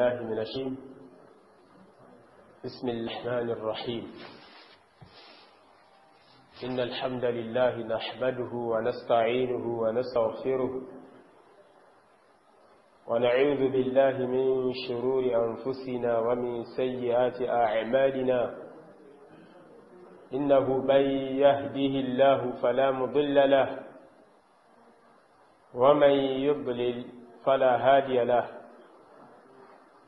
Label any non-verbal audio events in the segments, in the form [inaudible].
بالله من الشيم بسم الرحمن الرحيم إن الحمد لله نحمده ونستعينه ونستغفره ونعوذ بالله من شرور أنفسنا ومن سيئات أعمالنا إنه من يهده الله فلا مضل له ومن يضلل فلا هادي له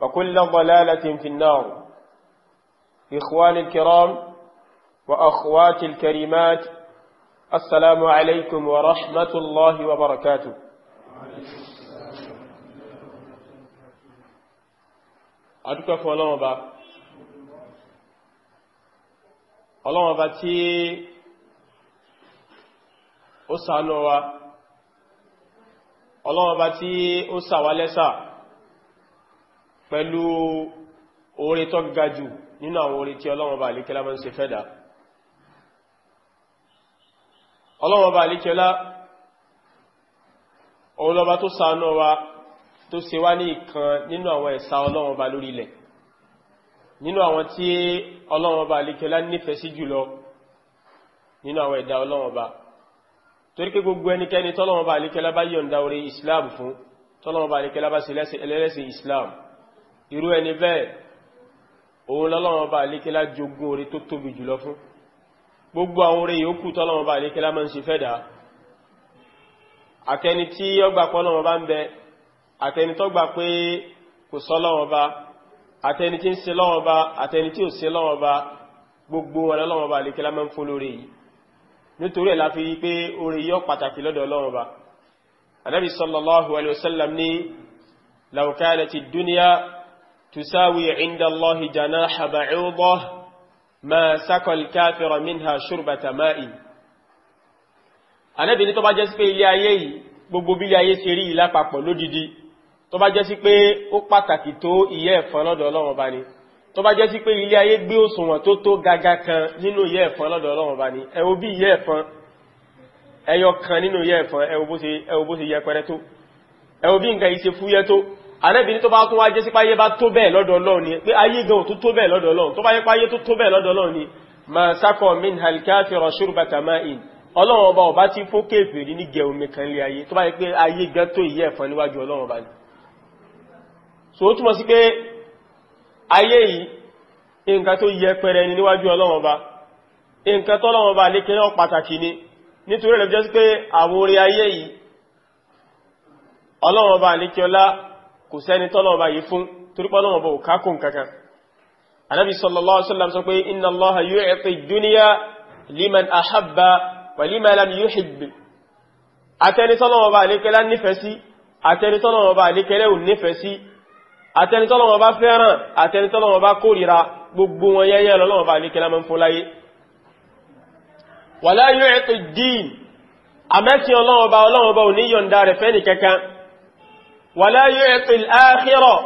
وكل ضلالة في النار إخوان الكرام وأخوات الكريمات السلام عليكم ورحمة الله وبركاته أدوك فولان با ọlọ́wọ́n bá tí ó sànú wa ọlọ́wọ́n bá pẹ̀lú oore tó ga jù nínú àwọn oore tí ọlọ́wọ́n bá alékẹ́lá mọ́ ṣe fẹ́dà ọlọ́wọ́n bá alékẹ́lá tó ṣàánú wa tó ṣe wá ní ìkan nínú àwọn ẹ̀sà ọlọ́wọ́n bá lórí ilẹ̀ nínú àwọn tí ọlọ́wọ́n bá alékẹ́lá nífẹ̀ẹ́ sí jùlọ nínú àwọn ẹ̀dá ọlọ́wọ́n bá torí pé gbogbo ẹnikẹ́ni tọ́lọ́wọ́n bá alékẹ́lá bá yọ̀ǹda orí Islam fún tọ́lọ́wọ́n bá bá ṣe lẹ́sìn Islam irú ẹni bẹ́ẹ̀ òun lọ́lọ́wọ́n bá àlékélá jogún orí tó tóbi jùlọ fún gbogbo àwọn orí yòókù tọ́lọ́wọ́n bá àlékélá máa ń ṣe fẹ́dà àtẹni tí ọgbà pọ́lọ́wọ́n bá ń bẹ àtẹni tó gbà pé kò sọ lọ́wọ́n bá àtẹni tí ń ṣe lọ́wọ́n bá àtẹni tí ò ṣe lọ́wọ́n bá gbogbo wọn lọ́wọ́n bá àlékélá máa ń fún lórí yìí nítorí ẹ̀ la fi rí pé orí yọ pàtàkì lọ́dọ̀ ọlọ́run ba anábì sallallahu alaihi wasallam ní law kanati dunya تساوي عند الله جناح بعوضة ما سقى الكافر منها شربة ماء Ànábì ní tó bá jẹ́ sí pé ilé ayé yìí gbogbo bí ilé ayé ṣe rí ìlápapọ̀ lódidi tó bá jẹ́ sí pé ó pàtàkì tó ìyẹ́ ẹ̀fọn lọ́dọ̀ Ọlọ́run bá ní tó bá jẹ́ sí pé ilé ayé gbé òṣùwọ̀n tó tó gaga kan nínú ìyẹ́ ẹ̀fọn lọ́dọ̀ Ọlọ́run bá ní ẹ wo bí ìyẹ́ ẹ̀fọn ẹyọ kan nínú ìyẹ́ ẹ̀fọn ẹ wo bó ṣe yẹpẹrẹ tó ẹ wo bí nǹkan yìí ṣe fúyẹ́ tó Ànábì ní tó bá tún wá jẹ́ sí páyé bá tó bẹ́ẹ̀ lọ́dọ̀ Ọlọ́run ni pé ayé gan tó tó bẹ́ẹ̀ lọ́dọ̀ Ọlọ́run tó bá yẹ páyé tó tó bẹ́ẹ̀ lọ́dọ̀ ni ma sakọ min halkafira ṣurbata ma'in Ọlọ́run ọba ọba tí fún kéfèrí ní gẹ omi kan lé ayé tó bá yẹ pé ayé gan tó ìyẹ́ ẹ̀fọn níwájú Ọlọ́run ọba ni so ó túmọ̀ sí pé ayé yìí nǹkan tó yẹ pẹrẹ ni níwájú Ọlọ́run ọba nǹkan tọ́lọ́run ni nítorí rẹ̀ jẹ́ sí pé àwọn orí ayé yìí Ọlọ́run ọba lékeré kò sẹ́ni tọ́lọ́ọ̀bá yìí fún torípọ́lọ́wọ́ bó kákùn kankan anábi sallallahu alaihi wasallam sọ pé inna Allaha yu'ti dunya liman ahabba wa liman lam yuhib àtẹni tọ́lọ́wọ́ bá lékẹ́lá nífẹ̀ẹ́ sí àtẹni tọ́lọ́wọ́ bá lékẹ́lẹ́ ò nífẹ̀ẹ́ wàlá yu'ti al-akhirah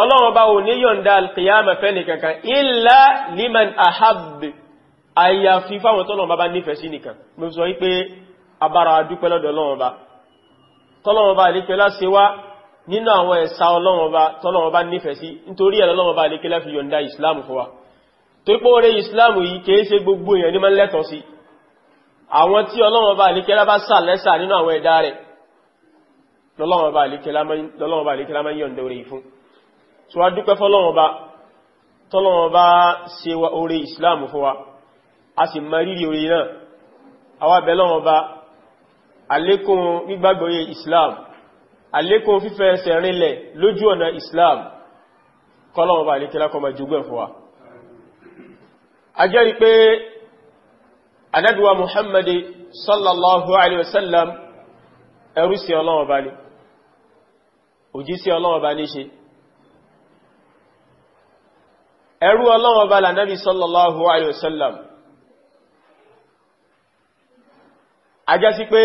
ọlọ́run bá ò ní yọ̀ǹda al-qiyamah fẹ́ni kankan illa liman ahab àyàfi fáwọn tọ́lọ̀ bá bá nífẹ̀ẹ́ sí nìkan mo sọ wípé abára dúpẹ́ lọ́dọ̀ ọlọ́run bá tọ́lọ́run bá àlékẹ́ láṣẹ wá nínú àwọn ẹ̀sà ọlọ́run bá tọ́lọ́run bá nífẹ̀ẹ́ sí nítorí ẹ̀ lọ́lọ́run bá àlékẹ́ láfi yọ̀ǹda ìsìláàmù fún wa tó pé nínú àwọn ẹ̀dá rẹ̀ lọ́lọ́wọ́n bá àlékẹ́lá máa yọ̀ǹda orí fún tí wá dúpẹ́ fọ́lọ́wọ́n bá tọ́lọ́wọ́n bá ṣe wa orí islam fún wa a sì mọ rírì orí náà àwa bẹ̀ lọ́wọ́n bá àlékún gbígbàgbọ́yé islam àlékún fífẹ́ ẹsẹ̀ rinlẹ̀ lójú ọ̀nà islam kọ́lọ́wọ́n bá àlékẹ́lá kó máa jogún ẹ̀ fún Muhammad sallallahu alaihi wasallam ẹrú sí òjíṣẹ́ ọlọ́wọ́ bá ní ṣe ẹrú ọlọ́wọ́ bá lànàbí sallallahu alayhi wa sallam ajá sí pé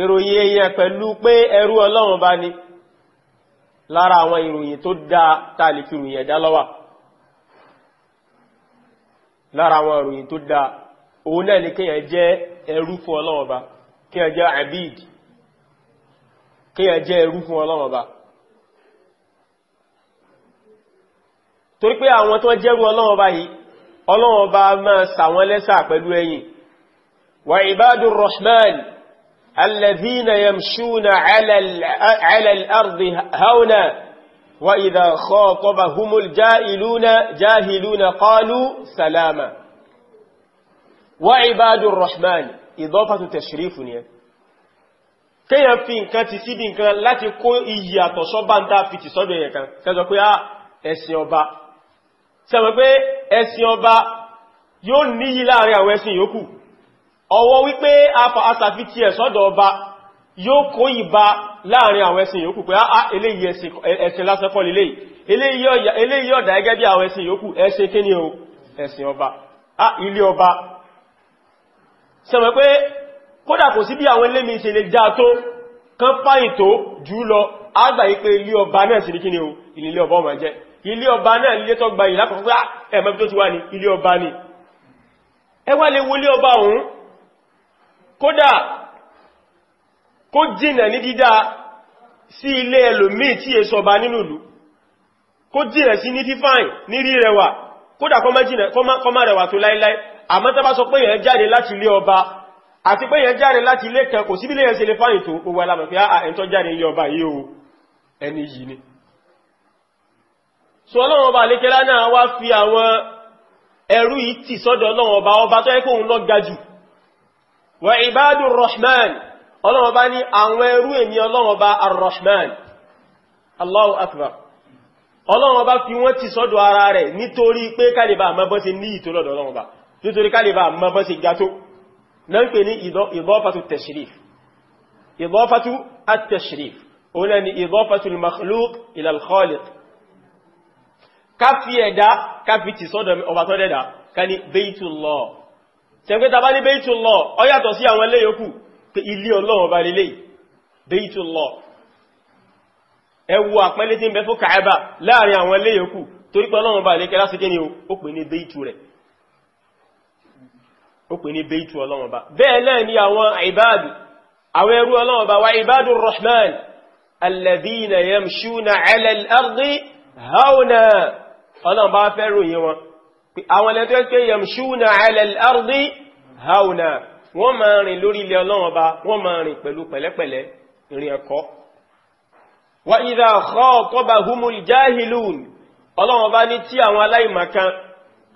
ìròyìn èèyàn pẹ̀lú pé ẹrú ọlọ́wọ́ bá ní lára àwọn ìròyìn tó dá tààlì fi ròyìn ẹ̀dá lọ́wà lára àwọn ìròyìn tó dá òun náà ni kíyàn kéèyàn jẹ́ ẹrú fún Ọlọ́run Ọba torí pé àwọn tó jẹ́rú Ọlọ́run Ọba yìí Ọlọ́run Ọba máa sà wọ́n lẹ́sà pẹ̀lú ẹ̀yìn wa ibadur rahman alladhina yamshuna ala al-ardi hauna wa idha khatabahumul jahiluna jahiluna qalu kéèyàn fi nǹkan ti síbi nǹkan láti kó iyì àtọ̀sọ́bá ń dá fi ti sọ́dọ̀ èèyàn kan kẹsọ pé ah, ẹ̀sìn ọba sẹ́wọ̀n pé ẹ̀sìn ọba yóò níyì láàrin àwọn ẹ̀sìn yòókù ọwọ́ wípé asàfi ti ẹ̀sọ́dọ̀ ọba yóò kó ìba láàrin àwọn ẹ̀sìn yòókù pé á ah, ah, eléyìí ẹ̀sìn lásẹ́kọ́ lélẹ̀ eléyìí ọ̀dà gẹ́gẹ́ bí sẹ́wọ̀n pé kódà kò sí bí àwọn ilé mi ṣe lè já tó kán páyìn tó jù lọ àgbà yí pé ilé ọba náà sì ní kíni o ilé ọba ọmọ jẹ́ ilé ọba náà ilé tó gbayì lákọ̀ọ́kọ́ ah, ẹ̀mọ́ tó ti wá ní ilé ọba ni ẹ wá lè wọlé ọba òun kódà kó jìnà ní dídá sí ilé ẹlòmíì tí èso ọba nínú ìlú àmọ́ tá sọ pé èèyàn jáde láti ilé ọba àti pé yẹn jáde láti ilé kan kò síbílé yẹn ṣe lè fáyìn tó gbogbo alamọ̀ pé àà ah, ah, ẹ̀ntọ́ jáde yí ọba yí o ẹni yìí ni so ọlọ́run ọba àlékẹ́lá náà wá fi àwọn ẹrú yìí sọ́dọ̀ ọlọ́run ọba tó yẹ kóhun wa ibadu rahman ọlọ́run ọba ní àwọn ẹrú èmi ọlọ́run ọba allahu akbar ọlọ́run ọba fi wọ́n tì sọ́dọ̀ ara rẹ̀ nítorí pé kálíbà àmọ́ bọ́ ṣe ní ìtò náà ń pè ní ìdọ́fàtú tẹ̀ṣìríf ìdọ́fàtú at-tẹ̀ṣìríf òun náà ni ìdọ́fàtú al-makhluq ila al-khaliq káfí ẹ̀dá káfí ti sọ́dọ̀ ọba tó dẹ́dà ká ní Baytullah tẹ́gbẹ́ta bá ní àpẹẹlẹ́ tí ń bẹ fún Kàábà láàrin àwọn ẹlẹ́yọkù torípé Ọlọ́run ọba lẹ́kẹ́ lásìkẹ́ ni ó pè ní Baytu rẹ̀ ó pè ní beitu ọlọ́wọ́n bá bẹ́ẹ̀ náà ni àwọn ìbáàdù àwọn ẹrú ọlọ́wọ́n bá wá ìbáàdù rahman alladhina yamshuna ala al-ardi hauna ọlọ́wọ́n bá fẹ́ ròyìn wọn àwọn ẹlẹ́tọ́ pé yamshuna ala al-ardi hauna wọ́n máa rìn lórí ilẹ̀ ọlọ́wọ́n bá wọ́n máa rìn pẹ̀lú pẹ̀lẹ́pẹ̀lẹ́ ìrìn ẹ̀kọ́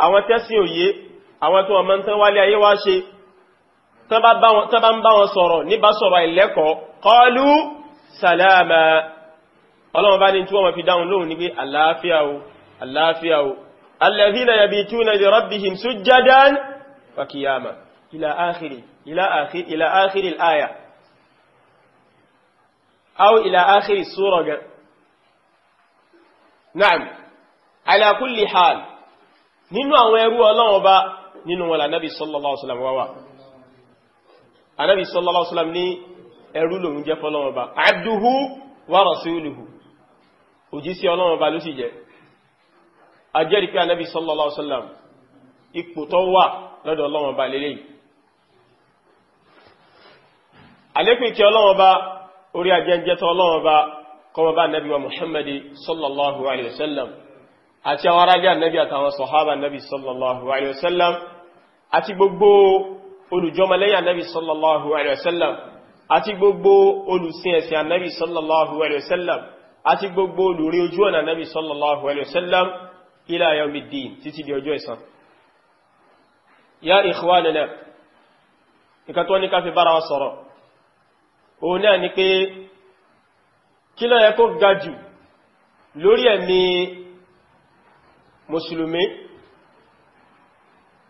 wa àwọn tí wọ́n mọ́ tán wálé ayé wá ṣe tán bá ń bá wọn sọ̀rọ̀ níbá sọ̀rọ̀ ìlẹ́kọ̀ọ́ kọlu salama ọlọ́wọ́n bá ní tí wọ́n fi dáhùn lóhùn ní pé àlàáfíà o àlàáfíà o alladhina yabituna li rabbihim sujjadan wa qiyama ila akhiri ila akhiri ila akhiri al-aya nínú àwọn ẹrú ọlọ́wọ́n bá nínú wọn lànàbí sallallahu alaihi wasallam wá wà anábì sallallahu alaihi wasallam ní ẹrú lòun jẹ́ fọ́lọ́wọ́n ba abduhu wa rasuluhu òjíṣẹ́ ọlọ́wọ́n ba ló sì jẹ́ ajẹ́rìí pé anábì sallallahu alaihi wasallam ipò tó wà lọ́dọ̀ ọlọ́wọ́n ba lélẹ́yìí àlékún ìkẹ́ ọlọ́wọ́n ba orí ajẹ́jẹ́ tó ọlọ́wọ́n ba kọmọ bá nabi wa muhammadi sallallahu alaihi wasallam àti àwọn arájá nabi àtàwọn sọ̀hábà nabi sallallahu alaihi àti gbogbo olùjọmọlẹ́yìn anábì sallallahu alayhi wa sallam àti gbogbo olùsìn ẹ̀sìn anábì sallallahu alayhi wa sallam àti gbogbo olùrí ojú ọ̀nà anábì sallallahu alayhi wa sallam ila yawmiddin títí di ọjọ́ ẹ̀san ya ikhwanana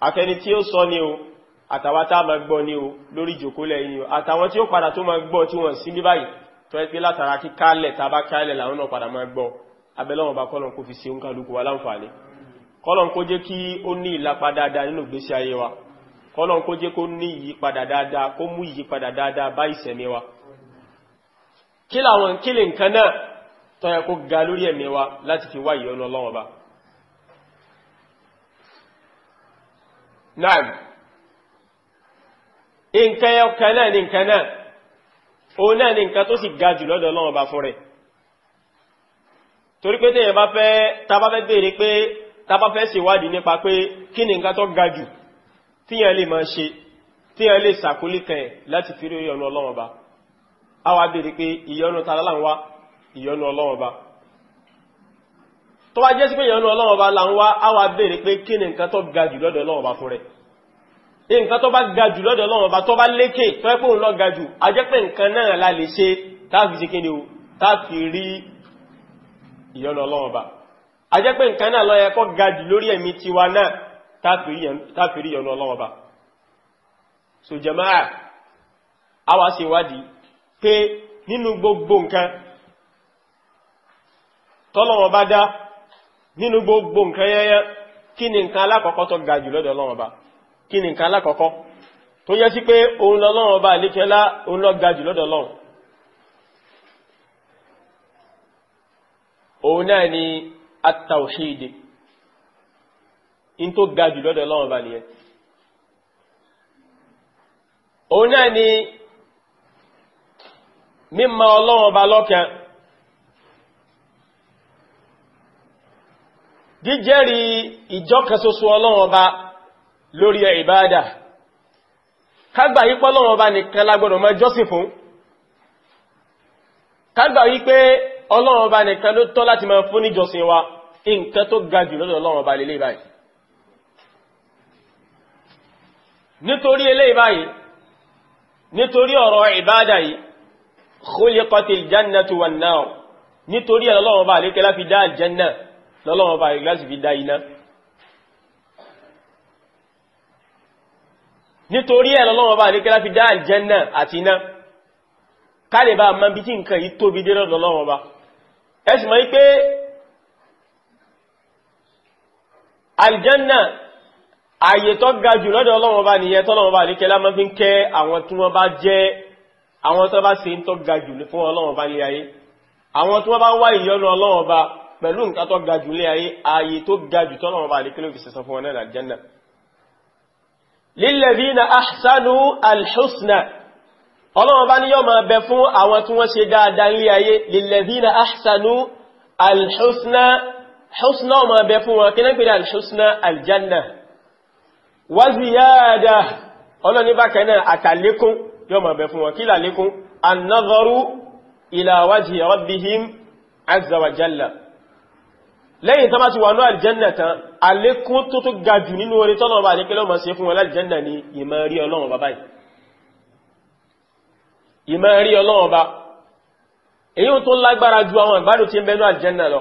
àtẹni tí ó sọ ni o àtàwọn tá a máa gbọ́ ni o lórí ìjòkólẹ̀ yìí ni o àtàwọn tí ó padà tó máa gbọ́ tí wọ́n sí ní báyìí tó ẹ pé látara kí kálẹ̀ tá a bá kálẹ̀ làwọn náà padà máa gbọ́ abẹ́lẹ́wọ̀n bá kọ́lọ̀ kó fi ṣe ń kálukú wa láǹfààní kọ́lọ̀ kó jẹ́ náà nǹkan ọkàn náà ni nǹkan náà òun náà ni nǹkan tó sì ga jù lọ́dọ̀ Ọlọ́run ọba fún rẹ̀ torí pé téèyàn bá fẹ́ tá bá fẹ́ béèrè pé tá bá fẹ́ ṣèwádìí nípa pé kí ni nǹkan tó ga jù tíyàn lè máa tó bá jẹ́ sí pé ìyanu ọlọ́wọ́ bá la ń wá á wá béèrè pé kí ni nǹkan tó ga jù lọ́dọ̀ ọlọ́wọ́ bá fún rẹ̀ nǹkan tó bá ga jù lọ́dọ̀ ọlọ́wọ́ bá tó bá lékè tó ẹ́ pé òun lọ ga jù a jẹ́ pé nǹkan náà la lè ṣe táàfi ṣe kíni o táàfi rí ìyanu ọlọ́wọ́ bá nǹkan náà ló yẹ kó ga jù lórí ẹ̀mí tiwa náà táàfi rí ìyanu ọlọ́wọ́ nínú gbogbo nǹkan yẹyẹ kí ni nǹkan alákọ̀ọ́kọ́ tó ga jù lọ́dọ̀ Ọlọ́run Ọba kí ni nǹkan alákọ̀ọ́kọ́ tó yẹ sí pé òun lọ́lọ́run Ọba àlékẹ́lá òun ga jù lọ́dọ̀ òun náà ni at-tawhidi in tó ga jù lọ́dọ̀ Ọlọ́run Ọba nìyẹn òun náà ni mímọ̀ Ọlọ́run Ọba jíjẹ́rì ìjọ́kẹsọsọ ọlọ́run ọba lórí ìbáadà kágbà yí pé ọlọ́run ọba nìkan la gbọ́dọ̀ máa jọ́sìn fún kágbà yí pé ọlọ́run ọba nìkan ló tọ́ láti máa fún níjọsìn wa nǹkan tó ga jù lọ́dọ̀ ọlọ́run ọba lélẹ́ báyìí nítorí eléyìí báyìí nítorí ọ̀rọ̀ ìbáadà yìí lọ́lọ́wọ́n bá ìgbà sì fi dá iná nítorí ẹ̀ lọ́lọ́wọ́n bá ìgbà fi dá àlìjẹ́nà àti iná káàlẹ̀ bá ma bí tí nǹkan yìí tóbi dé lọ́lọ́wọ́n bá ẹ sì mọ̀ pé àlìjẹ́nà ààyè tó ga jù lọ́dọ̀ ọlọ́wọ́n bá nìyẹn tọ́lọ́wọ́n bá ìgbà máa fi ń kẹ́ àwọn tí wọ́n bá ọlọ́wọ́n bá pẹ̀lú nǹkan tó ga jù lé ayé ayé tó ga jù tọ́nà ọba àdékélé fi sẹ̀sán fún wọn náà àlìjánà lilladhina ahsanu alhusna ọlọ́run bá ní yọ́ máa bẹ fún àwọn tí wọ́n ṣe dáadáa lé ayé lilladhina ahsanu alhusna husna máa bẹ fún wọn kíná pèrè alhusna aljanna wa ziyada ọlọ́ni bákan náà àtàlékún azza wa jalla lẹ́yìn tó bá ti wà ní àlìjẹ́nà tán àlékún tó tó ga jù nínú orí tọ́nà ọba àdékẹ́lẹ́ ọmọ sí fún wọn láàlìjẹ́nà ni ìmọ̀ rí ọlọ́run bàbá yìí ìmọ̀ rí ọlọ́run bá èyí tó lágbára ju àwọn ìgbádùn tí ń bẹnu àlìjẹ́nà lọ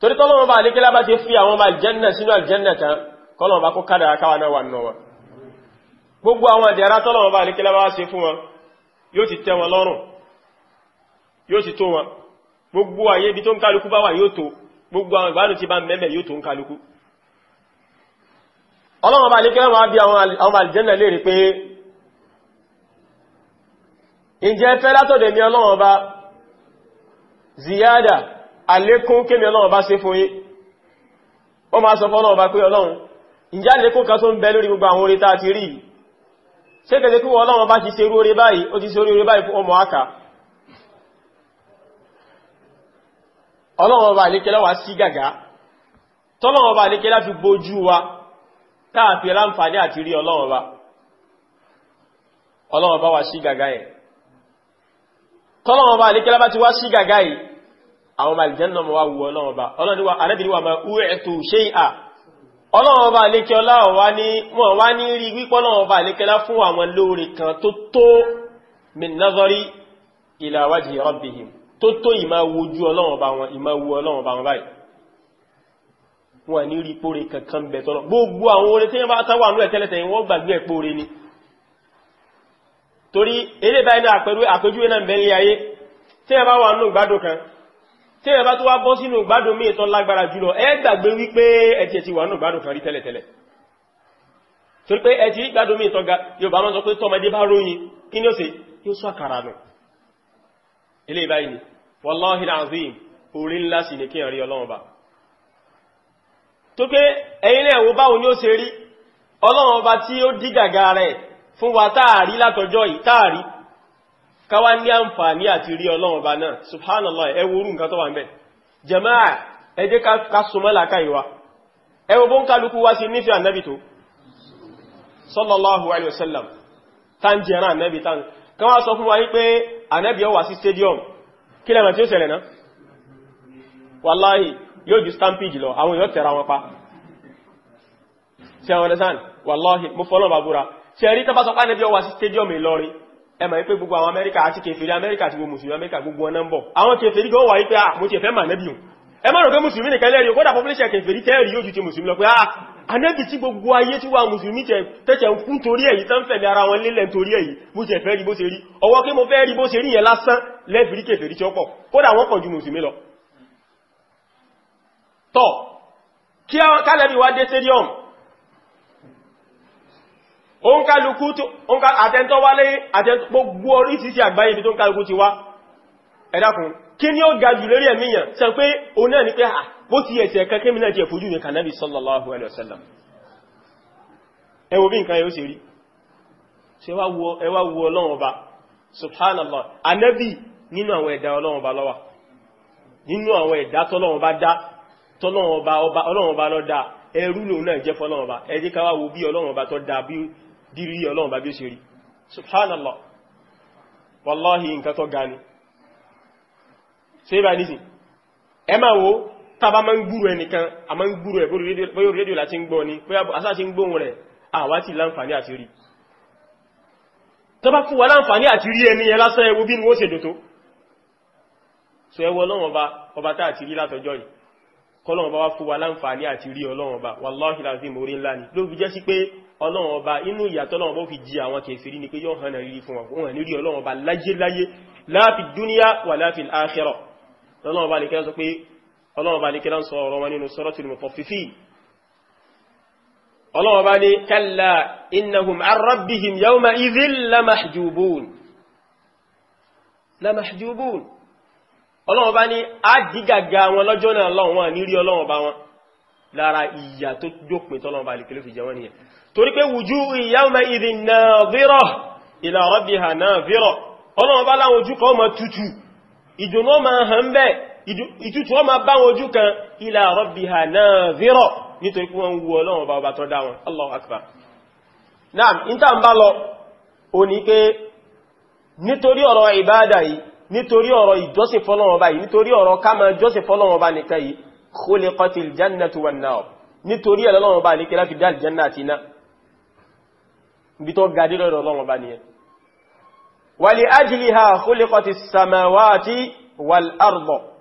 torí tọ́nà ọba àdékẹ́lẹ́ bá ti fi àwọn ọba àlìjẹ́nà sínú àlìjẹ́nà tán kọ́nà ọba kó kádàrá káwa náà wà nù wọn gbogbo àwọn àdìyàrá tọ́nà ọba àdékẹ́lẹ́ bá ṣe fún wọn yóò ti tẹ́ wọn lọ́rùn yóò ti tó wọn gbogbo àyè ibi tó ń kálukú bá wà yóò tó gbogbo àwọn ìbánu ti bá ń mẹ́mẹ́ yóò tó ń kálukú ọlọ́wọ́n bá lékẹ́ wọ́n bí àwọn àlìjẹ́nà lè rí pé ǹjẹ́ fẹ́ látọ̀dẹ̀ mi ọlọ́wọ́n bá ziyada alékún kémi ọlọ́wọ́n bá ṣe fún yín ó máa sọ fọ́lọ́wọ́n bá pé ọlọ́run ǹjẹ́ alékún kan tó ń bẹ lórí gbogbo àwọn orí tá a ti ọmọ àkà ọlọ́run ọba àlékẹ́lá wá sí gàgá tọ́lọ́run ọba àlékẹ́lá fi bójú wa táàfi láǹfààní àti rí ọlọ́run ọba ọlọ́run ọba wá sí gàgá yẹn tọ́lọ́run ọba àlékẹ́lá bá ti wá sí gàgá yìí àwọn ọmọ àlìjẹ́ náà wá wu ọlọ́run ọba ọlọ́run wa alẹ́bìrì wa máa wú ẹ̀tọ́ tó tó ìmá wojú ọlọ́run bá wọn ìmá wo ọlọ́run bá wọn báyìí wọn ní rí póre kankan bẹ̀ tọ́nà gbogbo àwọn oore tí wọ́n bá tán wà ní ẹ̀tẹ́lẹ̀tẹ̀ wọ́n gbàgbé ẹ̀póre ni torí eré báyìí náà pẹ̀lú àpéjúwe náà bẹ̀rẹ̀ ayé tí wọ́n bá wà nínú ìgbádùn kan tí wọ́n bá tó wá bọ́ sínú ìgbádùn míì tán lágbára jùlọ ẹ gbàgbé wípé ẹ ti ti wà nínú ìgbádùn kan rí tẹ́lẹ̀tẹ́lẹ̀ torí pé ẹ ti rí ìgbádùn míì tán ga Yorùbá máa sọ pé tọmọdé bá róyin kí ni ó ṣe yóò sọ àkàrà nù eléyìí báyìí wallahi alazim orí ńlá sì ní kí n rí ọlọ́run ọba tó pé ẹ̀yin náà wo báwo ni ó ṣe rí ọlọ́run ọba tí ó dí gàgà rẹ̀ fún wa táàrí látọjọ́ yìí táàrí káwá ní àǹfààní àti rí ọlọ́run ọba náà subhanallah ẹ wo orú nǹkan tó wà ń bẹ̀ jàmáà ẹ jẹ́ ká súnmọ́ làákàyè kan wá sọ fún wa yí pé ànábì ó sí stadium kí lẹ́mọ̀ tí ó ṣẹlẹ̀ náà wàláhì yóò ju stampede lọ àwọn yóò tẹ̀ra wọn pa ṣe àwọn ẹ̀sán wàláhì mo fọ́lọ́ bàbúra ṣe rí tọ́bá sọpá níbi ọwà sí stadium Ìlọrin ẹmọ̀ wípé gbogbo àwọn Amẹ́ríkà àti kèfèrí Amẹ́ríkà àti gbogbo mùsùlùmí Amẹ́ríkà gbogbo ọ̀nà ń bọ̀ àwọn kèfèrí gan wà wípé à ah, mo ti ẹ̀fẹ́ mà nẹ́bí ẹ má rò pé mùsùlùmí nìkan lẹ́rìí ó kódà population kèfèrí tẹ́ẹ̀rí yóò ju ti mùsùlùmí lọ pé ah anẹ́bì tí gbogbo ayé tí wà mùsùlùmí tẹ́tẹ̀ ń kún torí èyí tán fẹ̀mí ara wọn lélẹ̀ torí èyí bó ṣe fẹ́ rí bó ṣe rí ọwọ́ kí mo fẹ́ rí bó ṣe rí yẹn lásán lẹ́fìrí kèfèrí tí ó pọ̀ kódà wọ́n pọ̀ ju mùsùlùmí lọ tọ́ kí kálẹ̀bì kí ni ó ga jù lórí ẹ̀míyàn sọ pé o náà ní pé à ah, bó ti ẹ̀sẹ̀ kan kí mi náà ti ẹ̀fojú ní kànáàbì sallallahu alaihi wasallam ẹ wo bí nǹkan yóò ṣe rí ṣe wo ọlọ́run subhanallah anabi nínú àwọn ẹ̀dá ọlọ́run ọba lọ́wà nínú àwọn ẹ̀dá tọ́lọ́run ọba dá ọlọ́run ọba ló dá ẹrú lòun náà jẹ́ fọ́lọ́run ọba ẹ jẹ́ ká wá wo bí ọlọ́run subhanallah wallahi nǹkan ṣe bá nísìn ẹ máa wo tàbá máa ń gbúrò ẹnìkan a máa ń gbúrò ẹ̀ bóyá rédíò láti ń gbọ́ ni bóyá asá ti ń gbóhùn rẹ̀ àwa ti láǹfààní àti rí tó bá fún wa láǹfààní àti rí ẹni ẹ lásán ẹwú bí ni wọ́n ṣe dòtó so ẹwọ ọlọ́run ọba ọba tá àti rí látọjọ́ yìí kọlọ́run ọba wá fún wa láǹfààní àti rí ọlọ́run ọba wàláhì láti mórí ńlá ni ló fi jẹ́ sí pé ọlọ́run ọba inú ìyàtọ̀ ọlọ́run ọba fi jí àwọn kèfèrí ni pé yóò hàn rí fún wọn òun hàn rí ọlọ́run ọba láyé láyé la dúníyà wà la fi lọ́nà ọba nìkẹ́ sọ pé ọlọ́run ọba nìkẹ́ sọ ọ̀rọ̀ wọn nínú suratul mutaffifin ọlọ́run ọba ní kalla innahum an rabbihim yawma idhin lamahjubun lamahjubun ọlọ́run ọba ní àdígàgà wọn lọ́jọ́ náà lọ́wọ́n wọn nírí ọlọ́run ọba wọn lára ìyà tó dópin tọ́lọ́run ọba nìkẹ́ ló fi jẹ wọn nìyẹn torí pé wujuhu yawma idhin nadhira ila rabbiha nadhira ọlọ́run ọba láwọn ojú kan mọ́ tutù ìdùnnú ọmọ hàn bẹ́ ìtútù ọmọ bá wọn ojú kan ila rabbiha nadhira nítorí pé wọ́n wú ọlọ́run bá ọba tọ́ dá wọn Allahu akbar naam ìta ń bá lọ ò ní pé nítorí ọ̀rọ̀ ìbáadà yìí nítorí ọ̀rọ̀ ìjọsìn fọ́lọ́run ọba yìí nítorí ọ̀rọ̀ ká máa jọ́sìn fọ́lọ́run ọba nìkan yìí khuliqatil jannatu wan nar ولأجلها خلقت السماوات والأرض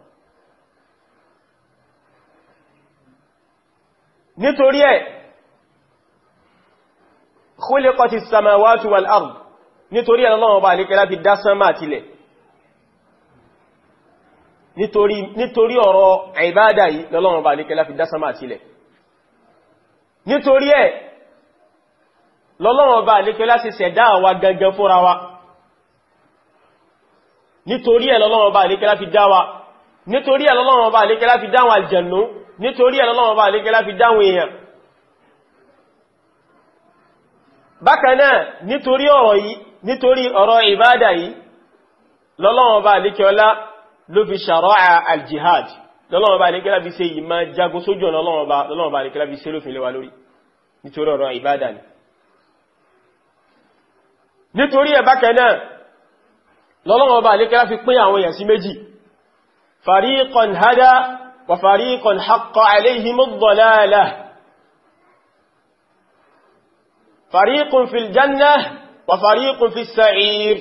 nítorí ẹ̀ khuliqati samawati wal ard nítorí ẹ̀ lọ́wọ́ bá ní kẹ́lá fi dá sánmà àtilẹ̀ nítorí ọ̀rọ̀ ìbádà yìí lọ́wọ́ bá ní kẹ́lá fi dá sánmà àtilẹ̀ nítorí ẹ̀ lọ́wọ́ bá ní kẹ́lá sì ṣẹ̀dá àwa gangan fúnra wa nítorí ẹ̀ lọ́lọ́wọ́ bá àlékẹ́lá fi dá wa nítorí ẹ̀ lọ́lọ́wọ́ bá àlékẹ́lá fi dáwọn àlùjànnú nítorí ẹ̀ lọ́lọ́wọ́ bá àlékẹ́lá fi dáwọn èèyàn bákan náà nítorí ọ̀rọ̀ yìí nítorí ọ̀rọ̀ ìbádà yìí lọ́lọ́wọ́ bá àlékẹ́lá ló fi ṣàrọ́à aljihad lọ́lọ́wọ́ bá àlékẹ́lá fi ṣe yìí máa jago sójú ọ̀nà lọ́lọ́wọ́ bá àlékẹ́lá fi ṣe lófin lé wa lórí nítorí ọ̀rọ̀ ìbádà ni nítorí ẹ̀ náà lọ́lọ́wọ́ ọba àlékẹ́lá fi pín àwọn èèyàn sí méjì fariqan hada wa fariqan haqqa alayhimu ad-dalalah fariqun fil jannah wa fariqun fis sa'ir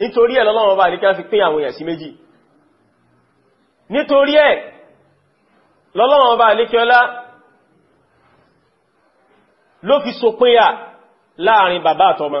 nítorí ẹ̀ lọ́lọ́wọ́ ọba àlékẹ́lá fi pín àwọn èèyàn sí méjì nítorí ẹ̀ lọ́lọ́wọ́ ọba àlékẹ́lá láàrin bàbá àtọmọ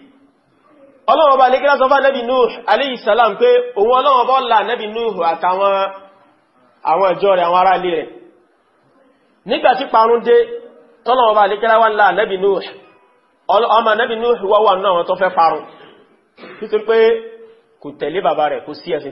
ọlọ́wọ́ bá lékẹ́lá sọ fún nẹ́bì Nuh alayhi salam pé òun ọlọ́wọ́ bá là nẹ́bì Nuh àtàwọn àwọn ẹ̀jọ́ rẹ̀ àwọn ará ilé rẹ̀ nígbà tí parun dé tọ́lọ́wọ́ bá lékẹ́lá wà là nẹ́bì Nuh ọmọ nẹ́bì Nuh wà wà náà tó fẹ́ parun nítorí pé kò tẹ̀lé bàbá rẹ̀ kò sí ẹ̀sìn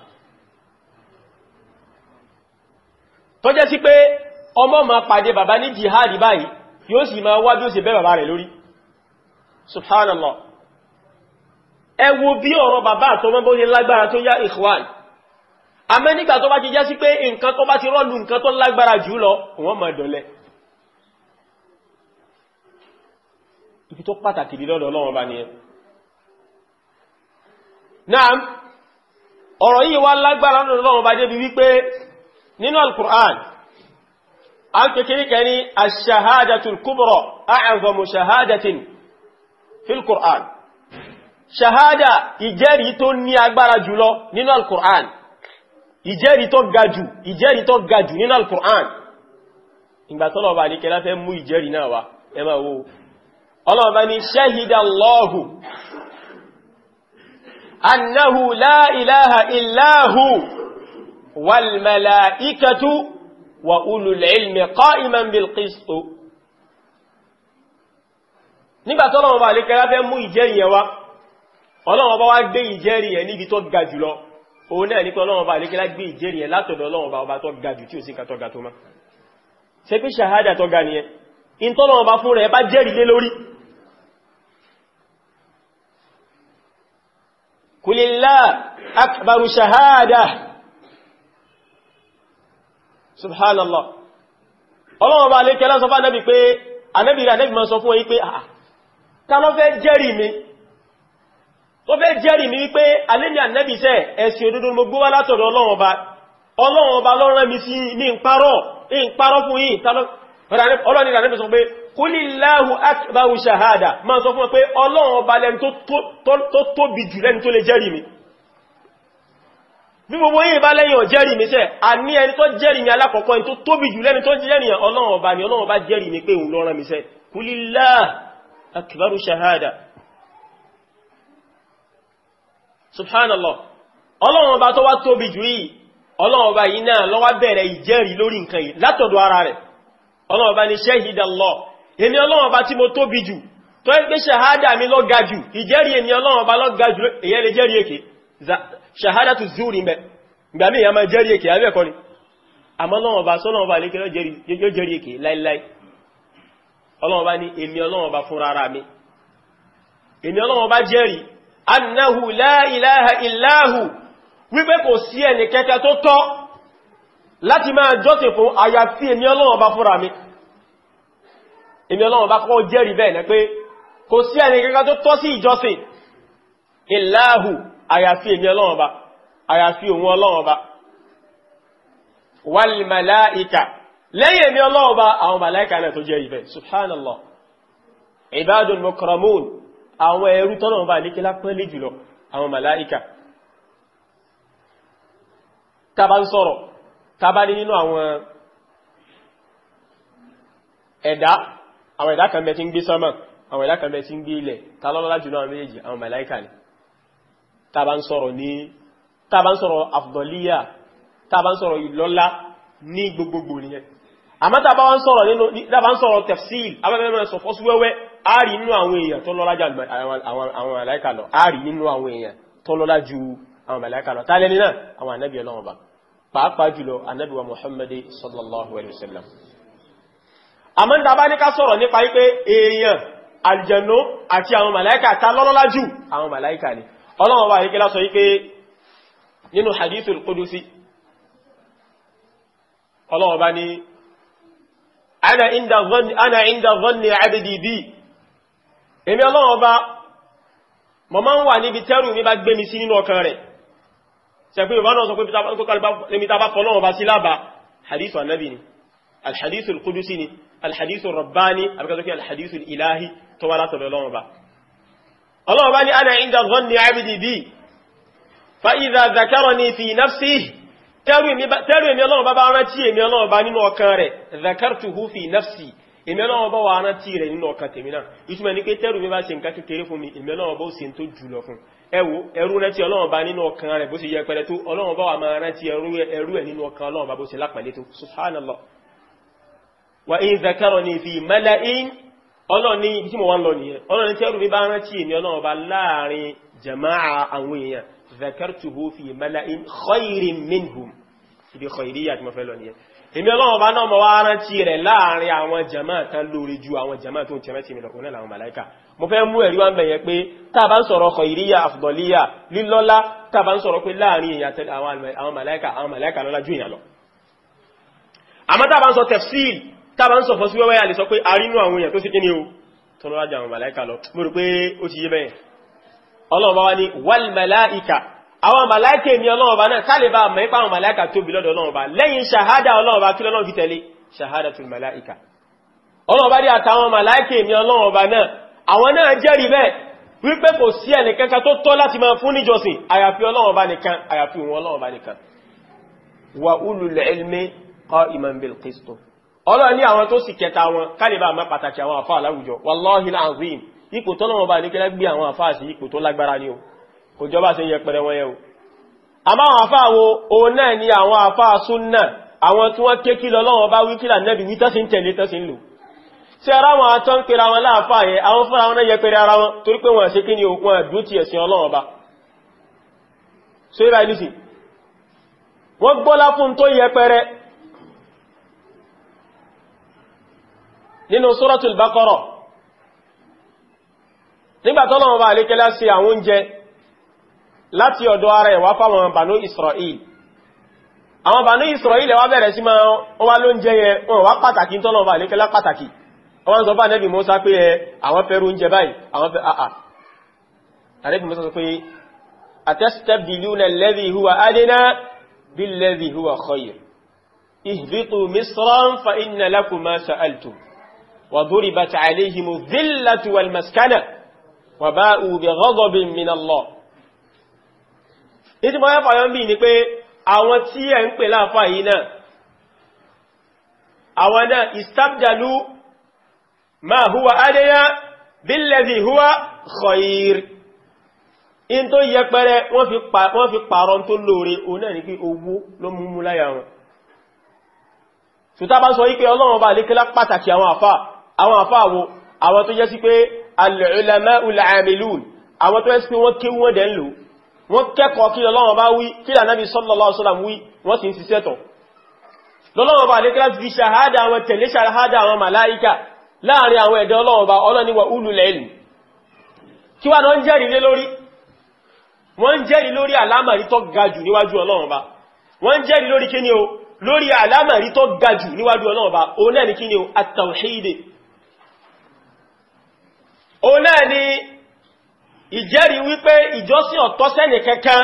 tó jẹ́ sí pé ọmọ ma pàdé bàbá ní jihad báyìí yóò sì máa wájú sí bẹ́ bàbá rẹ̀ lórí subhanallah ẹ wo bí ọ̀rọ̀ bàbá àtọmọ bó ṣe lágbára tó yá ikhwan àmọ́ nígbà tó bá ti jẹ́ sí pé nǹkan tó bá ti rọ́lù nǹkan tó lágbára jù lọ wọ́n máa dọ̀lẹ́ ọ̀rọ̀ yìí lágbára lọ́dọ̀ ọlọ́run bá débi wípé nínú al-Qur'an alkekere kan ní ash-shahadatul kubra a'zamu shahadatin fil Qur'an shahada ìjẹ́rìí tó ní agbára jùlọ nínú al-Qur'an ìjẹ́rìí tó gajù ìjẹ́rìí tó gajù nínú al-Qur'an ìgbàtọ́lọ̀ bá ní kẹlá fẹ́ mú ìjẹ́rìí náà wá ẹ máa wò والملائكة وأولو العلم قائما بالقسط nígbà tó lọ́wọ́ bá lè kẹ́lá fẹ́ mú ìjẹ́rì yẹn wá ọlọ́wọ́ bá wá gbé ìjẹ́rì yẹn níbi tó ga jù lọ òun náà ní pé ọlọ́wọ́ bá lè kẹ́lá gbé ìjẹ́rì yẹn látọ̀dọ̀ ọlọ́wọ́ bá ọba tó ga jù kulillah akbaru ṣàhádà subhanallah ọlọ́wọ́ bá lè kẹlá sọ fún anẹ́bì pé anẹ́bì ah, rẹ̀ anẹ́bì ma sọ fún èyí pé àà ta ló fẹ́ jẹ́rìí mi tó fẹ́ jẹ́rìí mi wípé alẹ́mì anẹ́bì sẹ́ ẹ̀sìn òdodo mo gbówá látọ̀dọ̀ ọlọ́wọ́ bá ọlọ́wọ́ bá lọ́rán mi sí ní ìparọ́ ìparọ́ fún yìí ọlọ́ni anẹ́bì sọ pé kúlìláhù akbaru shahada ma sọ fún pé ọlọ́wọ́ bá lẹ́ni tó tóbi jù lẹ́ni tó lè jẹ́rìí mi bí gbogbo yìí bá lẹ́yìn ọ̀jẹ́rì mi sẹ́ a ní ẹni tó jẹ́rì mi alákọ̀ọ́kọ́ ẹni tó tóbi jù lẹ́ni tó jẹ́rì ọlọ́run ọba ni ọlọ́run ọba jẹ́rì mi pé òun lọ́rán mi sẹ́ kulillah akbaru shahada ìjẹ́rì lórí nǹkan yìí èyẹ́ lè jẹ́rì èké ṣàhádàtù zúrí mẹ́ gbàmí ìyá máa jẹ́rí èkè àbẹ́ ẹ̀kọ́ ni àmọ́ lọ́wọ́ bá sọ́lọ́wọ́ bá lékẹ́ yóò jẹ́rí èkè láíláí ọlọ́wọ́ bá ní èmi ọlọ́wọ́ bá fúnra ara mi èmi ọlọ́wọ́ bá jẹ́rí annahu la ilaha illahu wípé kò sí ẹni kẹ́kẹ́ tó tọ́ láti máa jọ́sìn fún àyàfi èmi ọlọ́wọ́ bá fúnra mi èmi ọlọ́wọ́ bá kọ́ jẹ́rí bẹ́ẹ̀ ni pé kò sí ẹni kẹ́kẹ́ tó tọ́ sí ìjọsìn illahu àyàfi èmi ọlọ́run ọba àyàfi òun ọlọ́run ọba wal màláìkà lẹ́yìn èmi ọlọ́run ọba àwọn màláìkà náà tó jẹ́ ibẹ̀ subhanallah ibadun mukramun àwọn ẹrú tọ́lọ́run ọba níkílá pẹ́lẹ́ jùlọ àwọn màláìkà tàbá ń sọ̀rọ̀ tàbá ní nínú àwọn ẹ̀dá àwọn tí ń gbé sánmà àwọn ẹ̀dá tí ń gbé ilẹ̀ tàlọ́lọ́lá jùlọ àwọn méjèèjì àwọn màláìkà ni tàbá ń sọ̀rọ̀ ní tàbá ń sọ̀rọ̀ afdọ́líyà tàbá ń sọ̀rọ̀ ìlọ́lá ní gbogbogbò nìyẹn àmọ́ tàbá ń sọ̀rọ̀ nínú tàbá ń sọ̀rọ̀ tafsil abẹ́bẹ́rẹ́ sọ fọ́síwẹ́wẹ́ ààrí nínú àwọn èèyàn tó lọ́lá ju àwọn màláíkà lọ ju àwọn màláíkà lọ tálẹ́ni náà àwọn ànábì ọlọ́wọ́n bá pàápàá jùlọ ànábì wa Muhammad sallallahu alayhi wa sallam àmọ́ tàbá ní ká sọ̀rọ̀ nípa wípé èèyàn àlùjànnú àti àwọn màláíkà ta lọ́lọ́lá ju àwọn màláíkà ni ọlọ́wọ́ bá ìkẹ́lá sọ wípé nínú hadithul qudusi ọlọ́wọ́ bá ní ana inda zanni abdi bi èmi ọlọ́wọ́ bá mọ̀ máa ń wà níbi tẹ́rù mi bá gbé mi sí nínú ọkàn rẹ̀ sẹ́kú yorùbá náà sọ pé níbi tá bá fọ́ lọ́wọ́ bá sí lába hadithu annabi ni alhadithul qudusi ọlọ́wọ́ bá ní ana inda zọ́nni abidi bi fa idha zakarani fi nafsi tẹ́rù èmi ọlọ́wọ́ bá bá rántí èmi ọlọ́wọ́ bá nínú ọkàn rẹ̀ zakartuhu fi nafsi èmi ọlọ́wọ́ bá wà rántí rẹ̀ nínú ọkàn tèmi náà ìtumọ̀ ní pé tẹ́rù mi bá ṣe nǹkan kékeré fún mi èmi ọlọ́wọ́ bá ó ṣe tó jùlọ fún ẹwọ ẹrú rántí ọlọ́wọ́ bá nínú ọkàn rẹ̀ bó ṣe yẹ pẹ̀lẹ́ tó ọlọ́wọ́ ọlọ́ni ibi tí mo wá ń lọ nìyẹn ọlọ́ni tí ẹrù mi bá rántí èmi ọlọ́run bá láàrin jama'a àwọn èèyàn zakartuhu fi mala'in khairin minhum ibi khairiyya tí mo fẹ́ lọ nìyẹn èmi ọlọ́run bá náà mo wá rántí rẹ̀ láàrin àwọn jama'a tán lórí ju àwọn jama'a tó ń tẹ̀mẹ́ tì mí lọ́kùnrin làwọn màláìka mo fẹ́ mú ẹ̀rí wá ń tábà ń sọ̀fọ́ sí wẹ́wẹ́ àlè sọ pé arínú àwọn èèyàn tó sí kíní o tọ́nà rájà àwọn màláìkà lọ mo rò pé ó ti yé bẹ́ẹ̀ ọlọ́run bá wá ní wal màláìkà àwọn màláìkà èmi ọlọ́run bá náà kálẹ̀ bá mọ̀ wa ulul ilmi qa'iman bil qist ọlọ́run ní àwọn tó sì kẹta wọn kálíbà má pàtàkì àwọn àfáà láwùjọ wàláhì láàrin ipò tó lọ́wọ́ bá ní kẹ́lẹ́ gbé àwọn àfáà sí ipò tó lágbára ni o kò jọba sí yẹpẹrẹ wọn yẹ o àmọ́ àwọn àfáà wo òun náà ni àwọn àfáà súnnà àwọn tí wọ́n ké kí lọ lọ́wọ́ bá wí kílà nẹ́bì wí tọ́sí ń tẹ̀lé tọ́sí ń lò tí ara wọn atọ́ ń pèrè àwọn láàfáà yẹ àwọn fúnra wọn náà yẹpẹrẹ ara wọn torí pé wọn àṣekí ni òkun àdúró ti ẹ̀sìn ọlọ́wọ́ bá so ibà nísìn wọ́n gbọ́lá fún tó yẹpẹrẹ nínú suratul Baqara nígbà tí Ọlọ́run bá alékẹ́lá sí àwọn oúnjẹ láti ọ̀dọ̀ ara ẹ̀wà fáwọn Banu Israel àwọn Banu Israel wá bẹ̀rẹ̀ sí máa wá lóúnjẹ yẹn wọ́n wá pàtàkì fa inna lakum ma وضربت عليهم الذلة والمسكنة وباءوا بغضب من الله ìtí mọ́ ẹ́fà yọ́ ń bí ní pé àwọn tí ẹ̀ ń pè láàfà yìí náà àwọn náà istabdalu ma huwa adéyá bílẹ̀dì huwa khayir in tó yẹpẹrẹ wọ́n fi pààrọ̀ tó lóore o náà ní pé owó ló mú mú láyà wọn tùtà bá sọ yí pé ọlọ́run bá lékẹ́lá pàtàkì àwọn àfáà àwọn àfáàwò àwọn tó jẹ́ sí pé al-ulama ul-amilun àwọn tó jẹ́ sí pé wọ́n kéwú wọ́n dẹ̀ ń lò wọ́n kẹ́kọ̀ọ́ kí lọ́wọ́ bá wí kí lànàbí sallallahu alaihi wasallam wí wọ́n sì ń ṣiṣẹ́ tọ̀ lọ́wọ́ bá lékẹ́ láti fi ṣàhádà àwọn tẹ̀lé ṣàhádà àwọn màláíkà láàrin àwọn ẹ̀dẹ́ ọlọ́wọ́ bá ọlọ́niwọ̀ ulul-ilm kí wá náà ń jẹ́rìí lé lórí wọ́n ń jẹ́rìí lórí àlámàrí tó ga níwájú ọlọ́wọ́ o lórí àlámàrí tó ni kíni o at-tawhid òun ni ìjẹ́rìí wípé ìjọsìn ọ̀tọ́ sẹ́ni kankan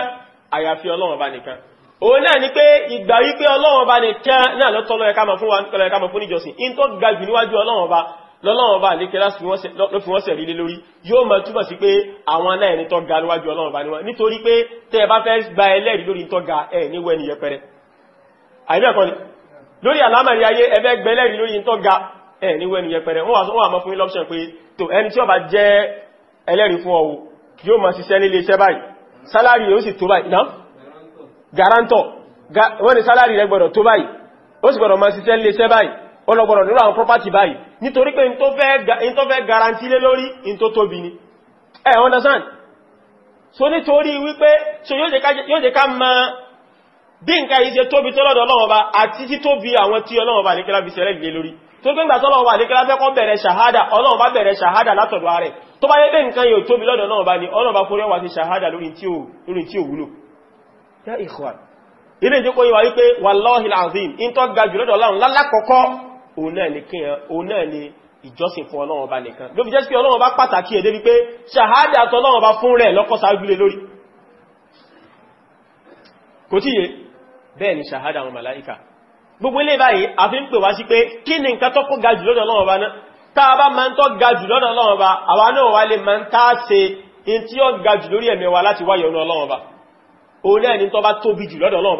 àyàfi ọlọ́run ọba nìkan òun náà ni pé ìgbà wípé ọlọ́run ọba nìkan náà lọ́tọ́ lọ́yẹ ká máa fún wa lọ́yẹ ká máa fún níjọsìn in tó ga jù níwájú ọlọ́run ọba lọ́lọ́run ọba àlékẹ́ ló fi wọ́n sẹ̀rí lé lórí yóò máa túbọ̀ sí pé àwọn aláìní ayé ẹ lórí tó ẹ̀ níwẹ́ ni yẹpẹrẹ wọ́n wà mọ́ fún ilọ́pṣẹ̀ pé tó ẹni tí ó bá jẹ́ ẹlẹ́rìí fún ọwọ́ yóò máa ṣiṣẹ́ nílé iṣẹ́ báyìí sálárì yóò sì tó báyìí náà garantọ̀ wọ́n ni sálárì rẹ̀ gbọ́dọ̀ tó báyìí ó sì gbọ́dọ̀ máa ṣiṣẹ́ nílé iṣẹ́ báyìí ó lọ gbọ́dọ̀ nínú property báyìí nítorí pé in tó fẹ́ garanti lé lórí in tó tóbi ni ẹ understand so nítorí wípé so yóò jẹ́ ká máa bí nǹkan yìí ṣe tóbi tó lọ́dọ̀ Ọlọ́run Ọba àti títóbi àwọn tó gbé ńgbà tọ́lọ́wọ́ wà lékelá fẹ́ kọ́ bẹ̀rẹ̀ ṣàhádà ọlọ́run bá bẹ̀rẹ̀ ṣàhádà látọ̀dọ̀ rẹ̀ tó bá yẹ pé nǹkan yóò tóbi lọ́dọ̀ náà bá ní ọlọ́run bá fúnrẹ́ wà sí ṣàhádà lórí tí ò wúlò yá ikhwan ilé ìjókòó yíwa wípé wallahil azim in tó ga jùlọ́dọ̀ ọlọ́run lálákọ̀ọ́kọ́ òun náà ni ìjọsìn fún ọlọ́run bá nìkan ló fi jẹ́ sí ọlọ́run bá pàtàkì ẹ̀dẹ́ wípé ṣàhádà tọ́lọ́run bá fún rẹ̀ lọ́kọ́ sáájú lé lórí kò tíye bẹ́ẹ̀ ni ṣàhádà àwọn màláìkà gbogbo ilé báyìí a fi ń pè wá sí pé kí ni nǹkan tó kó ga jù lọ́dọ̀ Ọlọ́run Ọba náà tá a bá máa ń tọ́ ga jù lọ́dọ̀ Ọlọ́run Ọba àwa náà wá lè máa ń tá a ṣe in tí ó ga jù lórí ẹ̀mí wa láti wáyé ọ̀nà Ọlọ́run òun náà ni tó bá tóbi jù lọ́dọ̀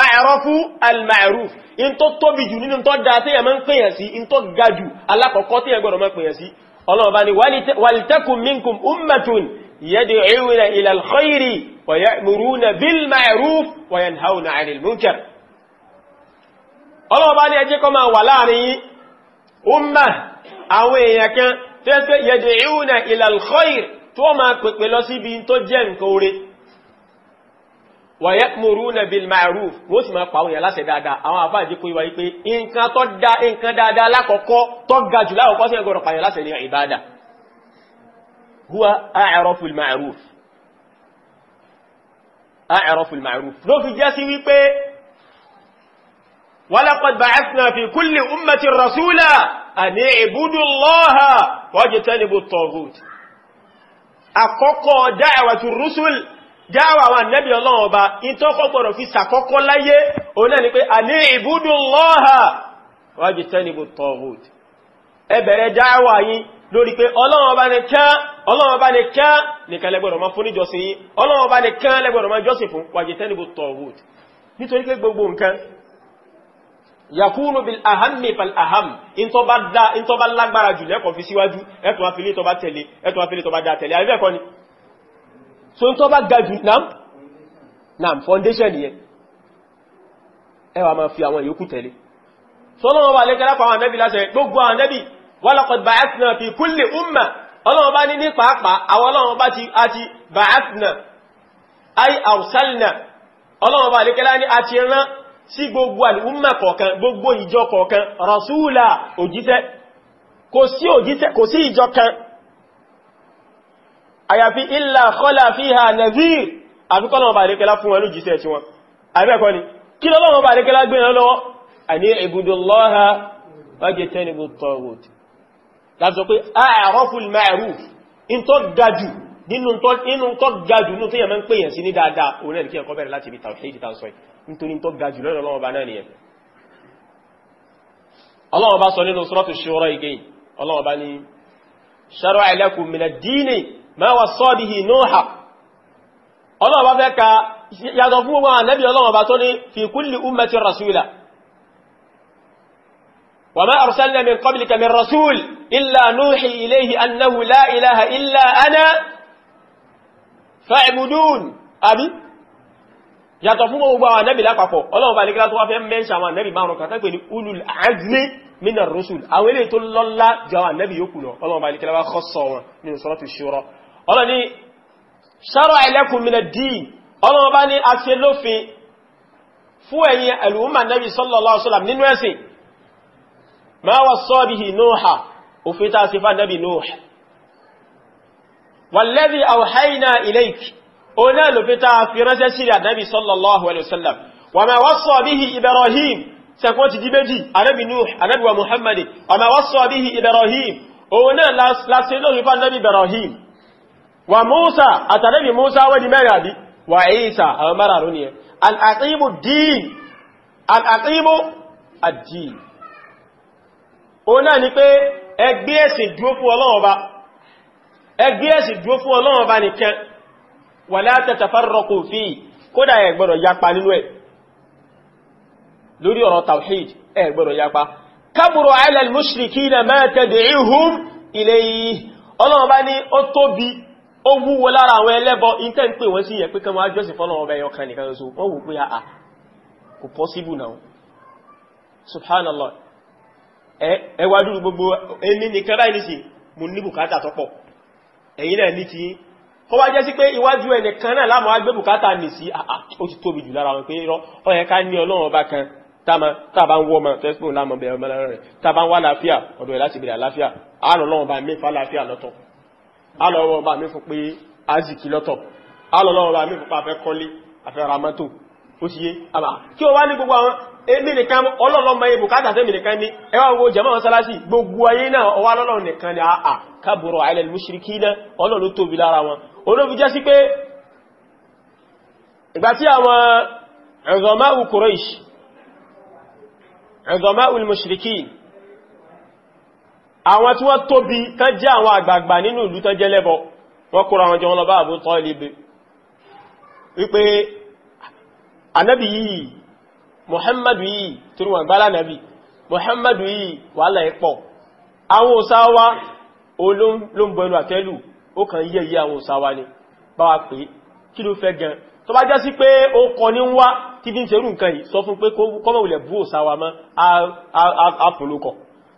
àìrọ́fú almaruf in tó tóbi jù nínú tó dá tí ẹmọ́ ń pèyàn sí in tó ga jù alákọ̀ọ́kọ́ tí ẹgbọ́nà mọ́ pèyàn sí ọlọ́ọ̀bá ni walitakun minkum ummatun yad'una ila alkhairi wa ya'muruna bil wàyẹ́ múrú nàbí ma'ruf wọ́n sì máa pàwọn ìyàláṣẹ dáadáa àwọn àfáàjí kó ìwà wípé nǹkan tó dá nǹkan dáadáa lákọ̀ọ́kọ́ tó ga jù láwọ̀kọ́ sí ẹgbọ̀rọ̀ pàyàn láṣẹ ní ìbádà huwa a'raful ma'ruf dáwà wa nẹ́bí ọlọ́run ọba ìtọ́kọ́ gbọ́dọ̀ fi sàkọ́kọ́ láyé òun náà ni pé a ní ìbúdó lọ́ha wájú tẹ́nibù tọ́hùd ẹbẹ̀rẹ̀ dáwà yín lórí pé ọlọ́run ọba nìkan ọlọ́run ọba nìkan nìkan lẹ́gbọ́dọ̀ máa fún níjọsìn yín ọlọ́run ọba nìkan lẹ́gbọ́dọ̀ máa jọ́sìn fún wájú aham in tó bá da in tó bá lágbára jù lẹ́kọ̀ọ́ fi síwájú ẹ̀tọ́ afilé tó so n tó bá ga jù nam nam foundation yẹ ẹ wà máa fi àwọn yòókù tẹ̀lé so lọ́wọ́ bá lẹ́kẹ́lá pa àwọn anẹ́bí lásẹ̀ gbogbo àwọn anẹ́bí walaqad ba'athna fi kulli umma ọlọ́wọ́ bá ní ní pàápàá àwọn ọlọ́wọ́ bá ti àti ba'athna ay arsalna ọlọ́wọ́ bá lẹ́kẹ́lá ní àti àyàfi illa khala fiha nazir àfi kọ́lọ̀wọ́ bá rékẹ́lá fún ẹlú jíṣẹ́ tí wọn àbẹ́ẹ̀kọ́ ni kí lọ́lọ́wọ́ bá rékẹ́lá gbé lọ́wọ́ àní ibudullaha wajtanibu taghut láti sọ pé a'raful ma'ruf in tó gajù nínú tó gajù nínú tó yẹmẹ́ ń pèyàn sí ní dáadáa orí ẹ̀rì kí ẹ̀kọ́ bẹ̀rẹ̀ láti ibi tawhid ta sọ nítorí tó gajù lọ́lọ́wọ́ bá ọlọ́wọ́ bá sọ nínú suratu shura again ọlọ́wọ́ bá ní shar'a lakum min ad ma wassa bihi Nuha ọlọ́ọ̀bá fẹ́ ka yàtọ̀ fún wọn ànábì ọlọ́ọ̀bá tó ní fi kulli ummati rasula wa ma arsalna min qablika min rasul illa nuhi ilayhi annahu la ilaha illa ana fa'budun abi yàtọ̀ fún gbogbo àwọn ànábì lápapọ̀ ọlọ́ọ̀bá ní kílá tó wá fẹ́ mẹ́ṣà àwọn ànábì márùn kàtà pé ní ulul azmi minar rusul àwọn ilé tó lọ́lá jọ ànábì yókù lọ ọlọ́ọ̀bá ní kílá wá khassa wọn nínú shura ọlọ́ni ṣára ẹlẹ́kùn mi dìí ọlọ́wọ́ bá ní aṣe lófin fún ẹ̀yin ẹ̀lùmà nẹ́bí sallallahu alaihi wasallam nínú ẹ̀sìn ma wassa bihi Nuha òfin tá a ṣe fà nẹ́bí Nuh walladhi awhayna ilayk ó náà lófin tá a fi ránṣẹ́ sí ànẹ́bí sallallahu alaihi wasallam wa ma wassa bihi Ibrahim sẹ́kọ́ ti di méjì ànẹ́bí Nuh ànẹ́bí wa Muhammad wa òun náà láṣe lófin fà nẹ́bí wa Musa àtàrẹ́bì Musa wẹ́dí mẹ́rin àbí wa Isa àwọn márààrún ni ẹ al'aqimu dín al'aqimu àdín o náà ni pé ẹgbẹ́ ẹ̀sìn dúó fún Ọlọ́run Ọba ẹgbẹ́ ẹ̀sìn dúó fún Ọlọ́run Ọba nìkan wala tatafarraqu fi kódà ẹ gbọ́dọ̀ yapa nínú ẹ̀ lórí ọ̀rọ̀ tawhid ẹ yapa kabura ala al-mushrikina ma tad'uhum ilayhi Ọlọ́run Ọba ní ó tóbi ó wúwo lára àwọn ẹlẹ́bọ intẹ́ ń pè wọ́n sí yẹ pé kán wá jọ́sìn fọ́nà ọba ẹyọ kan nìkan ṣoṣo wọ́n wò pé àà kò pọ́síbù náà subhanallah ẹ wá dúró gbogbo èmi nìkan báyìí nìsí mo ní bùkátà tọ́pọ̀ ẹ̀yin náà ní tiyín kó wá jẹ́ sí pé iwájú ẹnìkan náà láàmú wá gbé bùkátà nìsí àà ó ti tóbi jù lára wọn pé irọ́ ó yẹ ká ní ọlọ́run ọba kan tama taba ń wọ ọmọ tẹ́sípò láàmú ọbẹ̀ ọmọ rẹ̀ taba ń wá láàfíà ọ̀dọ̀ ẹ̀ láti bèrè àláfíà àrùn ọlọ́run ọba mẹ́fà láàfíà lọ́tọ̀ alọ́wọ́ bá mi fún pé azìkì lọ́tọ̀ alọ́lọ́wọ́ bá mi fún pé afẹ́ kọ́lé afẹ́ ramato ó sì yé àbá kí o wá ní gbogbo àwọn èmi nìkan ọlọ́lọ́mọ yẹ bùkátà sí nìkan ní ẹwà gbogbo jẹ́mọ́ mọ́sálásí gbogbo ayé náà ọwá lọ́lọ́ nìkan ni àà kábùrọ̀ àìlẹ̀ mùsùlùkì náà ọlọ́lọ́ tóbi lára wọn olóbi jẹ́ sí pé ìgbà tí àwọn ẹ̀zọ̀máwù Quraysh ẹ̀zọ̀máwù mùsùlùkì àwọn tí wọ́n tóbi tán jẹ́ àwọn àgbààgbà nínú ìlú tán jẹ́ lẹ́bọ wọ́n kóra wọn jọ wọn lọ bá Abu wípé anábì yìí Muhammadu yìí torí wọn gbálá nàbì Muhammadu yìí wàhálà ẹ̀pọ̀ àwọn òsáwá ló ń bọnu àtẹ́lù ó kàn yẹ yí àwọn òsáwá ni bá wa pé kí ló fẹ́ gan tó bá jẹ́ sí pé ó kọ ní wá kí ń ṣerú nǹkan yìí sọ fún pé kọ́mọ̀wùlẹ̀ bú òsáwá mọ́ á fún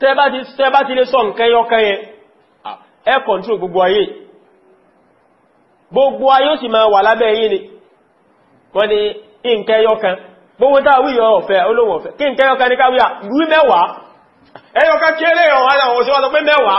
tẹ́bá ti lè sọ nǹkan yọkan yẹn ẹ kọ̀ntúrò gbogbo ayé gbogbo ayé ó sì máa wà lábẹ́ yìí ni wọ́n ni nǹkan yọkan gbogbo táwíyọ ọ̀fẹ́ olóhùn ọ̀fẹ́ kí nǹkan yọkan ní káwíyà ìwí mẹ́wàá ẹyọkan kéré ọ̀hánà àwọn òṣèwà sọ pé mẹ́wàá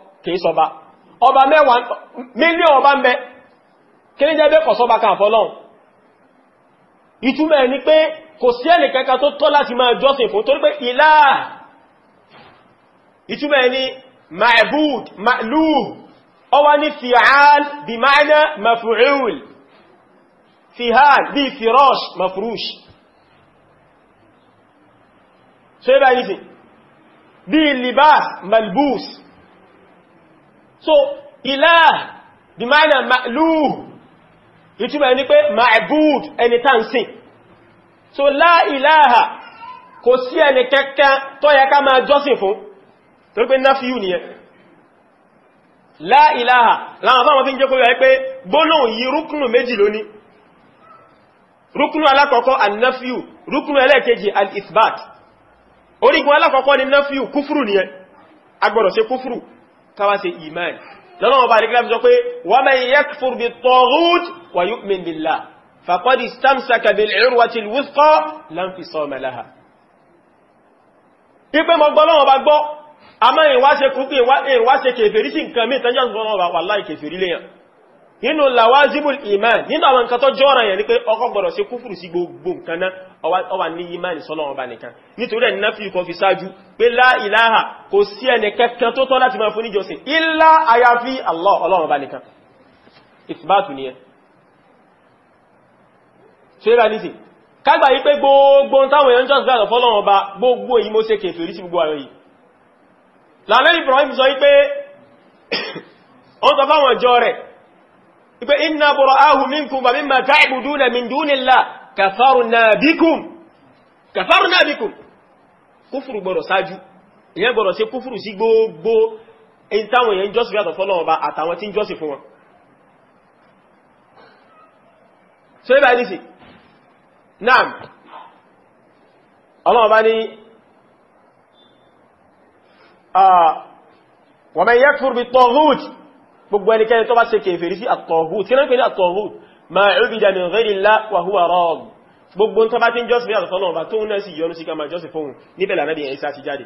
kìí sọba ọba mẹ́wàá mílíọ̀n ọba ń bẹ kí ní jẹ́bẹ́ kọ̀ sọba kan fọ́lọ́n ìtumọ̀ ni pé kò sí ẹni kankan tó tọ́ láti máa jọ́sìn fún torí pé ìlà ìtumọ̀ ni ma'bud ma'lúù ọwá ní fi'al bí ma'na mafu'ul fi'al bí firash mafurush ṣe bá ní sí bí libas malbus so ilah bí máìnà ma'lú ìtumọ̀ ní pé ma'bud ẹni tàǹsìn so la ilaha kò sí ẹni kẹ́kẹ́ tó yẹ ká máa jọ́sìn fún tó pé náà fi yù nìyẹn la ilaha láwọn fáwọn fi ń jẹ́ kó yọ pé gbólóhùn yí rúkùnù méjì lóní rúkùnù alákọ̀ọ́kọ́ annafiyu rúkùnù ẹlẹ́ẹ̀kejì al-ithbat orígun alákọ̀ọ́kọ́ ni nafiyu kúfùrù nìyẹn agbọ́dọ̀ ṣe kúfùrù káwá ṣe iman lọ́nà ọba àdíkìlá sọ pé wa man yakfur bit-taghut wa yu'min billah faqad istamsaka bil-'urwatil wuthqa la infisama laha pípẹ́ mọ́ gbọ́ lọ́wọ́ bá gbọ́ àmọ́ ìwáṣe kúkú ìwáṣe kèfèrí nínú lawazimul iman nínú àwọn nǹkan tó jọ́ra yẹn ni pé ọkọ̀ gbọ́dọ̀ sí kúfùrù sí gbogbo nǹkan náà ọwà ní imani sọ́nà ọba nìkan nítorí ẹni náà fi kọ fi sáájú pé la ilaha kò sí ẹni kẹkàn tó tọ́ láti máa fún níjọsìn illa àyàfi Allah ọlọ́run ọba nìkan ni ẹ ṣe rà nìsí kágbà yí pé gbogbo táwọn èèyàn jọ́sìn láàrín fọ́lọ́run ọba gbogbo yìí mo ṣe kèfèrí sí Ibrahim sọ wípé [coughs] ó ipe inna bura'ahu minkum wa mimma ta'buduna min dunillah kafarna bikum kafarna bikum kufuru gboro saju iyan gboro ṣe kufuru sí gbogbo en táwọn yẹn jọ́sìn yàtọ̀ fọ́lọ́run ba àtàwọn tin jọ́sìn fún gbogbo ẹnikẹ́ni tó bá ṣe kèfèrí sí àtọ̀hùt kí náà pè ní àtọ̀hùt ma ubida min ghairillah wa huwa rad gbogbo tó bá ti ń jọ́sìn bí àtọ̀tọ̀ náà bá tóun náà sì yọnu sí ká máa jọ́sìn fóun níbẹ̀ lànà bí ẹ̀sà ti jáde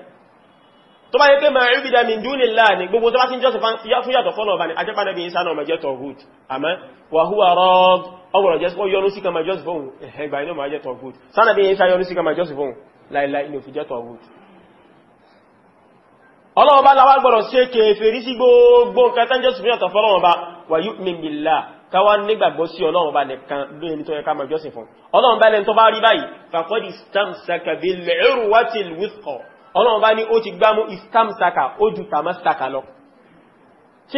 tó bá yẹ pé ma ubida min dunillah ni gbogbo tó bá ti ń jọ́sìn fún yàtọ̀ fọ́nà bá ní ajẹ́pá náà bí ẹ̀sà náà máa jẹ́ tọ̀hùt àmọ́ wa huwa rad ọgbọ̀rọ̀ jẹ́ sọ́ yọnu sí ká máa jọ́sìn ẹ̀hẹ́gbà inú máa jẹ́ tọ̀hùt sánà bí ẹ̀sà sí ká máa jọ́sìn láìláì ní òfin jẹ́ tọ̀hùt ọlọ́wọ́ bá láwá gbọ́dọ̀ sí kèfèrí sí gbogbo nǹkan tán jẹ́ sùfin ọ̀tọ̀ fọ́lọ́wọ́ bá wà yú mìmìlá káwá nígbàgbọ́ sí ọlọ́wọ́ bá nìkan ló ẹni tó yẹ ká máa jọ́sìn fún ọlọ́wọ́ bá lẹ́ni tó bá rí báyìí istamsaka ó ju tamastaka lọ tí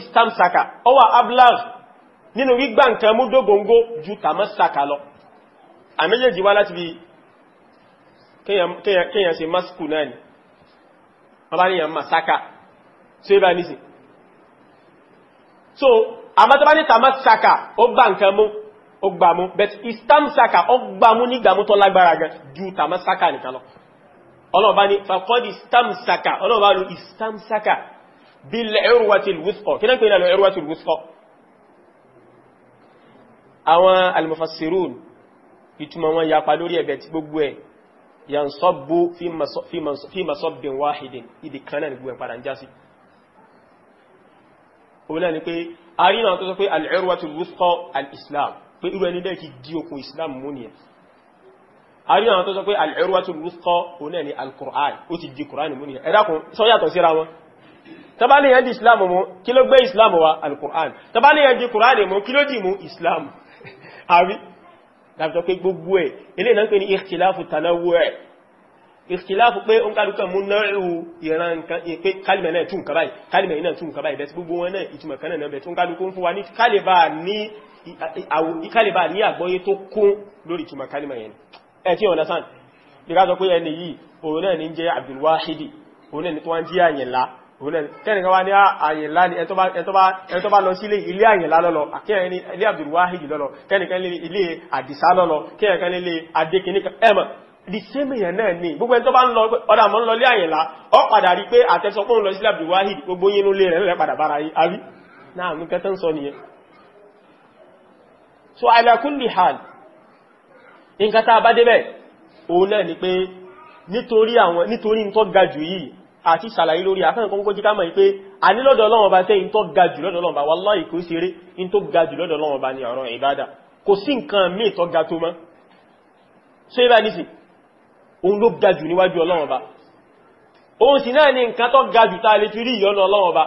istamsaka ó wà ablag nínú gbígbà nǹkan mú dógóńgó ju tamastaka lọ àmẹ́jẹ̀jì wá láti bí kéèyàn ṣe másìkù náà tọ́báníyàn masaka ṣe bá nísìn so àmọ́tọ́bání tamasaka ó gbà nǹkan mú ó gbà mú but istamsaka ó gbà mú ní gbàmú tó lágbára gan ju tamasaka nìkan lọ ọlọ́ọ̀bá ní fàkọ́dì istamsaka ọlọ́ọ̀bá ní istamsaka bil urwatil wuthqa kí náà pè ní al urwatil wuthqa àwọn al mufassirun ìtumọ̀ wọn yapa lórí ẹ̀bẹ̀ tí gbogbo ẹ̀ yansọ́bù fímasọ́bìn wáhìdìn ibi kan náà ni gbogbo ẹ̀padà ń já sí òun náà ni pé a rí náà tó sọ pé al'irwatul wusqa al'islam pé irú ẹni bẹ́ẹ̀ kí dí okùn islam mú ni ẹ̀ a rí náà tó sọ pé al'irwatul wusqa òun náà ni al-Qur'an ó ti di Qur'an mú ni ẹ̀ ẹ dákun sọ yàtọ̀ síra wọn tabali yẹn di islam mú kí ló islam wa al tabali yẹn di Qur'an mú kí ló dì islam àbí [laughs] dàbítọ́ pé gbogbo ẹ̀ ilé náà pé ní ìkìláàfù tànáwó ẹ̀ ìkìláàfù pé ó ń kálùkà mú náírù ìran pé kálìmẹ̀ náà tún kàbáyì kálìmẹ̀ náà tún kàbáyì bẹ̀ẹ̀ gbogbo wọn náà ìtumọ̀ kan náà bẹ̀ tún kálùkù ń fún wa ní kálìbà ní àgbọ́yé kẹ́nìkan wá ní ní ẹ̀tọ́ ẹtọba lọ sí ilé àyìnlá lọ́lọ́ àkíyàn ní ilé Abdulwahid lọ́lọ́ kẹ́nìkan ilé àdìsá lọ́lọ́ kẹ́nìkan ní ilé adékiníkan ẹ̀mọ̀ di same èèyàn náà ní gbogbo ẹni tó ọ padà rí pé àtẹ́sọpọ̀ ń lọ sí Abdulwahid gbogbo yínú lé rẹ̀ lẹ́ padà bára àbí náà mú kẹ́tẹ́ ń sọ nìyẹn so nǹkan tá a bá àti ṣàlàyé lórí àfẹ́rẹ̀ kọ́kọ́ jí ká mọ̀ pé a ní lọ́dọ̀ Ọlọ́run Ọba tẹ́ in tó ga jù lọ́dọ̀ Ọlọ́run Ọba wallahi kò ṣeré in tó ga jù lọ́dọ̀ Ọlọ́run Ọba ni ọ̀rọ̀ ìbádà kò sí nǹkan míì tó ga tó mọ́ so ibà ní sí òun ló ga jù níwájú Ọlọ́run Ọba òun sì náà ni nǹkan tó ga jù tá a lè fi rí ìyọ́nú Ọlọ́run Ọba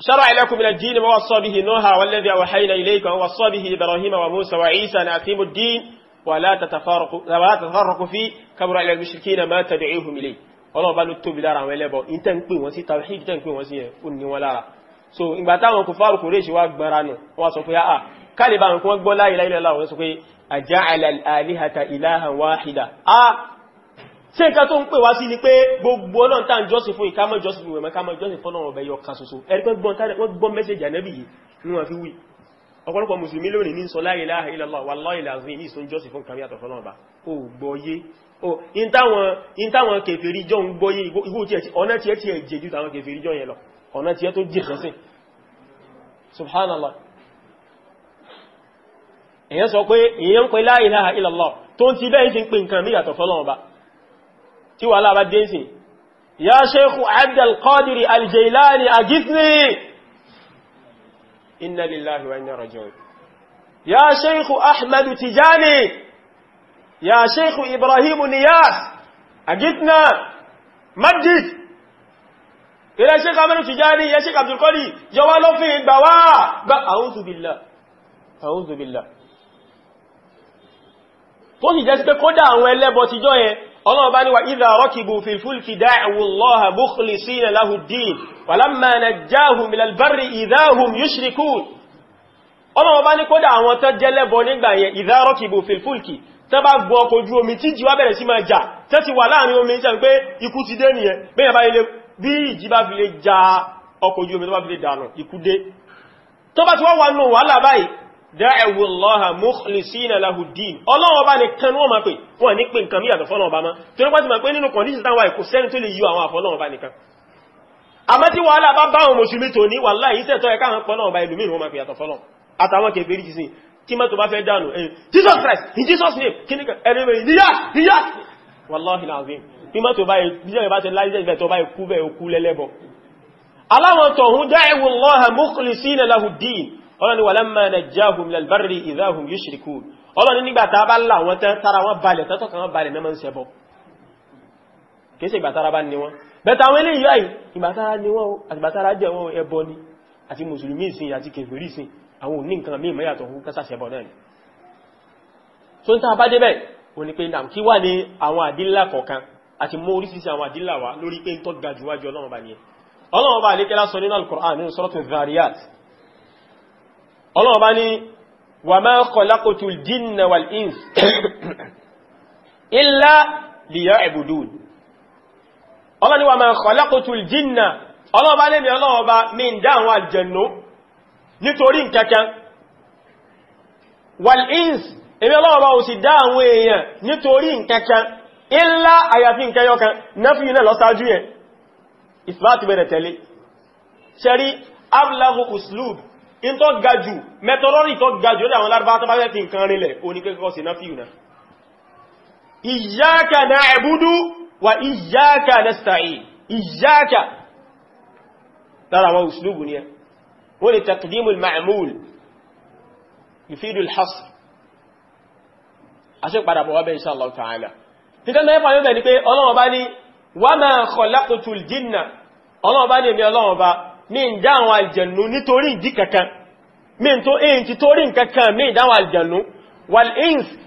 شرع لكم من الدين ما وصى به نوح والذي أوحينا إليك ووصى به إبراهيم وموسى وعيسى أن أقيموا الدين ولا تتفارقوا ولا تتفرقوا فيه كبر على المشركين ما تدعوهم إليه ọlọ́run bá ló tóbi lára àwọn ẹlẹ́bọ̀ in tẹ́ ń pè wọ́n sí tawhid tẹ́ ń pè wọ́n sí ẹ̀ ó ní wọ́n lára so ìgbà táwọn kò fárò kò réṣì wá gbára nù wọ́n sọ pé àà ah, káàlì bá wọn kí wọ́n gbọ́ la ilaha illallah wọ́n sọ pé aja'ala al-alihata ilahan wahida ah, ṣe nǹkan tó ń pè wá sí ni pé gbogbo ọlọ́run tá ń jọ́sìn fún ìkámọ́ jọ́sìn fún ìwẹ̀mọ́ kámọ́ jọ́sìn fún ọ̀rọ̀ ọ̀bẹ̀yọ kan ṣoṣo ẹ̀rípẹ́ gbọ́n mẹ́sẹ̀jì ànẹ́bì yìí ní wọ́n fi wí ọ̀pọ̀lọpọ̀ mùsùlùmí lónìí ní sọ la ilaha illallah wallahi lazim ní ìsún jọ́sìn fún kàmí àtọ̀fọ́ náà bá ó gbọ́yé ó in táwọn kèfèrí jọ ń gbọ́yé igbó tí ẹ̀tí ọ̀nà tí ẹ̀tí ẹ̀jẹ̀ jù táwọn kèfèrí jọ yẹn lọ tó subhanallah èyàn sọ pé èyàn ń la ilaha illallah tó ń ti bẹ́ẹ̀ ti ń pè nǹkan mí àtọ̀fọ́ náà bá tí wàhálà bá dé sí ya sheikhu abdulkadir aljailani agisni inna lillahi wa inna rajiun ya sheikhu ahmadu tijani ya sheikhu ibrahim niyas agisna majid ilẹ̀ sheikh ahmadu tijani ya sheikh abdulkadir yọwa lọ́fin gbawa gba a'udhu billah a'udhu billah tó sì jẹ́ sí pé kódà àwọn ẹlẹ́bọ tijọ́ yẹn ọlọ́run bá ní wa idha rakibu fil fulki da'u Allaha mukhlisina lahu ddin walamma najjahum ilal barri idha hum yushrikun ọlọ́run bá ní kódà àwọn tó jẹ́lẹ́bọ nígbà yẹn idha rakibu fil fulki tẹ́ bá gbọ́ ọkọ̀ ojú omi tí jíwá bẹ̀rẹ̀ sí máa jà tẹ́ ti wà láàrin omi ìṣẹ́ dáẹ̀wò lọ́ha mukhlisina lahu din ọlọ́wọ́ bá ní kan wọ́n ma pè wọ́n ní pè nǹkan míyàtọ̀ fọ́nà ọba má tí wọ́n pàtí ma pé nínú kọ̀ndíṣì táwà ẹ̀kọ́ sẹ́ni tó lè yíò àwọn àfọ́nà ọba nìkan àmọ́ tí wàhálà bá bá àwọn mùsùlùmí tó ní wàhálà yìí sẹ́tọ́ ẹ̀ká àwọn pọ́nà ọba ìlú mìíràn ma pè yàtọ̀ fọ́nà àtàwọn kẹfẹ́rí kìí sin kí mọ́ tó bá fẹ́ dànù ẹ̀yìn Jesus Christ in Jesus name kí ní ẹ̀rẹ́mẹ̀ níyà níyà wallahi alazim bí mọ́ tó bá ìbíjẹ́ ìbá ti láìsẹ́ ọlọ́ni wà lámà najjahum ilal barri idhahum yushrikun ọlọ́ni nígbàtà bá là wọn tán tara wọn balẹ̀ tọ́tọ̀ kan wọn balẹ̀ mẹ́mọ́ ń ṣẹbọ kéèsè ìgbàtara bá ní wọn bẹ́ta àwọn ilé ìyá ìgbàtara ní wọn àti ìgbàtara jẹ́ wọn ẹbọ ni àti mùsùlùmí ìsìn ọlọ́wọ́ bá ní wà máa kọlákòtù jinna wal ins illa liya'budun ọlọ́ni wà máa kọlákòtù jinna ọlọ́wọ́ bá lẹ́mí ọlọ́wọ́ bá mi ń dá àwọn àlùjànnú nítorí nǹkankan wal ins èmi ọlọ́wọ́ bá ò sì dá àwọn èèyàn nítorí nǹkankan illa àyàfi nkẹyọkan náfíì náà lọ́sájú in tó gajù mẹtọrọ́rì tó gajù ó dáwọn lárúbá tó bá fẹ́ fi nǹkan rinlẹ̀ oníkẹ́kọ́ sí náà fíìnà iyyaka na'budu wa iyyaka nasta'in iyyaka lára àwọn uslubu ni ẹ wọ́n ni taqdimu al-ma'mul yufidu al-hasr a ṣe padà bọ̀ wábẹ̀ insha Allah ta'ala títẹ́ mẹ́fà yóò bẹ̀ ni pé ọlọ́wọ́ bá ní wa ma khalaqtul mi ń dá àwọn àlìjẹ̀nù nítorí ìdí kankan mi ń tó èyí ti torí nkankan mi ń dá àwọn àlìjẹ̀nù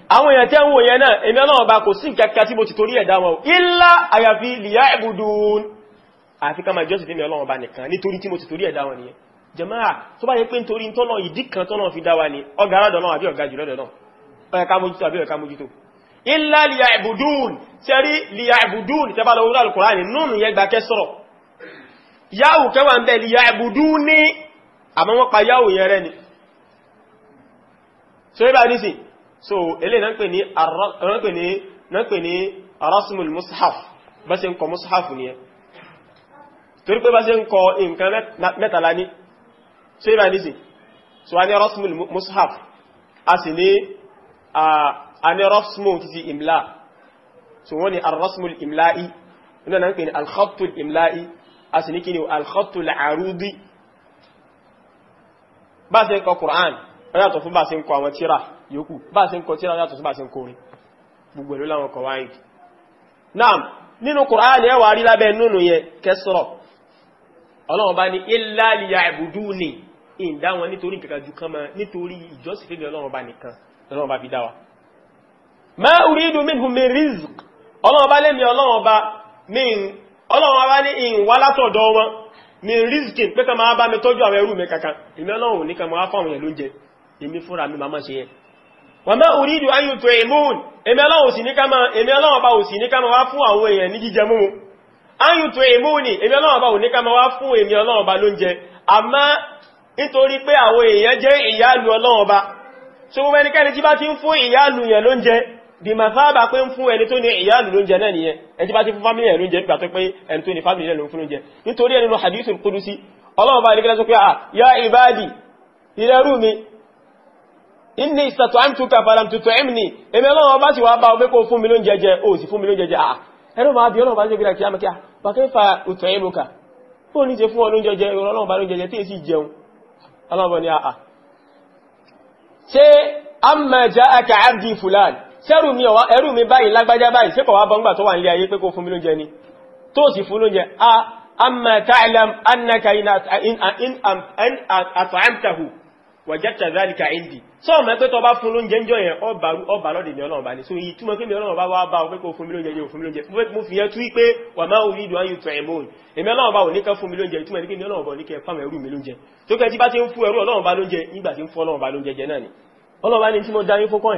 àwọn èèyàn tẹ́ ń wòye náà èmi ọlọ́run ọba kò sí nkankan tí mo ti torí ẹ̀dá wọn illa àyàfi lìyà ẹ̀bùdùn àfi ká máa jọ́sìn fún mi ọlọ́run ọba nìkan nítorí tí mo ti torí ẹ̀dá wọn nìyẹn jàmáà tó bá yẹ pé nítorí ni ọgá aládọ̀ náà àbí ọ̀gá jùlọ dọ̀ náà ọ̀ẹ̀ká illa lìyà ẹ̀bùdùn sẹ́rí lìyà ẹ̀bùdùn tẹ́bà lọ́wọ́ alùkùránì nùnù yẹ yáwù kẹwà ń bẹ̀lì ya ẹ̀bùdú ní àmọ́ wọ́n pa yáwù yẹn rẹ̀ ni so ibà nísìn so ilé náà pè ní arásùmùl mushaf bá ṣe ń kọ mushaf ní ẹ torí pé bá ṣe ń kọ nǹkan mẹ́tàlá ní so ibà nísìn so a ní arásùmùl mushaf a sì ní a ní arásùmù títí imla so wọ́n ni arásùmùl imla'i wọ́n náà pè ní alkhattul imla'i a sì ní kí ni alkhattu al'arudi bá ṣe ń kọ Qur'an yàtọ̀ fún bá ṣe ń kọ àwọn tíra yòókù bá ṣe ń kọ tíra yàtọ̀ fún bá ṣe ń kọrin gbogbo ìlú láwọn kọwa ìdí naam nínú Qur'an ẹ wà rí lábẹ́ nínú yẹn kẹsọ̀rọ̀ ọlọ́run bá ní illa liya'buduni ìdá wọn nítorí kankan ju kan mọ́ ọlọ́run ara ní ìwà látọ̀dọ̀ wọn mi rízkì pé kan máa bá mi tọ́jú àwọn ẹrú mi kankan ìmẹ́ ọlọ́run ní kan máa fáwọn èèyàn lóúnjẹ èmi fúnra mi máa ṣe yẹn wọ́n mẹ́ orídù ayùtò ìmúhùn èmi ọlọ́run bá òsì ní ká máa wá fún àwọn èèyàn ní jíjẹ mú ayùtò ìmúhùn èmi ọlọ́run bí ma sábà pé ń fún ẹni tó ní ìyáàlù lóúnjẹ náà nìyẹn ẹjí bá ti fún fámílì ẹ̀lú oúnjẹ nígbà tó pé ẹni tó ní fámílì ẹ̀lú fún oúnjẹ nítorí ẹni lọ hadithul qudusi ọlọ́run bá nígbà tó pé à yá ìbáàdì ìrẹ́rù mi inni istat'amtuka falam tut'imni èmi ọlọ́run bá sì wá bá ọ pé kó fún mi lóúnjẹ jẹ ó sì fún mi lóúnjẹ jẹ à ẹnu máa bí ọlọ́run bá sì gbéra kí á mọ́kí à bá kẹ́ fa ut'imuka fún oníṣe fún ọ lóúnjẹ jẹ ọlọ́run bá lóúnjẹ jẹ tí èsì jẹun ọlọ́run bá ní àà ṣé amma ja'aka abdi fulan sẹ́rù mi ọ̀wá ẹrù mi báyìí lágbájá báyìí ṣé kò wá bọ́ngbà tó wà nílé ayé pé kó fún mi lóúnjẹ ni tó sì fún lóúnjẹ a amma ta'lam annaka in at'amtahu wajadta dhalika indi so mo pé tó bá fún lóúnjẹ ńjọ́ yẹn ó bá ó bá lóde mi Ọlọ́run bá ni so yi túmọ̀ pé mi Ọlọ́run bá wá bá o pé kó fún mi lóúnjẹ je o fún mi lóúnjẹ mo fi yẹn tú pé wa ma uridu an yut'imun èmi Ọlọ́run ò ní ká fún mi lóúnjẹ túmọ̀ pé mi Ọlọ́run ò ní ká fa ẹrù mi lóúnjẹ tó ke tí bá tin fún ẹrù Ọlọ́run lóúnjẹ nígbà tin fún Ọlọ́run lóúnjẹ jẹ náà ni Ọlọ́run bá ni tí mo dá yín fún kon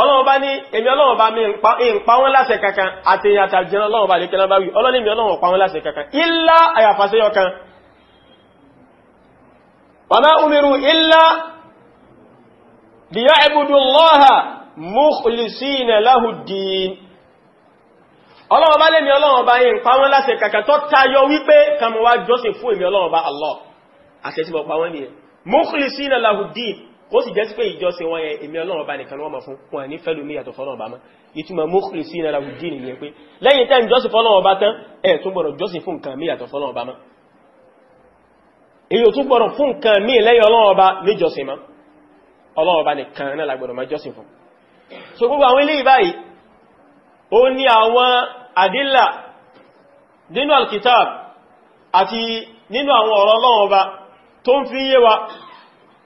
ọlọ́run bá ní èmi ọlọ́run bá mi ń pa wọ́n láṣẹ kankan àti èyàn àtàjẹ́ ọlọ́run bá lè kẹ́lá bá wí ọlọ́run mi ọlọ́run pa wọ́n láṣẹ kankan ilá àyàfàṣẹ́yọ kan wa ma umiru ilá liya'budu Allaha mukhlisina lahu ddin ọlọ́run bá lèmi ọlọ́run bá yìí ń pa wọ́n láṣẹ kankan tó tayọ ó sì jẹ́ sí pé ìjọsìn wọn yẹn èmi ọlọ́run ọba nìkan ló wọ́n mọ̀ fún wọn ní fẹ́lú ní yàtọ̀ fọ́lọ́run ọba mọ́ ìtumọ̀ mọ́kùnrin sí ìnara wùdí nìyẹn pé lẹ́yìn tẹ́ ń jọ́sìn fọ́lọ́run ọba tán ẹ̀ tún gbọ́dọ̀ jọ́sìn fún nǹkan mí yàtọ̀ fọ́lọ́run ọba mọ́ èyí ò tún gbọ́dọ̀ fún nǹkan mí lẹ́yìn ọlọ́run ọba níjọsìn mọ́ so gbogbo àwọn eléyìí báyìí ó ní àwọn àdílà nínú alkitab àti nínú àwọn ọ̀rọ̀ ọlọ́run tó ń fi yé wa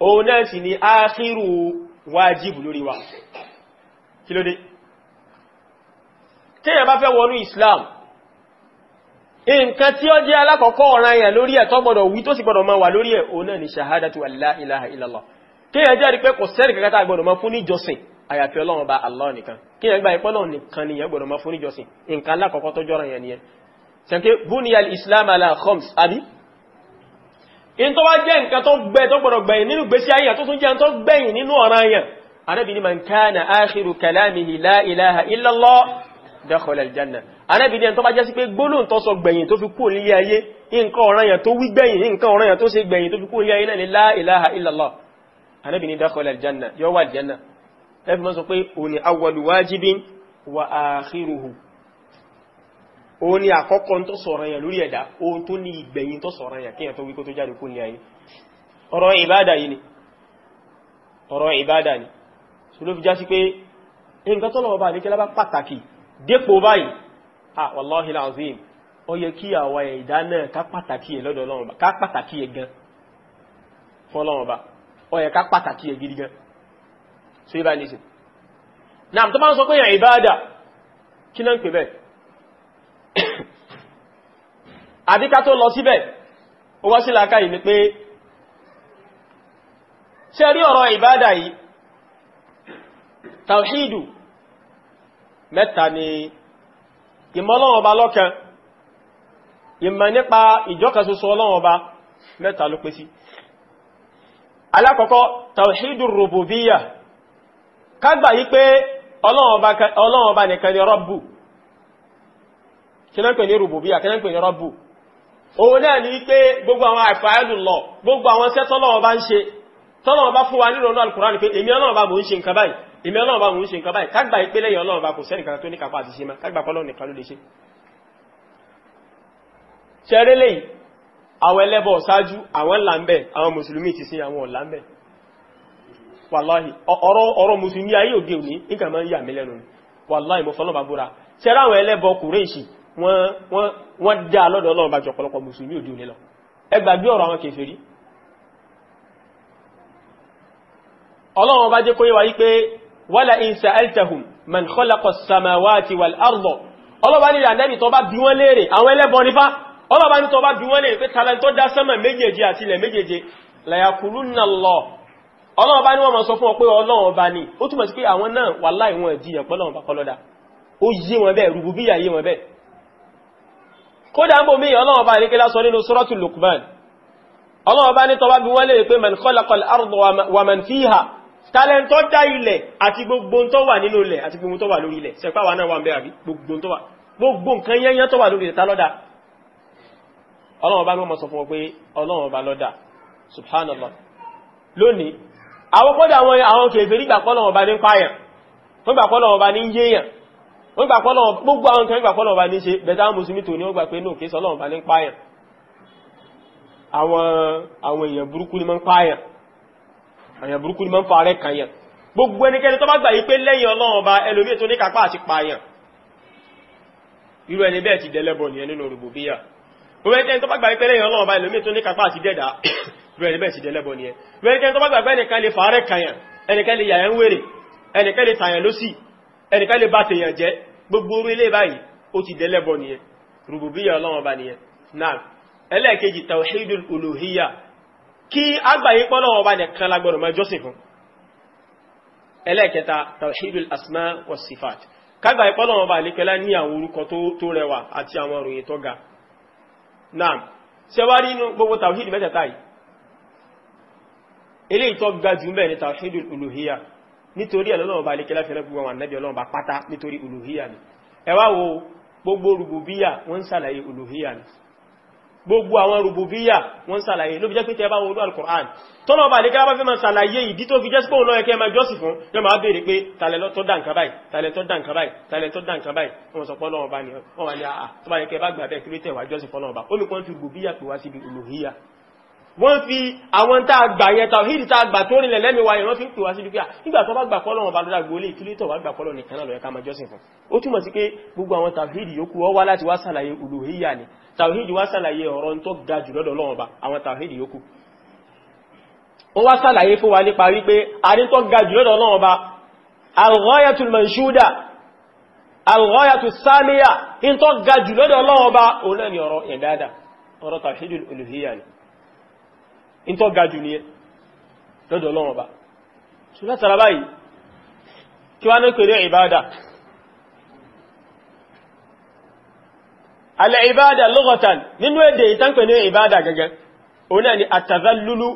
òun náà sì ni áàkírù wájìbù lórí wa kí ló dé kíyàn bá fẹ́ wọnú Islam nǹkan tí ó jẹ́ alákọ̀ọ́kọ́ ọ̀ràn èèyàn lórí ẹ̀ tó gbọ́dọ̀ wí tó sì gbọ́dọ̀ máa wà lórí ẹ̀ òun náà ni ṣàhádàtù Allah ilaha illallah kíyàn jẹ́ rí pé kò sẹ́rì kankan tá gbọ́dọ̀ máa fún níjọsìn àyàfi Ọlọ́run bá Allah nìkan in tó bá jẹ́ nǹkan tó gbẹ tó gbọdọ̀ gbẹ̀yìn nínú gbésí ayé tó tún jẹ́ tó gbẹ̀yìn nínú ọ̀ràn ayé anábì ní man kana akhiru kalamihi la ilaha illallah dakhala aljanna anábì ní tó bá jẹ́ sí pé gbólóhùn tó sọ gbẹ̀yìn tó fi kú nílé ayé nǹkan ọ̀ràn ayé tó wí gbẹ̀yìn nǹkan ọ̀ràn ayé tó ṣe gbẹ̀yìn tó fi kú nílé òun ni àkọ́kọ́ tó sọ̀rọ̀ yẹn lórí ẹ̀dá ohun tó ní ìgbẹ̀yìn tó sọ̀rọ̀ yẹn kíyàn tó wí kó tó jáde kún ní ayé ọ̀rọ̀ ìbádà yìí ni ọ̀rọ̀ ìbádà ni so ló fi já sí pé nǹkan tó lọ́wọ́ ní kí pàtàkì dépò báyìí ah wallahi lazim ó yẹ kí àwa ẹ̀dá náà ká pàtàkì ẹ̀ lọ́dọ̀ Ọlọ́run ká pàtàkì ẹ̀ gan fún Ọlọ́run ọba ó so ibà ní sè náà tó bá ń sọ pé yàn kí náà ń pè bẹ́ẹ̀ [coughs] àbíká tó lọ síbẹ̀ ó wá sí làákà yìí ni pé ṣe rí ọ̀rọ̀ ìbádà yìí tàwíìdù mẹ́ta ni ìmọ̀ Ọlọ́run Ọba lọ́kan ìmọ̀ nípa ìjọ́kan ṣoṣo Ọlọ́run Ọba mẹ́ta ló pé alákọ̀ọ́kọ́ tàwíìdù rububiyya kágbà yí pé Ọlọ́run nìkan ni rọ́bù kí náà pè ní rùbùbíyà kí náà pè ní rọ́bù òun náà ní pé gbogbo àwọn àfààlù lọ gbogbo àwọn iṣẹ́ tọ́lọ́wọ́ bá ń ṣe tọ́lọ́wọ́ bá fún wa nínú ọ̀nà Al-Qur'an pé èmi Ọlọ́run bá mò ń ṣe nǹkan báyìí èmi Ọlọ́run bá mò ń ṣe nǹkan báyìí kágbà ìpínlẹ̀ yẹn Ọlọ́run bá kò sẹ́nì kankan tó ní kápá àti ṣe má kágbà pọ́lọ́ nìkan ló lè ṣe. ṣeré ẹlẹ́bọ̀ ṣáájú àwọn ńlá àwọn mùsùlùmí ti sin àwọn ọ̀la wàláhì ọ̀rọ̀ ọ̀rọ̀ ayé òde òní nǹkan yà mí lẹ́nu wàláhì mo fọlọ́ àwọn ẹlẹ́bọ̀ Kùrẹ́ṣì wọ́n dá lọ́dọ̀ Ọlọ́run bá jọ ọ̀pọ̀lọpọ̀ mùsùlùmí òdi òní lọ ẹ gbàgbé ọ̀rọ̀ àwọn kèfèrí Ọlọ́run bá jẹ́ kó yé wa wípé wala in sa'altahum man khalaqa as-samawati wal arda ọlọ́ba ní ìrànlẹ́bì tó bá bí wọ́n léèrè àwọn ẹlẹ́bọn nípa ọlọ́ba ní tó bá bí wọ́n léèrè kódà ń bò mí ọlọ́wọ́ bá nígbà sọ nínú suratu Luqman ọlọ́wọ́ bá ní tọ́wá bí wọ́n lè pé man khalaqal arda wa man fiha tálẹ́ntọ́ dá ilẹ̀ àti gbogbo tó wà nínú ilẹ̀ àti gbogbo tó wà lórí ilẹ̀ sẹ́pá wà náà wà ń bẹ́ àbí gbogbo tó wà gbogbo nǹkan wọ́n gbà pọ́lọ̀ gbogbo àwọn kan gbà pọ́lọ̀ bá ní ṣe bẹ̀dá mùsùlùmí tò ní wọ́n gbà pé náà kéèsọ́ lọ́wọ́ bá ní páyàn àwọn èèyàn burúkú ni máa ń páyàn èèyàn burúkú ni máa ń farẹ́ kàyàn gbogbo ẹnikẹ́ni tó bá gbà yí pé lẹ́yìn ọlọ́run bá ẹlòmí tó ní kápá àti páyàn irú ẹni bẹ́ẹ̀ ti dẹlẹ́bọ̀ nìyẹn nínú rùbùbíyà gbogbo ẹnikẹ́ni tó bá ẹnìkan lè bá tèèyàn jẹ́ gbogbo orí ilé báyìí ó ti dẹ́lẹ́bọ nìyẹn rùbùbíyà ọlọ́run ọba nìyẹn náà ẹlẹ́ẹ̀kejì tawhidul uluhiyya kí agbàyé pọ́lọ́run ọba nìkan lágbọ́dọ̀ máa jọ́sìn fún ẹlẹ́ẹ̀kẹta tawhidul asma wa sifat kágbàyé pọ́lọ́run ọba àlékẹ́lá ní àwọn orúkọ tó rẹwà àti àwọn òròyìn tó ga náà ṣẹwárí inú gbogbo tawhid mẹ́tẹ̀ẹ̀ta yìí eléyìí tó ga jù nítorí ẹ̀lọ́lọ́wọ́ bá lékẹ́lá fẹ́rẹ́ gbogbo àwọn ànábì ọlọ́run bá pátá nítorí olùhíyà ni ẹ wá wo gbogbo rùbùbíyà wọ́n ń sàlàyé olùhíyà ni gbogbo àwọn rùbùbíyà wọ́n ń sàlàyé ló fi jẹ́ pé tẹ́ bá wọn olú alukur'an tọ́lọ́ bá lékẹ́lá bá fẹ́ máa sàlàyé ìdí tó fi jẹ́ sí pé òun lọ́yẹ kẹ́ máa jọ́sìn fún yọ máa béèrè pé talẹ̀ lọ tó dà nǹkan báyìí talẹ̀ tó dà nǹkan báyìí talẹ̀ tó dà wọ́n fi àwọn tá a gbà yẹn tàwíìdì tá a gbà tó rìnlẹ̀ lẹ́mìíwá yẹn wọ́n fi ń pè wá sí dúkìá nígbà tó bá gbà fọ́lọ̀ wọn bá lọ́dà gbólé kí ló tọ̀ wá gbà fọ́lọ̀ nìkan náà lọ́yẹ ká máa jọ́sìn fún ó túmọ̀ sí pé gbogbo àwọn tàwíìdì yòókù ọ wá láti wá sàlàyé uluhiyya ni tàwíìdì wá sàlàyé ọ̀rọ̀ tó ga jù lọ́dọ̀ lọ́wọ́ bá àwọn tàwíìdì yòókù ó wá sàlàyé fún wa nípa wípé àrí tó ga al-ghayatul manshuda al-ghayatus samiya in tó ga jù lọ́dọ̀ lọ́wọ́ bá òun náà ni in tó ga jù ní ẹ lọ́dọ̀ Ọlọ́run Ọba so látara báyìí kí wá ní pèrè ìbádà alẹ́ ìbádà lughatan nínú èdè ìtànkù ní ìbádà gẹ́gẹ́ òun náà ni àtàzallulu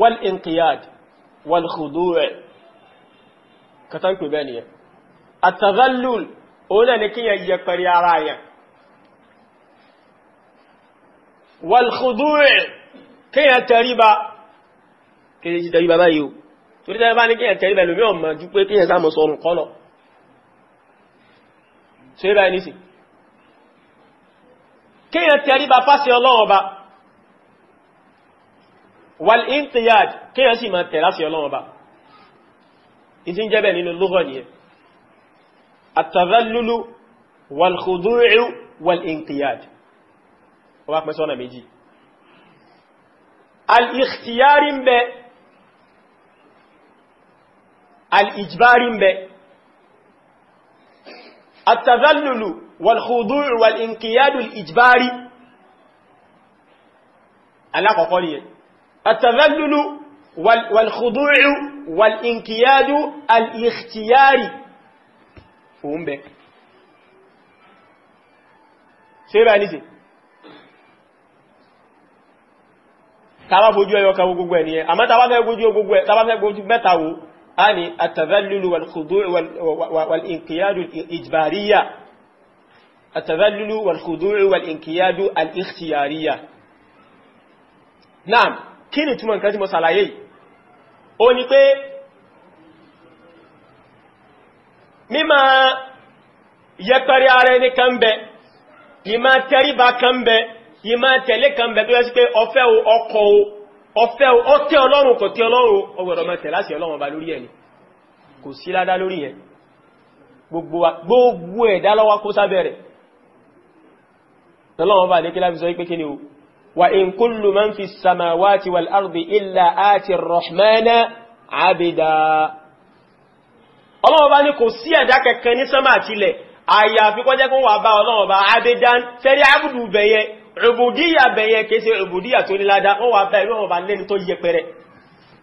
wal inqiyad wal wal khudu' kéèyàn tẹríba kéèyàn ti tẹríba báyìí o torí tẹríba ní kéèyàn tẹríba lómi ọ̀mọ̀ ju pé kéèyàn sá mọ̀ sọ̀rùn kọ́ lọ ṣe é báyìí nísì kéèyàn tẹríba fásitì ọlọ́wọ́n ba wal intiyad kéèyàn sì máa tẹ̀lá sí ọlọ́wọ́n ba ìsì wọ́n bá méjì الاختيارين ب الاجبارين ب التذلل والخضوع والانقياد الاجباري انا اقول التذلل والخضوع والانقياد الاختياري فهم بك سيبا نزل tàbá fojú ẹyọ kan gbogbo ẹ̀ nìyẹn àmọ́ tàbá fẹ́ gbójú gbogbo ẹ̀ tàbá fẹ́ gbójú mẹ́ta wo a ní àtàzálùlù wàlìkìyàdù ìjìbàríyà àtàzálùlù wàlìkìyàdù wàlìkìyàdù alìkìyàríyà náà kí ni túnmọ̀ nǹkan tí mo sàlàyé ó ní pé mímọ̀ yẹpẹrẹ ara ẹni kan bẹ ìmọ̀ tẹríba kan bẹ yìí máa tẹ̀lé kan bẹ̀ tó yẹ sí pé ọfẹ́ o ọkọ̀ o ọfẹ́ o ọtẹ́ ọlọ́run kò tẹ́ ọlọ́run ọgbọ̀dọ̀ máa tẹ̀ láti ọlọ́run ọba lórí ẹni kò sí ládá lórí yẹn gbogbo ẹ̀dá lọ́wọ́ kó sábẹ̀rẹ̀ ọlọ́run ọba àdékẹ́lá fi sọ pé kí ni o wa in kullu ìbùdíyà bẹ̀yẹ kése ìbùdíyà tó ní ládá wọ́n wà bá ìlú ọba lẹ́ni tó yẹ pẹ̀rẹ̀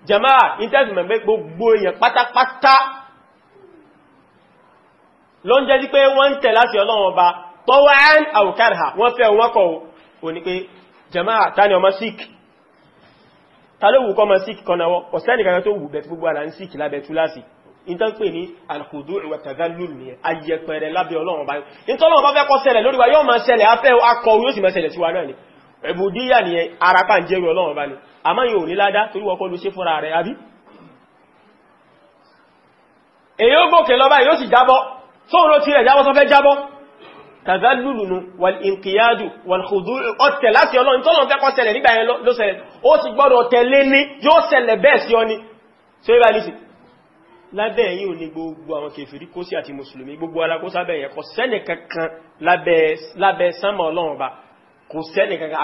jama'a intanet mẹ́gbẹ́ gbogbo èèyàn pátápátá ló ń jẹ́ sí pé wọ́n ń tẹ̀ láti ọlọ́run ọba tọ́wọ́n àwòkárà wọ́n fẹ́ wọ́n jama'a ta ni ọmọ sikh ta ló wù kọ́ ọmọ sikh kọ́nawọ́ ọ̀sẹ́nìkan tó ìtànpè ní alkùdú ìwà tàzálùl ní ayẹpẹrẹ lábẹ́ ọlọ́run báyìí ìtọ́lọ́run bá fẹ́ kó ṣẹlẹ̀ lórí wa yóò máa ṣẹlẹ̀ afẹ́ akọ yóò sì máa ṣẹlẹ̀ síwá náà ni ẹ̀bùdíyà ni arapa ń jẹ́rù ọlọ́run bá ní àmá yóò ní ládá torí wọ́n kọlu ṣe fúnra rẹ̀ àbí èyí ó gòkè lọ báyìí yóò sì jábọ́ sóòrò tí rẹ̀ jábọ́ tó fẹ́ jábọ́ tàzálùlùnù wal ìǹkìyàdù wal khudú ọ̀tẹ̀ láti ọlọ́run ni ṣe é bá ní sí lábẹ́ yìí ò ní gbogbo àwọn kèfèrí kó sí àti mùsùlùmí gbogbo alákósábẹ̀ yẹn kò sẹ́nì kankan lábẹ́ sánmà ọlọ́run ọba kò sẹ́nì kankan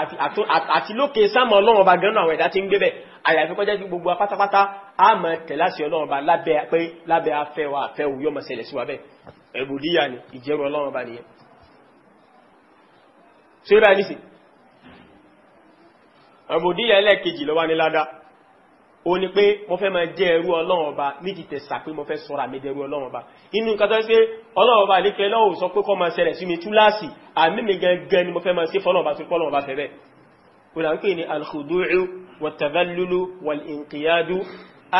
àti lókè sánmà ọlọ́run ọba gan-an àwọn ẹ̀dá ti ń gbé bẹ̀ àyàfi kọjá sí gbogbo apátápátá a máa tẹ̀lé àṣẹ ọlọ́run ọba lábẹ́ afẹ́ wa afẹ́ ni ìjẹ́rù ọlọ́run ọba nìyẹn. ṣé báyìí ó ní pé mo fẹ́ máa jẹ́ ẹrú ọlọ́run ọba ní ti tẹ̀sà pé mo fẹ́ sọ́ra mi dẹrú ọlọ́run ọba inú nǹkan tó ń ọlọ́run ọba àlékẹ́ lọ́wọ́ sọ pé kọ́ máa ṣẹlẹ̀ sí mi túláàsì àmì mi gangan ni mo fẹ́ máa ṣe fọ́lọ́run ọba tó kọ́lọ́run ọba fẹ́ bẹ́ẹ̀ là ń pè ní alkhudu'u wàtàbálúlú wàlìǹkìyàdú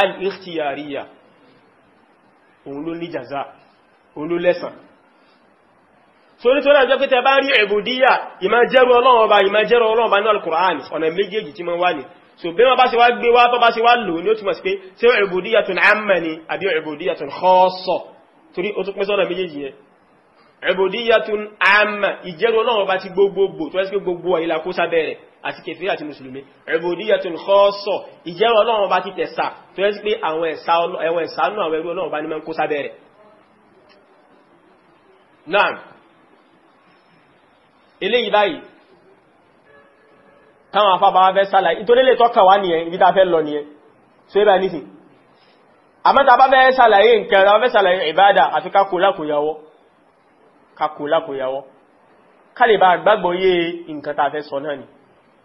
alìkhtiyariya òun ló ní jaza òun ló lẹ́sàn so nítorí àjọ pé tẹ bá rí ẹ̀bùdíyà ìmájẹ́rú ọlọ́run ọba ìmájẹ́rú ọlọ́run ọba ní alkùránì ọ̀nà méjèèjì tí mo wà ní so bẹ́ẹ̀ bá ṣe wá gbé wá tó bá ṣe wá lò ní ó túnmọ̀ sí pé ṣé ubudiyatun amma ni àbí ubudiyatun khassa torí ó tún pín sọ́nà méjèèjì yẹn ubudiyatun amma ìjẹ́rú ọlọ́run bá ti gbogbogbò tó ẹ́sì pé gbogbo àyílá kó sábẹ́ rẹ̀ àti kèfèrí àti mùsùlùmí ubudiyatun khassa ìjẹ́rú táwọn afábá wá fẹ́ sálàyé nítorí lè tọ́kà wá nìyẹn ibi tá fẹ́ lọ nìyẹn so ibà nísìn àmọ́ta bá fẹ́ sálàyé nǹkan tá fẹ́ sálàyé ìbádà àfi ká kó lákòyàwó ká kó lákòyàwó ká lè bá gbàgbọ́ yé nǹkan tá fẹ́ sọ náà ni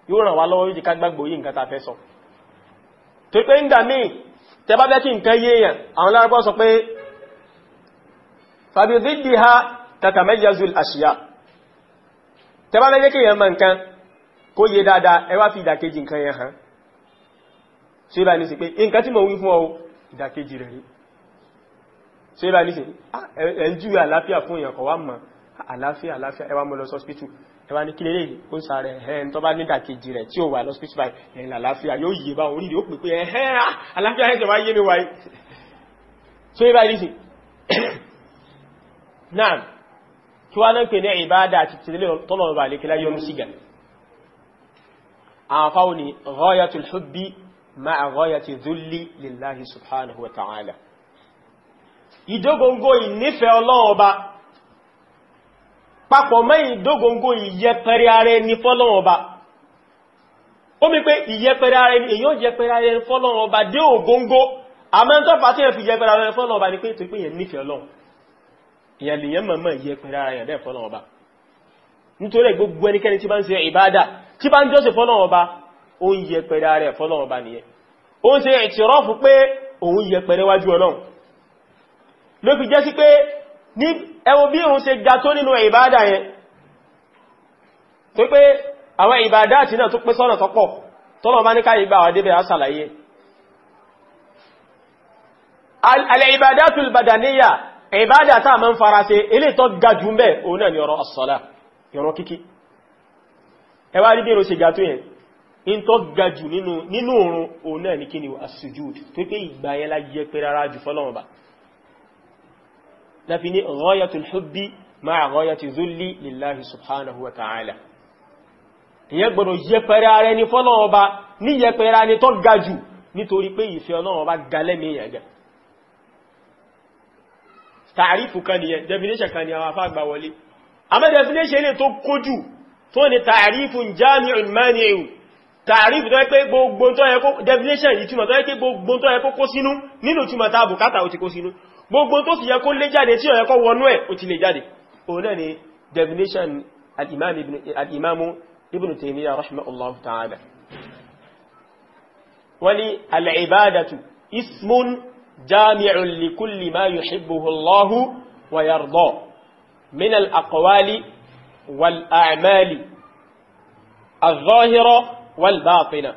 yóò ràn wá lọ́wọ́ yóò jẹ́ ká gbàgbọ́ yé nǹkan tá fẹ́ sọ torí pé ńgbà kó yé dáadáa ẹ wá fi ìdàkejì nǹkan yẹn hàn ṣe bá ní sí pé nǹkan tí mo wí fún ọ ìdàkejì rẹ̀ rí ṣe bá ní sí ẹ̀ ń júwe àláfíà fún èèyàn kọ̀ wá mọ̀ àláfíà àláfíà ẹ wá mọ́ lọ sọ́spítù ẹ wá ní kí lélẹ́yìn ó ń sàárẹ̀ ẹ̀hẹ́n tó bá ní ìdàkejì rẹ̀ tí ó wà lọ́spítù báyìí ẹ̀yìn àláfíà yóò yé àwọn afáwọn ni ghayatul hubbi ma'a ghayati dhulli lillahi subhanahu wa ta'ala ìdógóngó ìnífẹ̀ẹ́ ọlọ́run ọba papọ̀ mẹ́yìn ìdógóngó ìyẹpẹrẹ ara ẹni fọ́lọ́run ọba ó mi pé ìyẹpẹrẹ ara ẹni èyàn jẹpẹrẹ ara ẹni fọ́lọ́run ọba dé ògóngó àmẹ́ntọ́fà tí yẹn fi jẹpẹrẹ ara ẹni fọ́lọ́run ọba ni pé tó pé yẹn nífẹ̀ẹ́ tí bá ń jọ́sìn fọ́lọ́wọ́n ọba ó ń yẹpẹrẹ ara ẹ̀ fọ́lọ́wọ́n ọba nìyẹn ó ń ṣe ẹ̀tìrọ́fù pé òun yẹpẹrẹ wájú ọlọ́run ló fi jẹ́ sí pé ní ẹwọ bí òun ṣe ga tó nínú ìbádà yẹn tó pé àwọn ìbádà àti náà tó pé sọ́nà tọ́pọ̀ tọ́lọ̀ bá ní káyì bá àwádébẹ̀ ẹ wá rí bèrò ṣe ga tó yẹn in tó ga jù nínú nínú òrun òun náà ní kíni asujud tó pé ìgbà yẹn la yẹ pé rárá jù fọlọ́wọ́n bá láfi ní ghayatul hubbi máa ghayati zulli lillahi subhanahu wa ta'ala ìyẹn gbọdọ̀ yẹ pẹ̀rẹ̀ ara ẹni fọ́lọ́wọ́n ní yẹ pẹ̀rẹ̀ ara ẹni tó ga jù nítorí pé ìfẹ́ ọlọ́wọ́n bá ga lẹ́mí yẹn kan nìyẹn definition kan ni àwọn afá gbà wọlé àmọ́ definition ilé tó kójú tó ní tààrífún jami'un mani'u tààrífù tó yẹ pé gbogbo tó yẹ kó definition ìtumọ̀ tó yẹ pé gbogbo tó yẹ kó kó sínú nínú ìtumọ̀ tá bùkátà ó ti kó sínú gbogbo tó sì yẹ kó lé jáde tí ó yẹ kó wọnú ẹ̀ ó ti lè jáde òun náà والأعمال الظاهرة والباطنة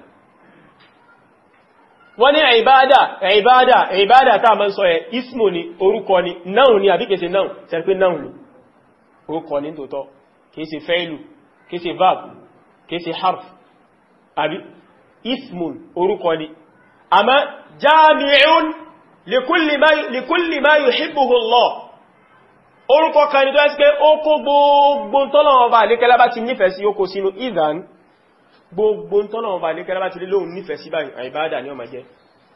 wọ́n ní ìbádà ìbádà ìbádà tá a mọ́ sọ ẹ̀ ismo ni orúkọ ni náà ni àbí kèsè náà tẹ́ pé náà ni orúkọ ni tòótọ́ kèsè fẹ́ìlù kèsè verb kèsè harf àbí ismo orúkọ ni àmá jami'un likulli ma yuhibbuhu Allah orúkọ kan ní tó ẹ́sì pé ó kó gbogbo tọ́lọ̀wọ̀n bá lékẹ́lá bá ti nífẹ̀ẹ́ sí ókó sínú ìdán gbogbo tọ́lọ̀wọ̀n bá lékẹ́lá bá ti lé lóhun nífẹ̀ẹ́ sí àìbáadà ní ọmọ jẹ́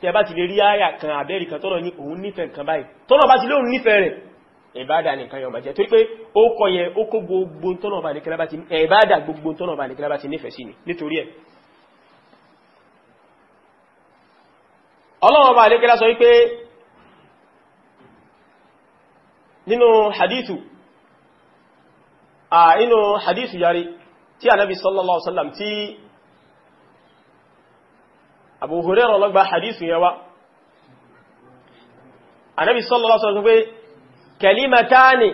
tí a bá ti lè rí àyà kan àbẹ́rì kan tọ́lọ̀ ní òun nífẹ̀ẹ́ kan báyìí tọ́lọ̀ bá ti lóhun nífẹ̀ẹ́ rẹ̀ ìbáadà nìkan ni nítorí ẹ̀ ọlọ́wọ̀n bá lékẹ́lá sọ nínú hadithu a ah, inú hadithu yari tí Ànábì sallallahu alaihi wasallam tí Abu Hurairah ló gbà hadithu yawa Ànábì sallallahu alaihi wasallam pé kalimatani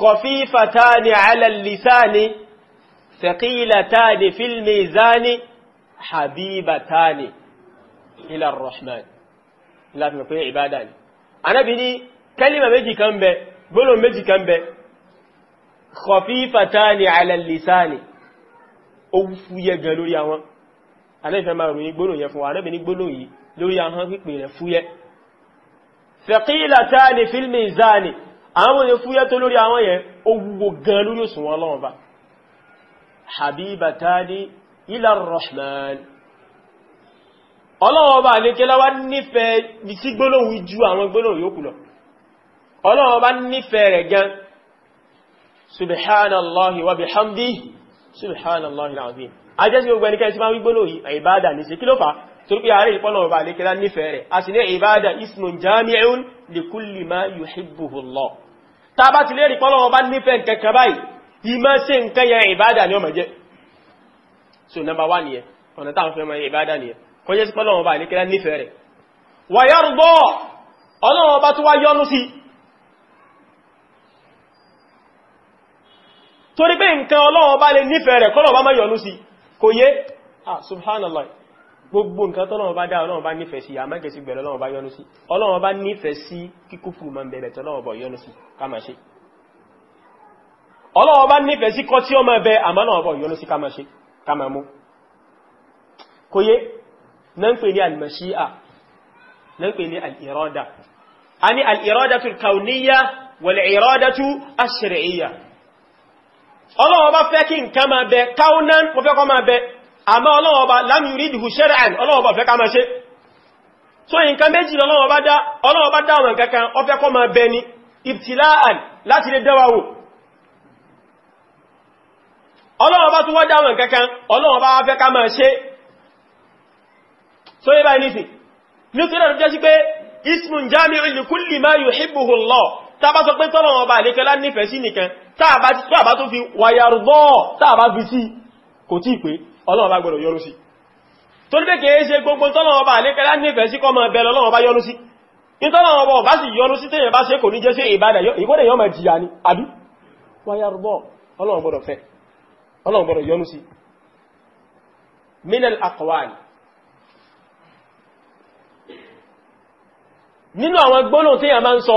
khafifatani ala lisani thaqilatani fil mizani habibatani ila ar-rahman ila fi pe ibadani Ànábì ní kẹ́límà méjì kan bẹ gbólóhùn méjì kan bẹ khafifatani ala lisani ó fúyẹ́ gan lórí àwọn anẹ́fẹ́ máa ròyìn gbólóhùn yẹn fún wa anẹ́bẹ̀ ní gbólóhùn yìí lórí ahọ́n pípẹ̀ rẹ̀ fúyẹ́ thaqilatani fil mizani àwọn ni fúyẹ́ tó lórí àwọn yẹn ó wúwo gan lórí òṣùwọ̀n Ọlọ́run bá habibatani ila rahman Ọlọ́run bá ní kí lọ́wọ́ nífẹ̀ẹ́ sí gbólóhùn àwọn gbólóhùn yókù lọ ọlọ́run bá nífẹ̀ẹ́ rẹ̀ gan subhanallahi wa bihamdihi subhanallahi alazim a jẹ́ sí gbogbo ẹnikẹ́ sí máa wígbónò yìí àìbádà ní sí kí ló fà tó rí ààrẹ ìpọ́nà ọba àlékẹ́lá nífẹ̀ẹ́ rẹ̀ a sì ní ìbádà ismun jami'un li kulli ma yuhibbuhu Allah ta bá ti lè rí pọ́nà ọba nífẹ̀ẹ́ nǹkan kan báyìí ìmọ̀ sí nǹkan yẹn ìbádà ni ó máa jẹ́ so number one tó wá yọ́nú sí torí pé nǹkan Ọlọ́run bá lè nífẹ̀ẹ́ rẹ̀ kọ́lọ̀ bá má yọ̀nú sí kò yé ah subhanallah gbogbo nǹkan tọ́lọ́run bá dá Ọlọ́run bá nífẹ̀ẹ́ sí àmẹ́kẹ̀ sí gbẹ̀rẹ̀ Ọlọ́run bá yọ̀nú sí Ọlọ́run bá nífẹ̀ẹ́ sí kíkúfù ma ń bẹ̀rẹ̀ tọ́lọ́run bá yọ̀nú sí káma ṣe Ọlọ́run bá nífẹ̀ẹ́ sí kọ́ tí ó máa bẹ àmọ́lọ́run bá yọ̀nú sí káma ṣe káma mú kò yé ọlọ́wọ́ bá fẹ́ kí nǹkan máa bẹ káúnan mo fẹ́ kọ́ máa bẹ àmá ọlọ́wọ́ bá lam yuridhu ọlọ́wọ́ bá fẹ́ ká máa ṣe so nǹkan méjì ọlọ́wọ́ bá dá ọlọ́wọ́ bá dá ọmọ kankan ó fẹ́ kọ́ máa bẹ ní ibtila'an láti lè dẹ́wà wò ọlọ́wọ́ bá tún wá so yẹ báyìí nísìn nítorí ọ̀rọ̀ jẹ́ sí pé ismun jami'un li tá bá sọ pé tọ́lọ̀wọ̀n ọba àlékẹ́lá nífẹ̀ẹ́ sí nìkan tá bá tó fi wàyàrùbọ́ tá bá fi sí kò tí pé Ọlọ́run bá gbọ́dọ̀ yọ́nú sí torí pé kìí ṣe gbogbo tọ́lọ̀wọ̀n ọba àlékẹ́lá nífẹ̀ẹ́ sí kọmọ ẹbẹ̀ Ọlọ́run bá yọ́nú sí ìtọ́lọ̀wọ̀n ọba bá sì yọ́nú sí tẹ́yẹ̀ bá ṣe kò ní jẹ́ sí ìbádà ìgbọ́dẹ̀ yọ́mọ̀ jìyà ni àbí wàyàrùbọ́ Ọlọ́run gbọ́dọ̀ fẹ́ Ọlọ́run gbọ́dọ̀ yọ́nú sí minal aqwali nínú àwọn gbólóhùn tí a máa ń sọ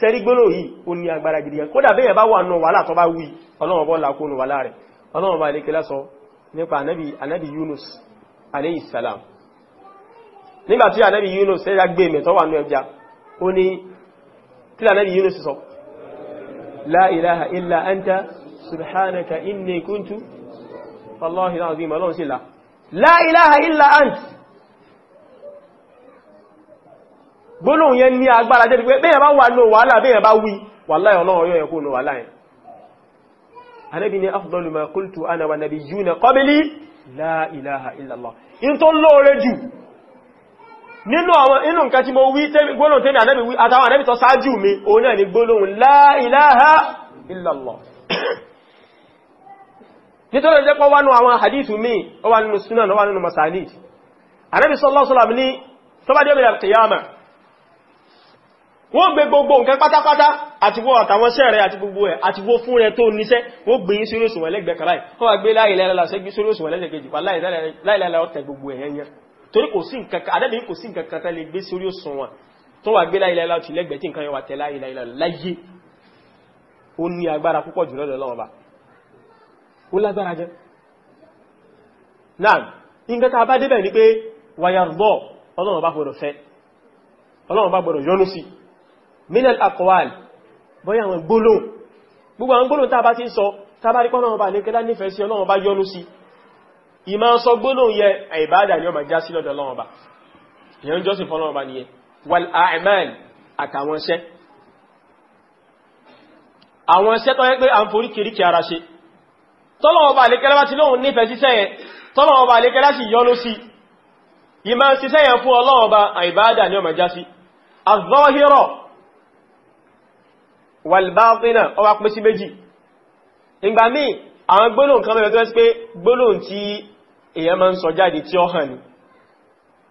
sẹ́rí gbónà yìí ó ní agbára gidi gan kódà bẹ́yẹ̀ bá wà nù wàhálà tó bá wí ọlọ́run bọ́ làkónù wàhálà rẹ̀ ọlọ́run bá lè kí lásọ nípa anabi anabi yunus alayhi salam nígbàtí anabi yunus ẹ̀yà gbé mẹ́tọ́ wà nù ẹja ó ní kí anabi yunus sọ la ilaha illa anta subhanaka inni kuntu gbólóhùn yẹn ní agbára jẹ́ pé bẹ́yàn bá wà ní wàhálà bẹ́yàn bá wí wàláhì ọlọ́run yóò ẹkùn ní wàláhì Ànábì ní afdalu ma qultu ana wa nabiyyuna qabli la ilaha illallah in tó lóore jù nínú àwọn inú nǹkan tí mo wí gbólóhùn tẹ́mi Ànábì wí àtàwọn Ànábì tó ṣáájú mi òun náà ni gbólóhùn la ilaha illallah [clears throat] nítorí jẹ́ pọ́ wá nínú àwọn hadithu mi ó wà nínú sunan sallallahu alaihi wasallam ní tó bá dé ọmọdé wọ́n gbé gbogbo nǹkan pátápátá àti wọ́n àtàwọn sẹ́rẹ̀ àti gbogbo ẹ̀ àti wó fún ẹ tó níṣẹ́ wọ́n gbé yí sórí òṣùwọ̀n ẹlẹ́gbẹ̀ kàláì wọ́n wá gbé láìlẹ́lẹ́lá sẹ́gbí sórí òṣùwọ̀n ẹlẹ́gbẹ̀kejì wà láìlẹ́lẹ́lá ọ̀tẹ̀ gbogbo ẹ̀yẹn yẹn torí kò sí nǹkan kan adẹ́bìnrin kò sí nǹkan kan tẹ́lẹ̀ gbé sórí òṣùwọ̀n tó wà gbé láìlẹ́lá ọ̀tì lẹ́gbẹ̀ẹ́ tí nǹkan yẹn wà tẹ́ láìlẹ́lá láyé ó ní agbára púpọ̀ jù minal aqwal bóyá àwọn gbólóhùn gbogbo àwọn gbólóhùn tàbá ti ń sọ tàbá rí pọ́nà ọba lékẹ́lá nífẹ̀ẹ́ sí ọlọ́run bá yọ́nú sí ìmá sọ gbólóhùn yẹ àìbádà ni ọba já sí lọ́dọ̀ ọlọ́run bá ìyẹn jọ́sìn fọ́nà ọba nìyẹn wal a'mal àtàwọn iṣẹ́ àwọn iṣẹ́ tó yẹ pé à ń forí kìríkì ara ṣe tọ́lọ́run ọba bá ti lóhun nífẹ̀ẹ́ síṣẹ́ yẹn tọ́lọ́run ọba sì yọ́nú sí ìmá ṣiṣẹ́ yẹn fún ọlọ́run ọba àìbádà ni ọba wàlbáàtínà ó wá pín sí méjì ìgbà míì àwọn gbólóhùn kan mẹ́rin tó ẹ́sí pé gbólóhùn tí èyàn máa ń sọ jáde tí ó hàn ní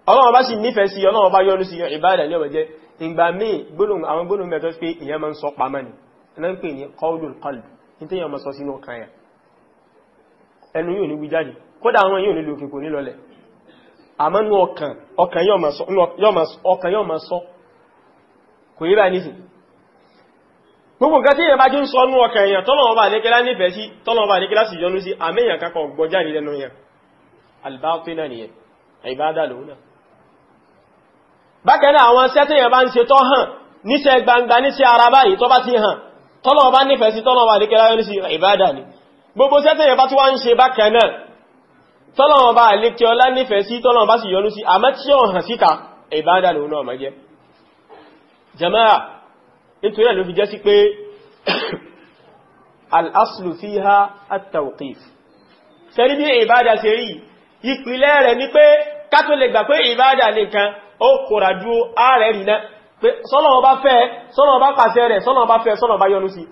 ọlọ́wọ́ bá sì nífẹ̀ẹ́ sí ọlọ́wọ́ bá yọ́nú sí ìbádà ní ọ̀wẹ̀jẹ́ ìgbà míì gbólóhùn àwọn gbólóhùn mẹ́rin tó ẹ́sí pé èyàn máa ń sọ pamọ́ ní ẹ̀nà ń pè ní qawlul gbogbo nǹkan tí èyàn bá jí ń sọ ní ọkàn èyàn tọ́lọ̀wọ́ bá níkẹ́lá nífẹ̀ẹ́ sí tọ́lọ̀wọ́ bá níkẹ́lá sì yọnú sí àmẹ́yàn kakọ̀ gbọjáde lẹ́nu yẹn albáfínà nìyẹn àìbádà lòun náà bákanáà àwọn iṣẹ́ tí èyàn bá ń ṣe tọ́ hàn níṣẹ́ gbangba níṣẹ́ ara báyìí tọ́ bá ti hàn tọ́lọ̀wọ́ bá nífẹ̀ẹ́ sí tọ́lọ̀wọ́ bá níkẹ́lá yọnú sí àìbádà ni gbogbo iṣẹ́ tí jama'a nítorí ẹ̀ ló fi jẹ́ sí pé [coughs] al'aslu fiha at-tawqif sẹ́rí bí ìbádà ṣe rí ìpìlẹ̀ rẹ̀ ní pé kátó lè gbà pé ìbádà nìkan ó kòrà ju ààrẹ rìnà pé sọ́nà ọba pàṣẹ rẹ̀ sọ́nà ọba fẹ́ sọ́nà ọba sí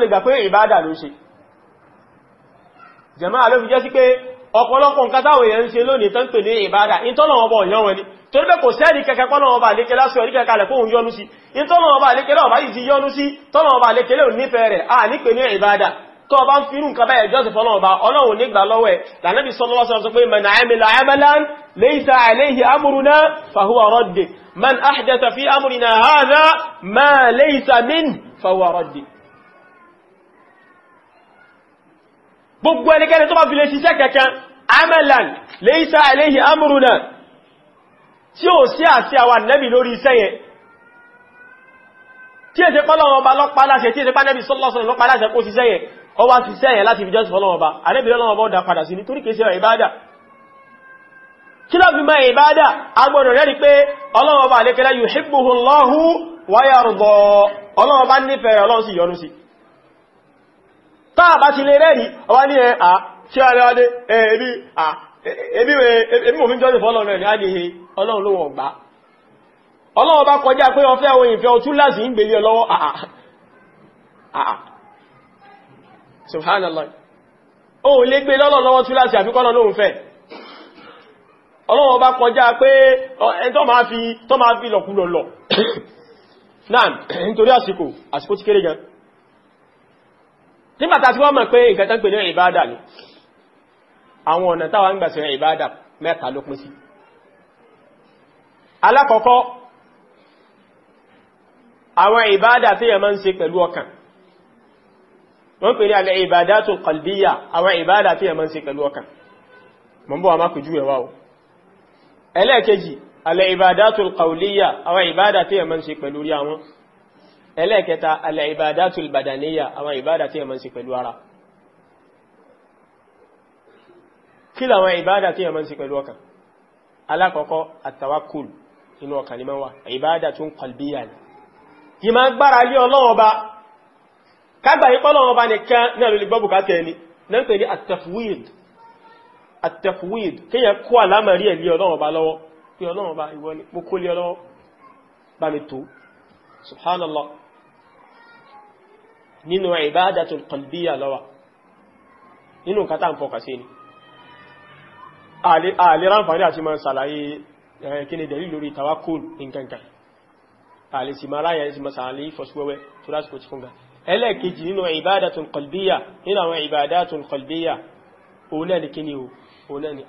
lè gbà pé ìbádà ló ṣe ọ̀pọ̀lọpọ̀ nǹkan táwọn èèyàn ń ṣe lónìí tán pè ní ìbádà ìtọ́lọ̀wọ̀bọ̀ ọ̀yọ́ wọn ni torí pé kò sẹ́ẹ̀dì kẹ̀kẹ́ pọ́lọ̀wọ̀bà lékelá sí orí kẹ̀kẹ́ alẹ̀ fóhun yọ́nú sí ìtọ́lọ̀wọ̀bà lékelá ọ̀bá yìí ti yọ́nú sí tọ́lọ̀wọ̀bà lékelé ò nífẹ̀ẹ́ rẹ̀ à ní pè ní ìbádà tó bá ń finú nǹkan báyẹ̀ jọ́sì fọ́lọ́wọ̀bá ọlọ́run nígbà lọ́wọ́ ẹ̀ lànàbí sọ́lọ́wọ́ sọ pé mẹ́nà àmìlà àmìlàn gbogbo ẹnikẹ́ni tó bá fi lè ṣiṣẹ́ kẹkẹn amalan laysa alayhi amruna tí ó sí àti àwọn ànábì lórí iṣẹ́ yẹn tí è ṣe pọ́lọ́wọ́ ọba lọ́pàá láṣẹ tí è ṣe pá nẹ́bì sọ́lọ́sọ́ lọ́pàá láṣẹ kó ṣiṣẹ́ yẹn ọ wá ṣiṣẹ́ yẹn láti fi jọ́sí fọ́lọ́wọ́ ọba ànábì lọ́wọ́ ọba ọ̀dà padà sí nítorí kìí ṣe ìbádà kí lọ́ fi mọ́ ìbádà agbọ́dọ̀ rẹ́rí pé ọlọ́wọ́ ọba àlékẹ́lá yuhibbuhu Allahu ọlọ́wọ́ ọba nífẹ̀ẹ́ ọlọ́run sì yọ́nú sí táàbá ti lè rẹ́rì ọwá ní à tí a rẹ́wádé ẹ̀ẹ́bí à ẹbí mòmí jọ́sì fọ́lọ́run ẹ̀ ní àdìhì ọlọ́run ló wọ̀n gbá ọlọ́run bá kọjá pé ọfẹ́ ohun ìfẹ́ ọtún láti ń gbèlé ọlọ́wọ́ subhanallah o lè gbé tún láti fẹ́ ọlọ́run bá kọjá pé tó máa fi [coughs] náà nítorí àsìkò àsìkò ti kéré gan-an nígbàtà tí wọ́n mọ̀ pé nǹkan tán pè ní ìbádà ni àwọn ọ̀nà táwọn ń gbàsẹ̀ ìbádà mẹ́ta ló pín sí alákọ̀ọ́kọ́ àwọn ìbádà tí yẹ máa ń ṣe pẹ̀lú ọkàn wọ́n pè ní alẹ́ ìbádàtu qalbiyya àwọn ìbádà tí yẹ máa ń ṣe pẹ̀lú ọkàn mọ́ bọ́ àmá kùjú ẹ̀wà ẹlẹ́ẹ̀kẹta alẹ́ ìbádá tó ìbàdàníyà àwọn ìbádà tí ẹ mọ́ sí pẹ̀lú ara kí làwọn ìbádà tí ẹ mọ́ sí pẹ̀lú ọkàn alákọ̀ọ́kọ́ àtàwákùl inú ọkàn ni máa wà ìbádà tó ń kọlbíyà ni yìí máa gbára lé Ọlọ́run Ọba kágbà yí pọ́lọ́run Ọba nìkan náà ló lè gbọ́ bùkátà ẹni náà pè ní àtẹ̀fúwìd subhanallah nínú ibadatul qalbiya lọ́wà nínú nǹkan tá ń fọkà sí ni àlera àǹfààní àti máa sàlàyé kí ni dẹ̀lú lórí tawakkul nǹkankan àlèsìmára yẹn sì máa sàlàyé fọ́síwẹ́wẹ́ tó lásìkò ti fúnga ẹlẹ́ẹ̀kejì nínú ibadatul qalbiya nínú àwọn ibadatul qalbiya òun náà ni kí ni o òun náà ni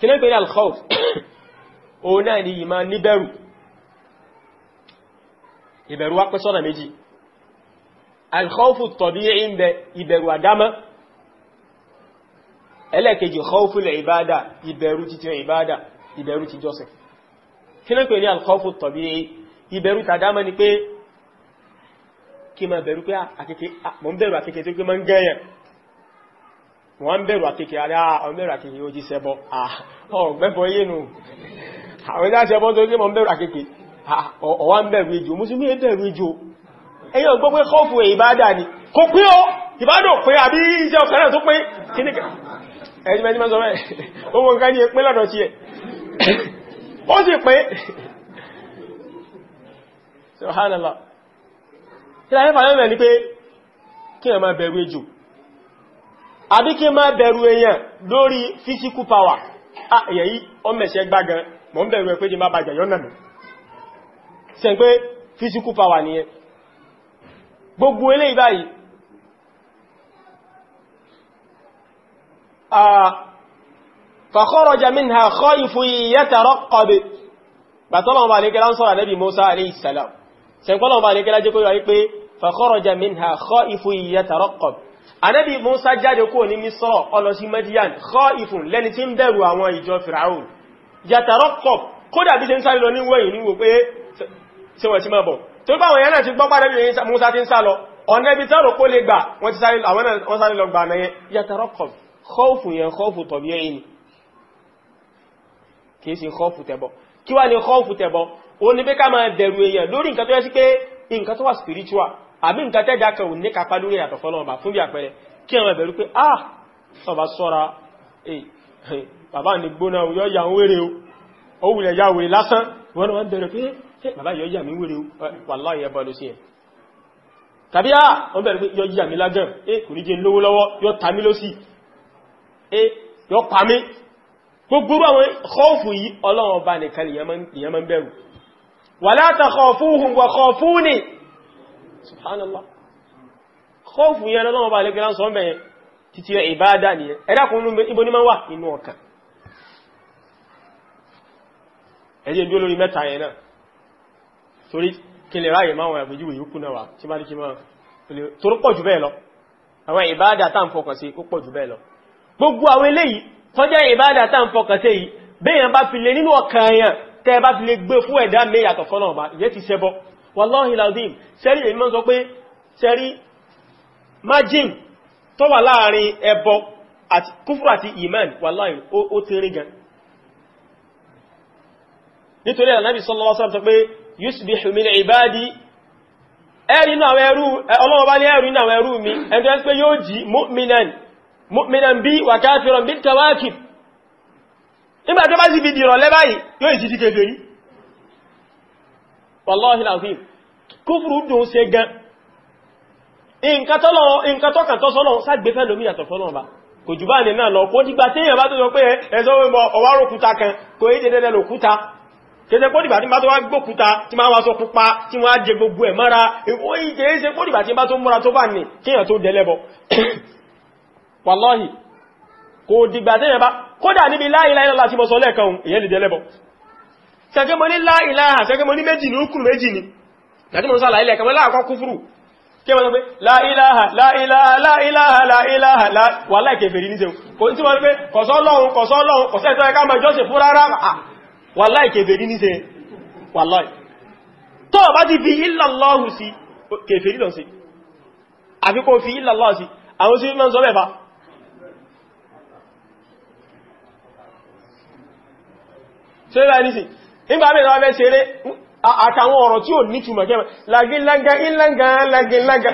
pẹ̀lú al òun náà ni ìmá níbẹ̀rù ìbẹ̀rù wá pẹ́ sọ́nà méjì alkhawfu tabi'i ń bẹ ìbẹ̀rù àdámá ẹlẹ́kejì khawfu l'ibada ìbẹ̀rù títí ìbádà ìbẹ̀rù ti jọ́sìn kí ló pè ní alkhawfu tabi'i ìbẹ̀rù tàdámá ni pé kí ma bẹ̀rù pé ah, ah, mọ̀ ń bẹ̀rù àkẹ́kẹ́ tó gbé mọ́ ń gẹ́yàn wọ́n bẹ̀rù àkẹ́kẹ́ ará ah, ọ̀n bẹ̀rù àkẹ́kẹ́ ó jí sẹ́bọ̀ ọ̀gbẹ́bọ̀ yé àwọn ìdáṣẹ ọmọ tó gbé mọ́ bẹ̀rù àkèké ọwá ń bẹ̀rù ejò mùsùlùmí ń bẹ̀rù ejò ẹ̀yàn gbọ́ pé kọ́ọ̀fù ẹ̀ ìbádà ni kò pé ó ìbádò pé àbí iṣẹ́ ọ̀fẹ́ náà tó pé kíníkà ẹ̀yìn mẹ́jì mẹ́sọ rẹ̀ owó [laughs] nǹkan ní pé lọ́dọ̀ tí ẹ̀ [coughs] ó sì pé ṣọ̀hánàlá [coughs] kí láyé fàyẹ́ mẹ́ ni pé kí ẹ má bẹ̀rù ejò àbí kí ẹ má bẹ̀rù èèyàn lórí power ah èyí ọmọ ẹ̀ṣẹ́ gbágan mọ̀ ń bẹ̀rù ẹ̀ pé jí má bàjẹ́ yọ́nà mi ṣe pé physical power nìyẹn gbogbo eléyìí báyìí fàkọ́rọ̀jà minha khayfu yatarqab bàtọ́lọ́wọ́ bá ní kí láńsọ́rọ̀ ànábì Musa alayhi salam sẹ́kọ́lọ́wọ́ bá ní kí lájẹ́ kó yọ Musa jáde kó ní Misra ó lọ sí Madian lẹ́ni tí ń bẹ̀rù àwọn ìjọ Fir'aun yàtàrọ́ kọ̀ kódà bí ṣe ń sáré lọ ní wẹ́yìn ní wò pé ṣe wọ́n ti máa bọ̀ tó bá àwọn yánà ti gbọ́ pàdé bí Musa ti ń sá lọ ọ̀nà ibi tọ́rọ kó lè gbà wọ́n ti sáré lọ gbà náà yàtàrọ́ kọ̀ kọ́ọ̀fù yẹn kọ́ọ̀fù tọ̀bí ẹ̀yìn kìí sí kọ́ọ̀fù tẹ̀bọ̀ kí wá ní àwọn ẹ̀bẹ̀rù pé bàbá ní gbóná yọ ya ń wéré o ó wulẹ̀ ya wèrè lásán wọ́n wọ́n bẹ̀rẹ̀ pé ṣé bàbá yọ ya mi wéré o wàláhì ẹbọ ló sí ẹ̀ tàbí à ah! wọ́n bẹ̀rẹ̀ pé yọ ya mi lágàn ẹ kò ní jẹ́ lówó lọ́wọ́ yọ ta mí lọ́sì ẹ yọ pa mí gbogbo àwọn kọ́ọ̀fù yìí ọlọ́run ọba nìkan ìyẹn ẹ̀dí ẹ̀dí olórin mẹ́ta yẹn náà torí kí lè ráyè máwọn àpèjúwe yóò kú náà wà tí bá ní kí máa tó pọ̀ jù bẹ́ẹ̀ lọ àwọn ìbáadà tá ń fọkàn sí ó pọ̀ jù bẹ́ẹ̀ lọ gbogbo àwọn eléyìí tó jẹ́ ìbáadà tá ń fọkàn sí yìí bẹ́yàn bá fi lè nínú nítorí ànábì sallallahu alaihi wasallam sọ pé yusbihu min ibadi ẹ̀rí náà ẹrú ọlọ́wọ́ bá ní ẹ̀rí náà ẹrú mi ẹ̀dọ́ ẹ́sì pé yóò jí mu'minan mu'minan bí wà kafiran bí kawakib nígbà tó bá sì fi dìrọ̀ lẹ́báyìí yóò jí ti kèfèrí wallahi alazim kúfùrù dùn ṣe gan nǹkan tọ́kàn tọ́sọ́lọ́ ságbéfẹ́ lómi yàtọ̀ fọ́lọ́ ọba kò jù bá ní náà lọ kó dìgbà téèyàn bá tó sọ pé ẹ̀ẹ́sọ́wọ́ kẹsẹ̀ pọ́dìbà tí bá tó wá gbókúta tí máa wá sọ pupa tí wọ́n á jẹ gbogbo ẹ̀ mọ́ra èwo ìkẹ́ẹ́sẹ̀ pọ́dìbà tí bá tó múra tó bá ní kíyàn tó dẹ̀lẹ́bọ̀ [coughs] wàláhì kò dìgbà tẹ́yàn bá kódà níbi la ilaha illallah tí mo sọ lẹ́ẹ̀kan èyẹ́ lè dẹ̀lẹ́bọ̀ sẹ́kẹ́ mo ní la ilaha sẹ́kẹ́ mo ní méjì ní ókùn méjì ni láti mo sọ láìlẹ̀ kan láàkọ́ kúfúrù kí wọ́n pẹ́ la ilaha la ilaha la ilaha la ilaha wà láìkẹfẹ̀rí ní sẹ́wọ̀n kò ní tí wọ́n pẹ́ kọ̀sọ́ lọ́hun kọ̀sọ́ wàláì kèfèrí níṣe wàláì tó bá ti fi ìlàláhù sí kèfèrí lọ sí àfi kó fi ìlàláhù sí àwọn sí mọ́ sọ mẹ́fà ṣe bá ní sí nígbà mẹ́ta wọ́n fẹ́ ṣeré àtàwọn ọ̀rọ̀ tí ò ní túnmọ̀ kẹ́mọ̀ lagínlága ìlàgá lagínlága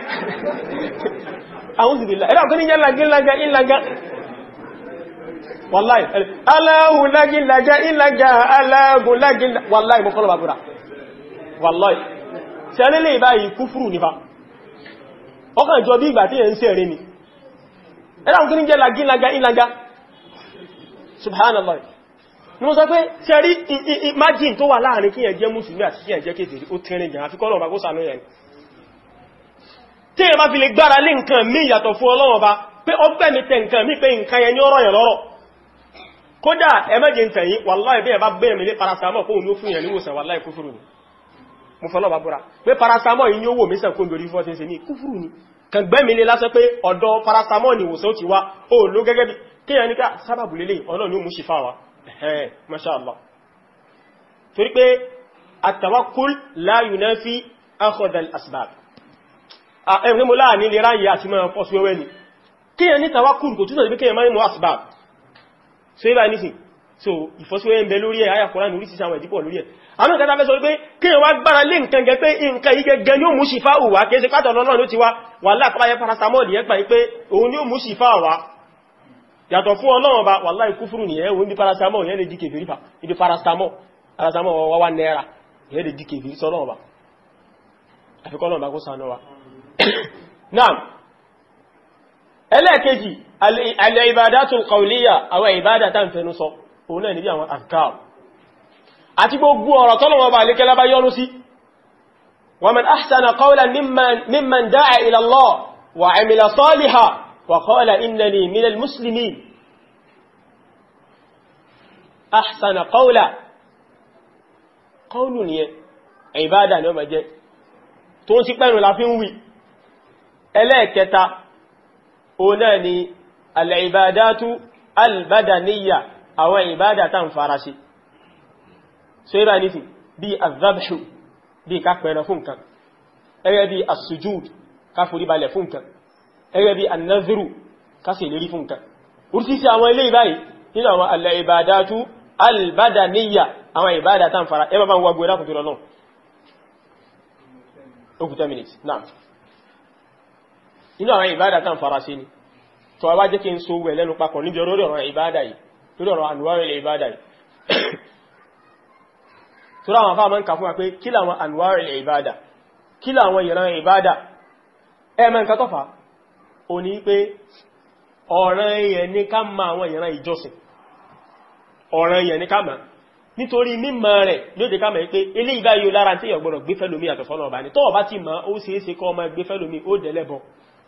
àwọn sì bí ẹ̀dà tó ní jẹ́ lagínlága ìlàgá wàláì aláhùnlágílágá ìlágá aláhùnlágí wàláì mọ́ fọ́lọ̀ bàbúrà wàláì sẹ́lẹ̀lẹ̀ ìbáyìí kúfùrù nífà ọkàn jọ bí ìgbà tí ẹ̀ ń ṣe rẹ̀ ni ẹ̀láhùn kí ní jẹ́ lágílágá ìlágá subhanallah ni imagine tó wà láàrin kí ẹjẹ́ mùsùlùmí àti kí ẹjẹ́ kéfèrí ó tẹ́rin jẹ́ àfikọ́ lọ́wọ́ bá kó sànú yẹn tí ẹ bá fi lè gbára lé nǹkan mí ìyàtọ̀ fún Ọlọ́run bá pé ọgbẹ́ mi tẹ nǹkan mí pé nǹkan yẹn ọ̀rọ̀ yẹn kódà ẹmẹ́jẹ ń tẹ̀yìn wàláì bí ẹ̀bá bẹ́ẹ̀ mi ní parasamọ́ fún òun ló fún ìyẹn níwòsàn wàláì kúfùrù ni mo fọ́lọ́ bá búra pé parasamọ́ yìí ní owó mi sẹ́kún lórí fọ́ ṣe ní kúfùrù ni kàngbẹ́ mi lé lásán pé ọ̀dọ̀ parasamọ́ ni ìwòsàn ti wá ó ló gẹ́gẹ́ bí kéèyàn ní ká sábàbù lélẹ̀ ọ̀nà ni ó mú ṣe fáwa ẹ̀hẹ́n masha so ibà nísìn so ìfọ́síwẹ́ ń bẹ lórí ẹ̀ àyà Kùránì orí sísà àwọn ìdípọ̀ lórí ẹ̀ àmì ìkẹta fẹ́ sọ pé kí wọ́n gbára lé nǹkan gẹ pé nǹkan yìí gẹ́gẹ́ ni ó mú ṣìfà òwà kí ẹsẹ̀ pátọ̀ lọ́nà ló ti wá wà láàpáyẹ parasamọ́ọ̀lì yẹn gbà pé òun ni ó mú ṣìfà wá yàtọ̀ fún Ọlọ́run ọba wàláhì kúfùrù nìyẹn òun bí parasamọ́ọ̀lì yẹn lè di kèfèrí fà ibi parasamọ́ọ̀lì wà wá náírà yẹn lè di kèfèrí sọ́lọ́run ọba àfikọ́ Ọlọ́run ọba kó ṣàánú wa [coughs] náà ẹlẹ́ẹ̀kejì alìbàdátù kọ̀wìlíyà àwọn ìbádà tán fẹ́nu sọ òun náà níbi àwọn àkáà àti gbogbo ọ̀rọ̀ tọ́lọ̀wọ̀ bá alékẹ́lá bá yọ́nú sí wa man ahsana qawlan mimman da'a ila Allah wa 'amila salihan wa qala innani minal muslimin ahsana qawlan qawlu ni ó jẹ́ tó ń sí pẹ́nu la ń wí ẹlẹ́ẹ̀kẹta òun náà ni al-ibadatu al-badaniyya àwọn ìbádà tán fara ṣe so yíba ní ti bí azabṣu bí ká pẹ̀rẹ̀ fún kan ẹgbẹ́ bí asujud ká forí balẹ̀ fún kan ẹgbẹ́ bí annaziru ká sì lérí fún kan orísìí àwọn ilé ìbáyìí nínú àwọn al-ibadatu àwọn ìbádà tán fara ẹgbẹ́ bá ń wagbo kùtù lọ́nà inú àwọn ìbádà tán farasí ni tó a bá jẹ́ kí n so wẹ̀ lẹ́nu papọ̀ níbi orí ọ̀rọ̀ ìbádà yìí lórí ọ̀rọ̀ ànúwárẹ̀ ìbádà yìí [coughs] tó rá àwọn fáwọn kà fún wa pé kí làwọn ànúwárẹ̀ ìbádà kí làwọn ìran ìbádà ẹ mẹ́ nǹkan tọ́fà ò ní pé ọ̀ràn yẹn ní ká mọ àwọn ìran ìjọsìn ọ̀ràn yẹn ní ká mọ nítorí mímọ̀ rẹ̀ lóde ká mọ̀ pé ilé ìbáyò lára tí èèyàn gbé fẹ́lómi àtọ̀sọ́nà ọba ni tọ́ọ̀ ti mọ̀ ó ṣeéṣe kọ́ ọmọ gbé fẹ́lómi ó dẹ̀lẹ́bọ̀n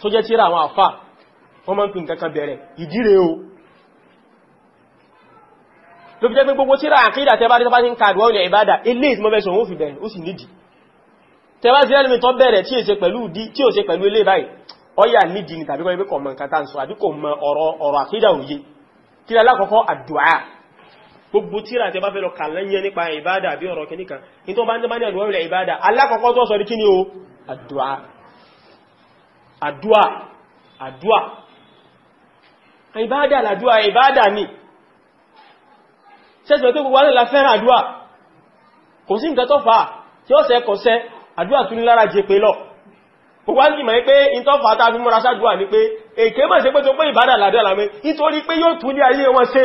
tó jẹ́ tíra àwọn àfà wọ́n máa ń pín kankan bẹ̀rẹ̀ ìdíre o ló fi jẹ́ pé gbogbo tíra àkídà tẹ́bá tí tọ́bá ti ń ka àdúwọ́ ilẹ̀ ìbádà ilé ìsìnmọ́fẹ́sọ̀ òun fi bẹ̀rẹ̀ ó sì nídìí tẹ́bá ti rẹ́lùmí tọ́ bẹ̀rẹ̀ tí ò ṣe pẹ̀lú ilé báyìí ọyà nídìí ni tàbí kọ́ ibé kọ̀ mọ̀ nǹkan tá ń sọ àbí kò ni alákọ̀ọ́kọ́ àdúà gbogbo tíra tẹ bá fẹ́ lọ kàlẹ́yẹ nípa ìbádà àbí ọ̀rọ̀ kìníkan ní tó bá ń tẹ́ ní àdúwà ilẹ̀ ìbádà alákọ̀ọ́kọ́ tó sọ ní kí ni o àdúà àdúà àdúà ìbádà làdúà ìbádà ni ṣẹ́sẹ̀ tó gbogbo alẹ́lá fẹ́ràn àdúà kò sí nǹkan tó fà tí ó sẹ́ kọ̀sẹ́ àdúà tún lára jẹ pé lọ gbogbo alẹ́lá mọ̀ pé in tó fà tàbí múra sáàdúà ni pé èké mọ̀ sí pé tó pé ìbádà làdúà lámẹ́ nítorí pé yóò tún ní ayé wọn ṣe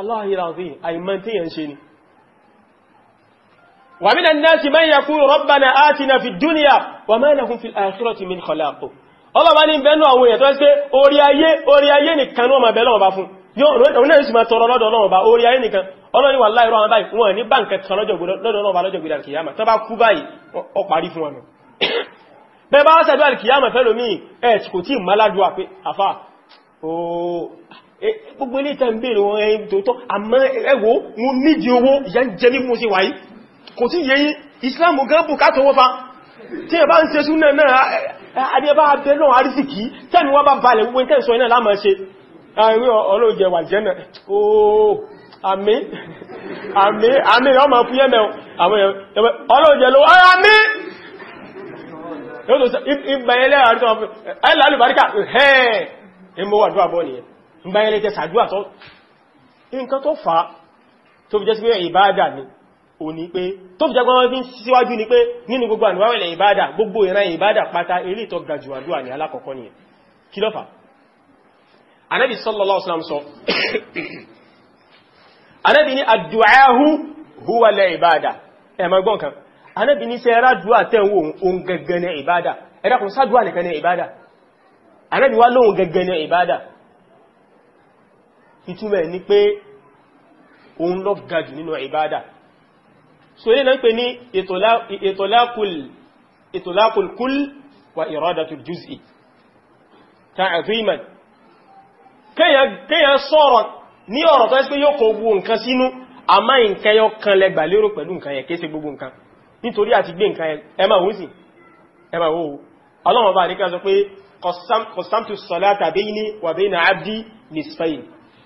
Allahi razim àìmọ̀tíyàn ṣe ni wa minan nasi man yaqulu rabbana atina fid dunya wa ma lahum fil akhirati min khalaq ọlọ́wà ní bẹ́nu àwọn èèyàn tó ṣe orí ayé orí ayé nìkan ní ọmọ bẹ̀rẹ̀ ọmọ bá fún yóò náà sì máa tọrọ lọ́dọ̀ ọlọ́wà bá orí ayé nìkan ọlọ́ni wà láìrọ àwọn báyìí wọn ní báǹkẹ̀ kan lọ́dọ̀ ọlọ́wà lọ́jọ́ gbìdà kìyàmà tó bá kú báyìí ó parí fún wọn [coughs] bẹ́ẹ̀ bá sẹ́dọ̀ kìyàmà fẹ́lómi ẹ̀ kò tí ì má ládùá pé àfà Eh, gbogbo ilé ìtàn bèèrè wọn ẹ̀yìn eh, tó tọ́ àmọ́ eh, ẹwọ́ mo nídi owó ìyá ń jẹ mímú sí wáyé kò tí yẹ Islam gan bùkátà owó fa tí ẹ bá ń ṣe súnà náà adébá abẹ́ náà arísìkí tẹ́mi wọ́n bá balẹ̀ gbogbo ìtẹ́ ìsọ iná lámọ́ ṣe ààrin ah, ọlọ́jẹ wà jẹ́ náà ooo àmì àmì àmì ọmọ fún yẹ́mẹ̀ ọlọ́jẹ lọ ara mi ìgbẹ̀yẹlẹ́ àrísọ́ ẹ̀lá àlùbáríkà ẹ̀ẹ́ ìgbà yẹn lè tẹ sàdúrà tọ́ nǹkan tó fà á tó fi jẹ́ sí pé ìbáadà ni ò ní pé tó fi jẹ́ gbọ́n bí síwájú ni pé nínú gbogbo àníwáwẹ̀lẹ̀ ìbáadà gbogbo ìran ìbáadà pátá eré ìtọ́ gajù ní alákọ̀ọ́kọ́ nìyẹn kí ló fà sallallahu alaihi wasallam sọ anábì [coughs] ní àdùáhù huwalẹ̀ ìbáadà ẹ̀mọ̀ gbọ́n kan anábì ní sẹ́ra dùá tẹ́wọ̀ ohun gẹ́gẹ́ ní ìbáadà ẹ̀dàkùn sádùá nìkan ní ìbáadà anábì wá lóhun gẹ́gẹ́ ní ìbáadà ìtumẹ̀ ni pé òun lọ gajù nínú ìbádà so ilé náà pè ní ìtòlákùl kúl wa ìrọ́dàtù jùzì ta'ziman kéyàn sọ̀rọ̀ ní ọ̀rọ̀ tó ẹ́sẹ́ yóò kó gbogbo nǹkan sínú àmá nǹkan yọ kan lẹ gbàlérò pẹ̀lú nǹkan yẹn kéèsè gbogbo nǹkan nítorí àti gbé nǹkan yẹn ẹ máa wò sí ẹ máa wò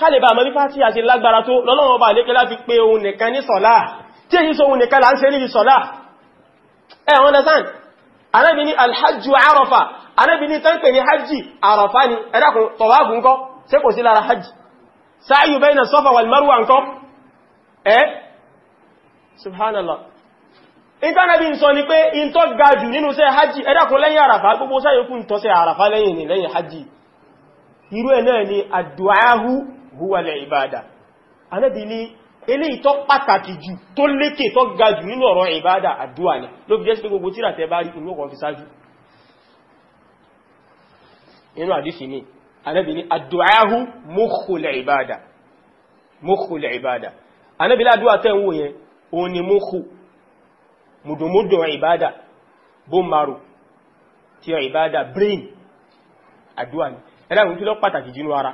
kálẹ̀ bá mọ́bí fásí àti lágbára tó lọ́lọ́wọ́ bá lékẹ́ láti pé ohun nìkan ní sọ̀lá tí èyí sọ ohun nìkan là ń ṣe níbi sọ̀lá ẹ̀ understand anábi ní alhajju arafa anábi ní tán pè ní hajji arafa ni ẹ̀dàkùn tọ̀wágùn kọ́ ṣe kò sí lára hajji sáàyù bayna sọ́fà wal marwa nkọ́ ẹ́ subhanallah ìtànàbí ń sọ ni pé in tó ga jù nínú ṣe hajji ẹ̀dàkùn irú ẹ̀ ni àdùáhù huwalẹ̀ ìbádà anábi ní ilé ìtọ́ pàtàkì jù tó lékè tó ga jù nínú ọ̀rọ̀ ìbádà àdúwà ní ló fi jẹ́ sí gbogbo tíra tẹ bá rí inú ọkọ̀ fi sáájú inú àdífì ní anábi ní àdúwáhù mọ́kùlẹ̀ ìbádà mọ́kùlẹ̀ ìbádà anábi ládúwà tẹ́ ń wò yẹn òun ni mọ́kù mùdùmúdù ìbádà ti ìbádà brain àdúwà ní ẹ̀dá tí lọ pàtàkì jù ara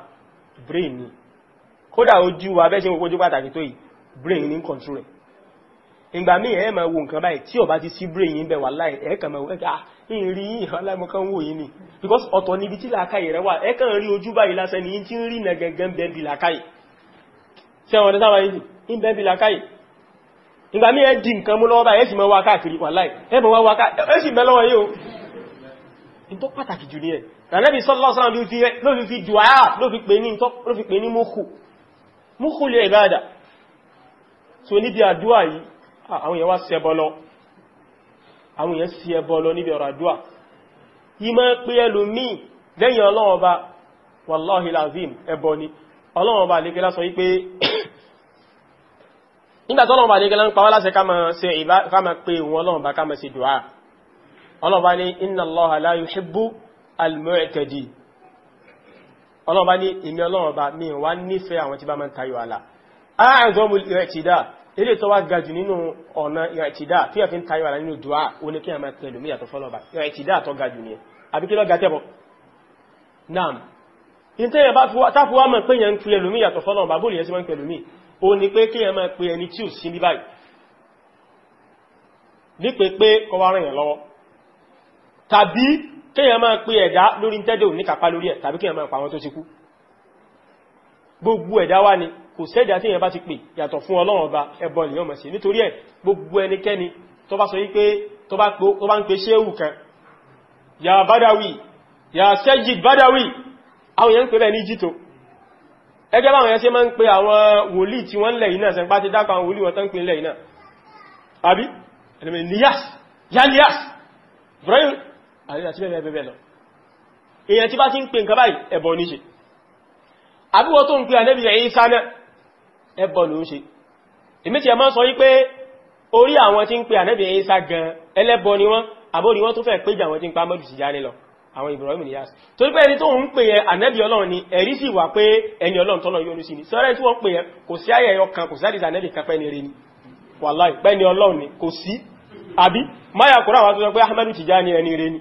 brain ni kódà ojú wa bẹ́ẹ̀ ṣe ń wojú pàtàkì tó yìí brain ní control rẹ̀ ìgbà míì ẹ máa wo nǹkan báyìí tí ó bá ti sí brain yìí ń bẹ wà láì ẹ kàn máa ẹ̀ka ah, ń rí yìí hàn láìmọ́ wò yìí ni because ọ̀tọ̀ níbi tí làákàyè rẹ wà ẹ kàn rí ojú báyìí lásán ni tí ń rí nà gẹ́gẹ́ ń bẹ́ẹ̀ bí làákàyè ṣé àwọn ọ̀dọ́ sábà yìí ń bẹ́ẹ̀ bí làákàyè ìgbà míì ẹ di nǹkan mú lọ́wọ́ báyìí ẹ sì máa wá múkúlù ìbádà tí ó níbi àdúwà yìí àwọn èèyàn wá sí ẹbọ lọ àwọn èèyàn sí ẹbọ lọ níbi ọ̀rọ̀ àdúwà yìí máa pé ẹlòmíì lẹ́yìn ọlọ́run ọba wàláhì làzim ẹbọ ni ọlọ́run ọba sọ wípé [coughs] ọlọ́run bá ní èmi ọlọ́run bá mi wá nífẹ̀ẹ́ àwọn tí bá máa ń tayọ àlà ààzọ́mù ìrẹ̀tìdá ilé tó wá ga jù nínú ọ̀nà ìrẹ̀tìdá tí a fi ń tayọ àlà nínú dùá nam ìtẹ́ yẹn bá táfi wá mọ̀ pé yẹn ń pe ẹlòmí yàtọ̀ fọ́lọ́ba bóòlù yẹn sì máa ń pẹ̀lú mí ó ní kí yẹn máa pe ẹni tàbí kéèyàn máa pé ẹ̀dá lórí tẹ́dẹ̀ ò ní kàpá lórí ẹ̀ tàbí kéèyàn máa pa tó ti kú gbogbo ẹ̀dá wá ni kò sẹ́dá tí èèyàn bá ti pè yàtọ̀ fún ọlọ́run ọba ẹbọ lèyàn mọ̀ sí nítorí ẹ̀ gbogbo ẹnikẹ́ni tó bá sọ wípé tó bá ń pe ṣéhù kan ya badawi ya sẹ́jì badawi àwọn èèyàn ń pè bẹ́ẹ̀ ní jító ẹgẹ́ báwọn èèyàn máa ń pe àwọn wòlíì tí wọ́n lẹ̀ yìí náà sẹ́ńpá ti dákọ̀ àwọn wòlíì wọn tán ń pè lẹ̀ yìí àbí ẹ̀lẹ́mẹ̀ àti bẹ́ẹ̀ bẹ́ẹ̀ lọ èyàn tí bá ti ń pè nǹkan báyìí ẹbọ ní ṣe àbúwọ́ tó ń pè ànẹ́bì ẹ̀yìn sáná ẹbọ ló ń ṣe èmi tí ẹ máa sọ wípé orí àwọn tí ń pè ànẹ́bì ẹ̀yìn sá gan ẹlẹ́bọ ni wọ́n àbórí wọ́n tó fẹ́ péjì àwọn tí ń pa mọ́jù ni yáàsì torí pé ẹni tó ń pè yẹn ànẹ́bì ọlọ́run ni ẹ̀rí ni sọ́rẹ́ tí wọ́n pè yẹn kò sí ayẹ ẹyọ kan ni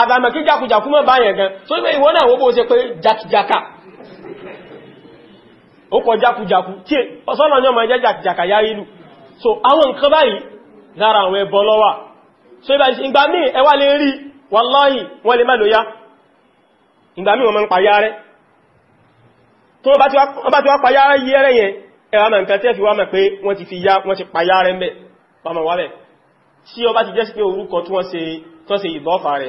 àbàmà kí jákùjákú mọ́ báyẹ̀ gan tó ní ìwọ́n náà wó bó ṣe pé jákìjáka ó kọ jákùjákú tí ọ̀sọ́lọ̀ ní ọmọ ẹjẹ́ jákìjáka yá ìlú so àwọn nǹkan báyìí lára àwọn ẹbọ lọ́wà so ìgbà míì ẹwà lè rí wàláhì wọ́n lè mẹ́lò yá ìgbà míì wọ́n máa ń payá rẹ̀ tó bá ti wá payá rẹ̀ ti fi yá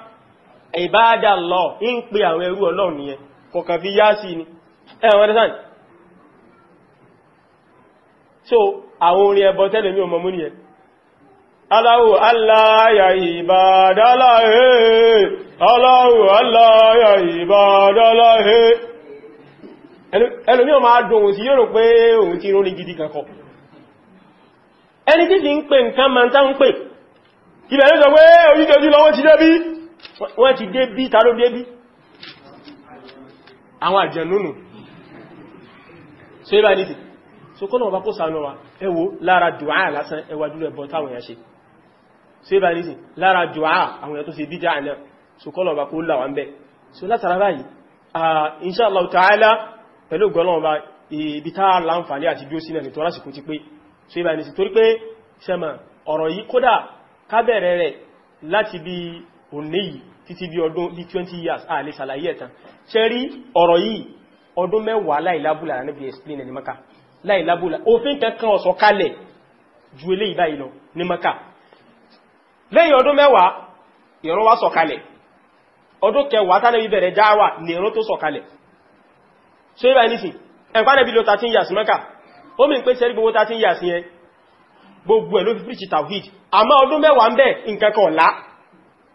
ìbáadà lọ ń pè àwọn ẹrú ọlọ́run nìyẹn kọ̀kan fi yá sí ni ẹ̀wọ̀n ẹ̀dẹ́sàn so àwọn orin ẹbọ tẹ́lẹ̀ mi ò mọ̀mú nìyẹn aláwò aláyà ìbádọ́láhé aláwò aláyà ìbádọ́láhé ẹlòmí ọmọ adùn òun sí yóò rò pé òun ti rún ní gidi kankọ ẹni tí ti ń pè nǹkan ma ń tá ń pè ìbẹ̀rẹ̀ sọ pé oríkẹjú lọ́wọ́ ti débí wọ́n ti dé bí ta ló dé bí àwọn àjẹ̀núnù so ibá nìtì so kọ́nà ọba kó sànú wa ẹwọ lára dùá lásán ẹwà dúró ẹbọ táwọn èèyàn ṣe so ibá nìtì lára dùá àwọn èèyàn tó ṣe bídá àná so kọ́nà ọba kó là wà ń bẹ so látara báyìí insha Allah ta'ala pẹ̀lú gbọ́nà ọba ibi tá láǹfààní àti dúró sílẹ̀ nítorí àsìkò ti pé so ibá nìtì torí pé sẹ́mà ọ̀rọ̀ yìí kódà kábẹ̀rẹ̀ rẹ̀ láti bí òní yìí títí bí ọdún bí 20 years a lè ṣàlàyé ẹ̀tàn ṣe rí ọ̀rọ̀ yìí ọdún mẹ́wàá láìlábùlà níbi explain ní maka láìlábùlà òfin kankan ọ̀sọ̀ kalẹ̀ ju eléyìí báyìí lọ ní maka lẹ́yìn ọdún mẹ́wàá ìrọ́ wá sọ̀kalẹ̀ ọdún kẹwàá tánàbí bẹ̀rẹ̀ jáwà ní ìrọ́ tó sọ̀kalẹ̀ ṣe é years maka ó mi ń pé years yẹn gbogbo ẹ̀ ló fi preach tawhid àmọ́ ọdún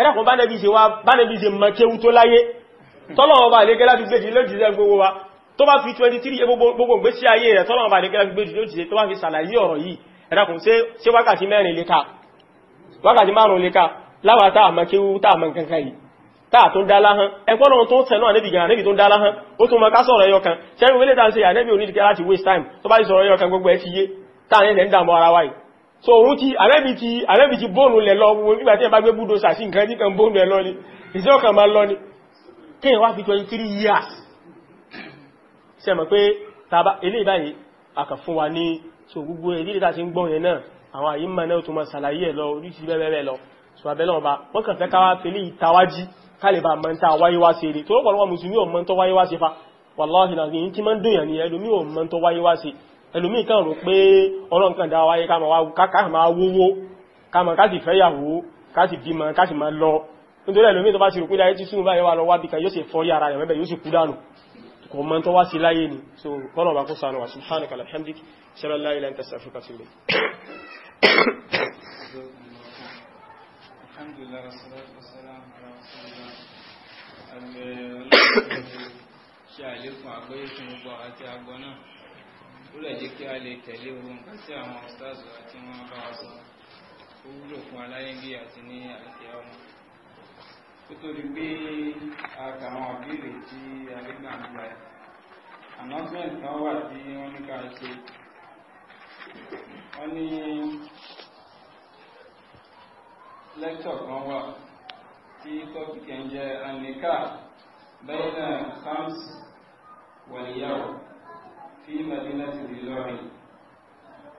ẹ̀dàkùn bánẹ́bí ṣe mọ̀ kéwú tó láyé tọ́lọ̀wọ́ bá lè gẹ́lá fi gbé jùlọ jùlọ gbogbo wa tó bá fi 23 gbogbo gbé sí ayé rẹ̀ tọ́lọ̀wọ́ bá lè gẹ́lá fi gbé jùlọ jùlọ tó bá fi sàlàyé ọ̀rọ̀ yìí ẹ̀dàkùn ṣe wákàtí mẹ́rin lè ka wákàtí márùn lè ka láwà tá àmọ́ kéwú tá àmọ́ kankan yìí tá à tó ń dálá hán ẹgbọ́n tó ń tẹ̀lọ́ ànẹ́bì gan ànẹ́bì waste time tó bá ti sọ̀rọ̀ ẹyọ kan gbogbo ẹ ti so òun ti àrẹ́bì ti àrẹ́bì ti bóònù lẹ̀ lọ wọn nígbà tí ẹ bá gbé búdó sàsí nǹkan ní kan bóònù ẹ̀ lọ ni ìṣẹ́ ọkàn máa lọ ni kíyàn wá fi 23 years ṣe mọ̀ pé tàbá ilé ìbáyìí àkà fún wa ní so gbogbo ẹ̀dí ìta ti ń gbọ́n yẹn náà àwọn àyíma náà tó máa ṣàlàyé ẹ̀ lọ oríṣi bẹ́ẹ̀ lọ so abẹ́lẹ́ ọba wọ́n kàn fẹ́ ká wá fẹ́lé ìtawájí kálíbà mọ́ ń ta wáyé wá ṣe rí tó lọ́pọ̀lọpọ̀ mùsùlùmí ò mọ́ ń tọ́ wáyé wá ṣe fa wàláhìlà ní tí máa ń dùn yàn ní ẹlòmí ò mọ́ ń tọ́ wáyé wá ṣe ẹlòmíì kan rò pé Ọlọ́run kan dá wáyé ká máa wówó ká máa ká sì fẹ́yàwó ká sì bímọ ká sì máa lọ nítorí ẹlòmíì tó bá sì rò pé láyé tí súnmọ́ báyẹ̀ wà lọ wábìkan yóò sì fọ́ yára rẹ̀ mẹ́bẹ̀ yóò sì kú dànù kò mọ́ tó wá sí láyé ni so kọ́nà bá kó sànù wà subhanaka alhamdik ṣẹlẹ̀ láyé lẹ́yìn tẹ̀sí afirka sí Ṣé àlékún àgbóyé fún àti àgbọ́ náà? ó lè jẹ́ kí a lè tẹ̀lé ohun kan sí àwọn ọ̀sáàzù àti wọn bá a sọ ó wúlò fún aláyẹ̀bí àti ní àti ọmọ ó torí pé a kà àwọn tí a lè gbà ń gbà announcement kan wà tí wọ́n ní ká ṣe wọ́n ní lecture kan wà tí topic ẹ̀ ń jẹ́ àníkà bẹ́ẹ̀ náà sams wàlíyàwó في مدينة Ilorin.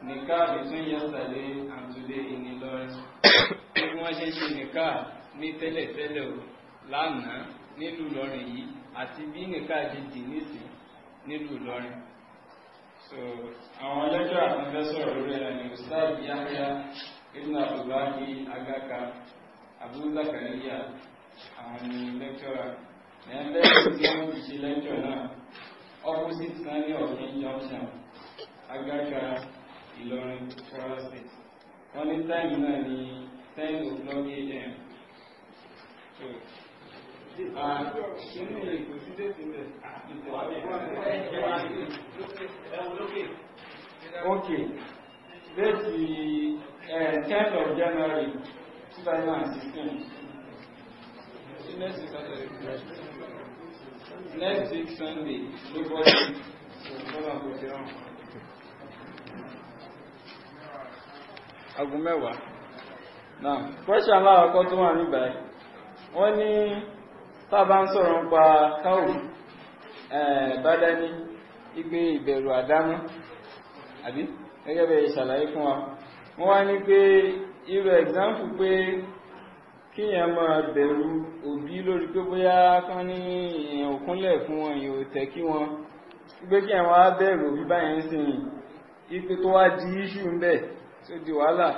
Nikah between yesterday and today in Ilorin. Bí wọ́n ṣe ṣe nikah ní tẹ́lẹ̀tẹ́lẹ̀ o lánàá nílùú Ìlọrin yìí àti bí nikah ṣe dì nísìn nílùú Ìlọrin. So àwọn ọlọ́jọ́ àtúnfẹ́ sọ̀rọ̀ lórí ẹ̀rọ ni Ustaz Yahya Ibn Abdullahi Agaka Abu Zakariya àwọn ni lẹ́kítọ́rà. Ẹ̀ẹ́dẹ́gbẹ̀rún tí wọ́n ti ṣe lẹ́kítọ̀ náà opposite kan ní ọ̀gbìn junction agága ìlọrin kárásì wọ́n ní táìmù náà ní ten o'clock a.m. Nínú ilé kò sí déètì rẹ̀. Ok, déètì tenth of January 2016 next week Sunday ló bọ́ sí ọ̀gbọ́n àgbọ̀dé ọ̀hún. aago mẹ́wàá náà question aláàkọ́ tó wà nígbà yìí wọ́n ní tá a bá ń sọ̀rọ̀ nípa káwù bádání igbe ìbẹ̀rù àdámọ́ àbí gẹ́gẹ́ bẹ́ẹ̀ ṣàlàyé fún wa wọ́n wá ní pé irú example pé kíyàn máa bẹ̀rù òbí lórí pé bóyá kán ní èèyàn òkúnlẹ̀ fún wọn èèyàn ò tẹ̀ kí wọn gbé kíyàn wá bẹ̀rù òbí báyẹn sìn ipe tó wá di iṣu ń bẹ̀ tó di wàhálà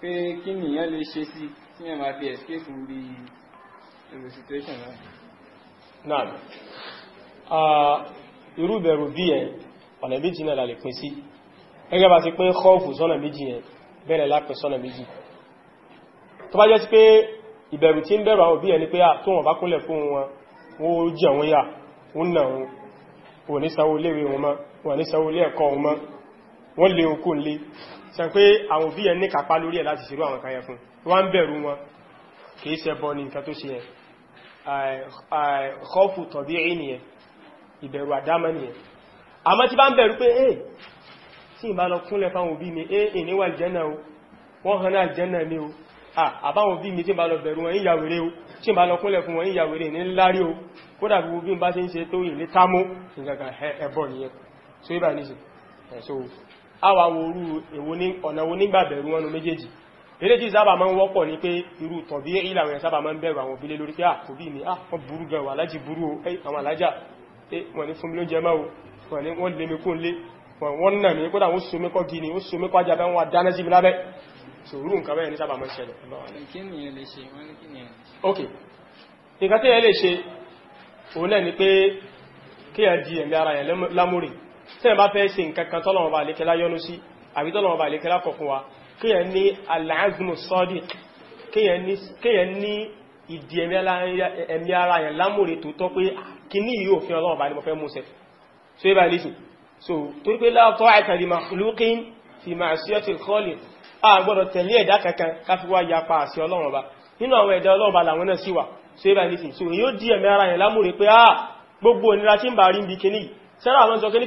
pé kí nìyàn lè ṣe sí kíyàn máa fi escape fún bí èrò situation náà. náà irú bẹ̀rù bí yẹn ọ̀nà méjì náà la lè pín sí gẹ́gẹ́ bá ti pín kọ́ọ̀fù sọ́nà méjì yẹn bẹ́ẹ̀ lápẹ̀ sọ́nà méjì tó bá jẹ́ sí pé ìbẹ̀rù tí ń bẹ̀rù àwọn òbí ẹni pé tó wọ́n bá kúnlẹ̀ fún wọn wọ́n jẹ wọn yà ń nà wọn wọ́n ní sanwó léwe wọn mọ́ wọ́n ní sanwó lé ẹ̀kọ́ wọn mọ́ wọ́n lé okó lé sàn pé àwọn òbí ẹni kàpá lórí ẹ̀ láti ṣerú àwọn kanyẹ fún wọ́n bẹ̀rù wọn kìí ṣe bọ́ ní nǹkan tó ṣe yẹn kọ́fù tọ̀bí rí nìyẹn ìbẹ̀rù àdámọ́ nìyẹn àmọ́ tí bá ń bẹ̀rù pé ẹ̀ tí ìbá lọ kúnlẹ̀ fáwọn òbí mi ẹ̀ ìníwà ìjẹ́nà o wọ́n hàn náà ìjẹ́nà ni o àbáwọn bí mi tí bá lọ bẹ̀rù wọn ìyàwèrè o tí bá lọ kúnlẹ̀ fún wọn ìyàwèrè ní lárí o kódà gbogbo bí n bá ṣe ń ṣe tó ìlé támú ìgbàgbà ẹbọ nìyẹn so ibà ní so àwà orú ọ̀nà wo nígbà bẹ̀rù wọn méjèèjì eléjì sábà máa ń wọ́pọ̀ ní pé irú tọ̀bí ìlànà ẹ̀ sábà máa ń bẹ̀rù àwọn òbílé lórí pé àkóbí mi à wọ́n burú gan wà láti burú o àwọn ní kódà wọ́n so mi gini wọ́n so mi ajá bẹ́ wọn dáná lábẹ́ sòrú nǹkan bẹ́ẹ̀ ní sábà mọ́ ṣẹlẹ̀ ok nǹkan tí ẹ lè ṣe òun náà ni pé kí ẹ di ẹ̀mí ara yẹn lámúrì tí ẹ bá fẹ́ ṣe nǹkan kan tọ́lọ̀wọ̀n bá lékẹ́lá yọ́nú sí àbí tọ́lọ̀wọ̀n bá lékẹ́lá kọ̀kún wa kí ẹ ní al-azmu sadiq kí ẹ ní ìdí ẹ̀mí ara yẹn lámúrì tó tọ́ pé ah, kí ní yóò fi ọlọ́wọ̀n bá a gbọ́dọ̀ tẹ̀lé ẹ̀dá kankan káfí wá yapa àṣẹ ọlọ́run ọba nínú àwọn ẹ̀dá ọlọ́run ọba làwọn náà sì wà so ẹ bá ní sìn so yóò di ẹ̀mí ara yẹn lámúre pé a ah, gbogbo onira tí ń bá rí ń bi sẹ́rà àwọn sọ kíní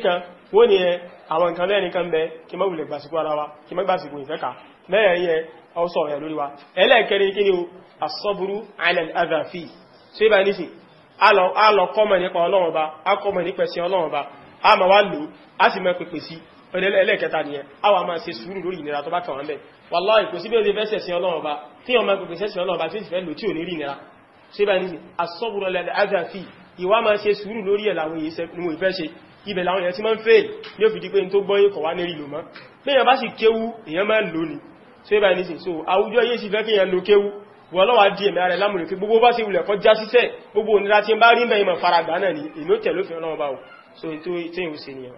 wọ́n ni ẹ àwọn nǹkan mẹ́rin kan bẹ kí mọ́ wulẹ̀ gbàsìkò ara wa kí mọ́ gbàsìkò ìfẹ́ka mẹ́rin yẹn ọ sọ ọ̀rẹ́ lórí wa ẹlẹ́ẹ̀kẹrin kíní o asọ́burú alẹ́ àgàfíì so ẹ bá ní sìn a lọ kọ́mọ̀ nípa ọlọ́run ọba a kọ́mọ̀ nípa ẹ̀sìn ọlọ́run ọba a máa wá lò ó a sì máa pèpè sí ẹlẹ́ẹ̀kẹta nìyẹn a wà máa ṣe sùúrù lórí ìnira tó bá kàn wọ́n bẹ̀ wàláhì kò sí bí ó ti fẹ́ sẹ̀sìn Ọlọ́run ọba tí ọmọ ẹgbẹ̀gbẹ̀ sẹ̀sìn Ọlọ́run ọba tí ó ti fẹ́ lò tí ò ní rí ìnira ṣe bá ní asọ́bùrọ̀ lẹ́lẹ́ àjàfí ìwà máa ṣe sùúrù lórí ẹ̀ làwọn èèyàn ìfẹ́ ṣe ibẹ̀ làwọn èèyàn ti máa ń fẹ́ ní ó fi di pé tó gbọ́yé kọ̀ wá ní rí lò mọ́ léèyàn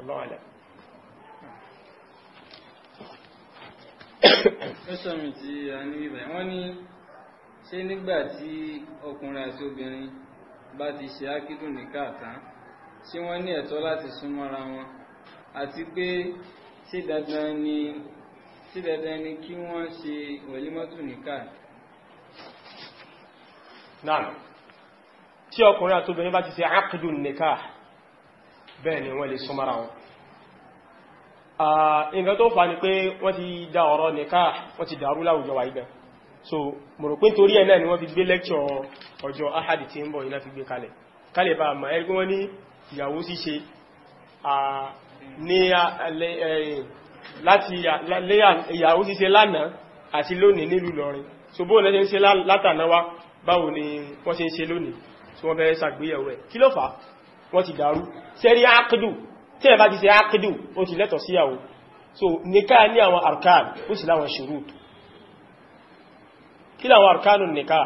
bá fẹsọmi tí a ní ibẹ̀ wọ́n ní ṣé nígbà tí ọkùnrin àti obìnrin bá ti ṣe ákídùn ní káàtán ṣé wọ́n ní ẹ̀tọ́ láti súnmọ́ra wọn àti pé ṣé dandan ni ṣé dandan ni kí wọ́n ṣe wẹ̀límọ́tò ní káàtán. náà tí ọkùnrin àti obìnrin bá ti ṣe ákídùn ní káà bẹ́ẹ̀ ni wọ́n lè súnmọ́ra wọn nǹkan tó fà ní pé wọ́n ti dá ọ̀rọ̀ nìká wọ́n ti dàrú láwùjọ wa igan so mọ̀rọ̀pín torí ẹ̀ náà ni wọ́n fi gbé lẹ́kṣọ̀ ọjọ́ ahadi tí ń bọ̀ iná fi gbé kalẹ̀ kalẹ̀ bá ma ẹgbẹ́ wọ́n ní ìyàwó ṣíṣe láti ìyàwó ṣíṣe lánàá àti lónìí nílùú lọrin so bóò lẹ́ṣe ń ṣe látànáwá báwo ni wọ́n ṣe ń ṣe lónìí so wọ́n fẹ́ ṣàgbéyàwó ẹ̀ kí ló fà wọ́n ti dàrú sẹ́rí ákìdù tí ẹ bá ti ṣe ákídù ó ti lẹ́tọ̀ síyàwó so nìká ní àwọn arkan ó sì láwọn shurut kí láwọn arkanun nìká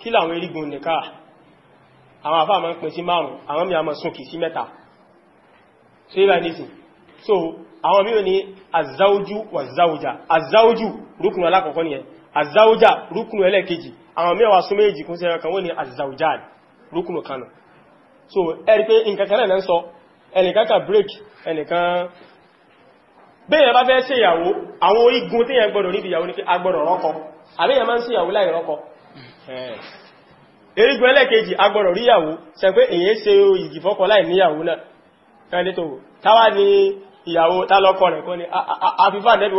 kí láwọn erigun nìká àwọn àfáà máa ń pín sí márùn àwọn mìíràn máa súnkì sí mẹ́ta so ibà nìsìn so àwọn mìíràn ní azáójú wà záójá azáójú rúkùnù alákọ̀ọ́kọ́ nìyẹn azáójá rúkùnù ẹlẹ́ẹ̀kejì àwọn mìíràn wà súnmọ́ èjì kún sí ẹran kan wọ́n ní azáójá rúkùnù kanu so ẹ̀rí pé nǹkan kan náà ń sọ ẹnìkan ka break ẹnìkan bẹ́yàn bá fẹ́ ṣe ìyàwó àwọn igun tí yẹn gbọ́dọ̀ níbi ìyàwó ní kí agbọ́dọ̀ rọ́kọ àbíyàn máa ń ṣe ìyàwó láì rọ́kọ erigun ẹlẹ́kejì agbọ́dọ̀ ríyàwó ṣe pé èyí ṣe ìgì fọ́kọ láì ní ìyàwó ta rẹ̀ ni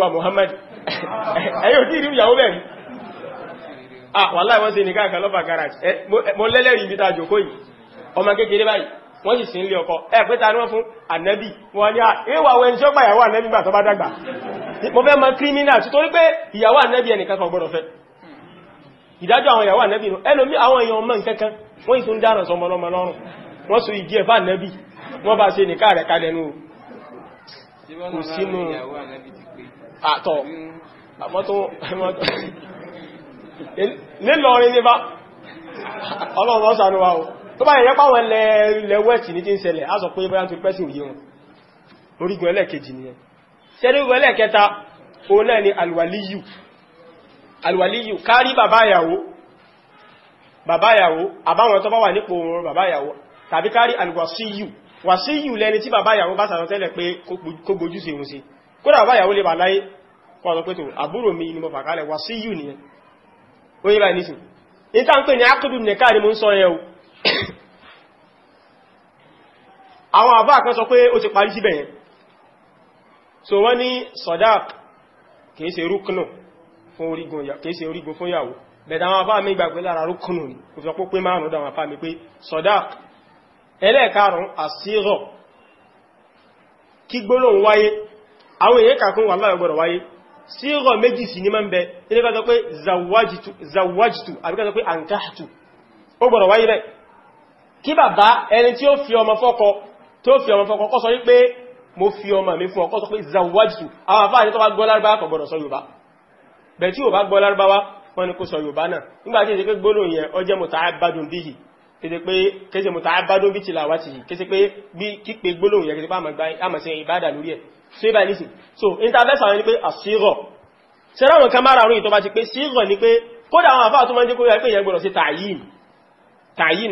Muhammad [laughs] ta wọ́n sì sí ilé ọkọ ẹ pé ta ní wọ́n fún ànẹ́bì wọ́n ní àwọ̀ àwọn ẹni tí ó gbà ìyàwó ànẹ́bì gbà tó bá dàgbà mo fẹ́ mọ kírímínà tí torí pé ìyàwó ànẹ́bì ẹnìkan kan gbọ́dọ̀ fẹ́ ìdájọ́ àwọn ìyàwó ànẹ́bì nù ẹlòmí àwọn èèyàn mọ́ nǹkankan wọ́n ìtún dáràn sọmọ lọ́mọ lọ́rùn wọ́n so ìdí ẹ̀fà ànẹ́bì wọ́n bá ṣe nìka rẹ̀ kalẹ̀ nù kò sínú àtọ̀ àmọ́tò nílọrin ní bá ọlọ́run ọ̀sán wa o tó bá yẹ̀yẹ́ pàwọn ilẹ̀ west ní tí ń ṣẹlẹ̀ á sọ pé bóyá tó pẹ́sì òye wọn orígun ẹlẹ́ẹ̀kejì nìyẹn sẹ́rígun ẹlẹ́ẹ̀kẹta òun náà ni alwaliyu alwaliyu kárí bàbá ìyàwó bàbá ìyàwó àbáwọn tó bá wà nípò bàbá ìyàwó tàbí kárí alwasiyu wàsíyù lẹni tí bàbá ìyàwó bá sàtọ̀ tẹ́lẹ̀ pé kó gbójú sí òun sí kódà bàbá ìyàwó lè bà láyé kó ọ̀sọ̀ pé tó àbúrò ni mo fàkálẹ̀ wàsíyù nìyẹn ó yẹ báyìí nísìn ní tá ń pè ní akudu nìkan ni mo ń sọ yẹn o àwọn àbá kan sọ pé ó ti parí síbẹ̀ yẹn so wọ́n ní sọ̀dák kìí ṣe rúkùnù fún orígun kìí ṣe orígun fún ìyàwó bẹ̀dà àwọn àbá mi gbà pé lára rúkùnù ní kò sọ pé márùn dáwọn àbá mi pé sọ̀dák ẹlẹ́ẹ̀karùn àṣírọ̀ kí gbólóhùn wáyé àwọn èyí kàkún wà láyọ̀ gbọ́dọ̀ wáyé sírọ̀ méjì sí ní máa ń bẹ bẹ́ẹ̀ kí bàbá ẹni tí ó fi ọmọ fọ́kọ tí ó fi ọmọ fọ́kọ kọ́ sọ wípé mo fi ọmọ mi fún ọkọ́ sọ pé zawajtu àwọn àfáà ní tó bá gbọ́ lárúbáwá kò gbọ́dọ̀ sọ yorùbá bẹ̀ tí ò bá bi tilawatihi kéde pé bí kípe gbólóhùn yẹn kéde pé àmọ̀ sí ìbádà so ibà nísì so intervest àwọn ni pé ni pé kódà àwọn àfáà tó máa ń jẹ́ kó yẹ pé yẹn gbọ́dọ̀ sí tààyìn tààyìn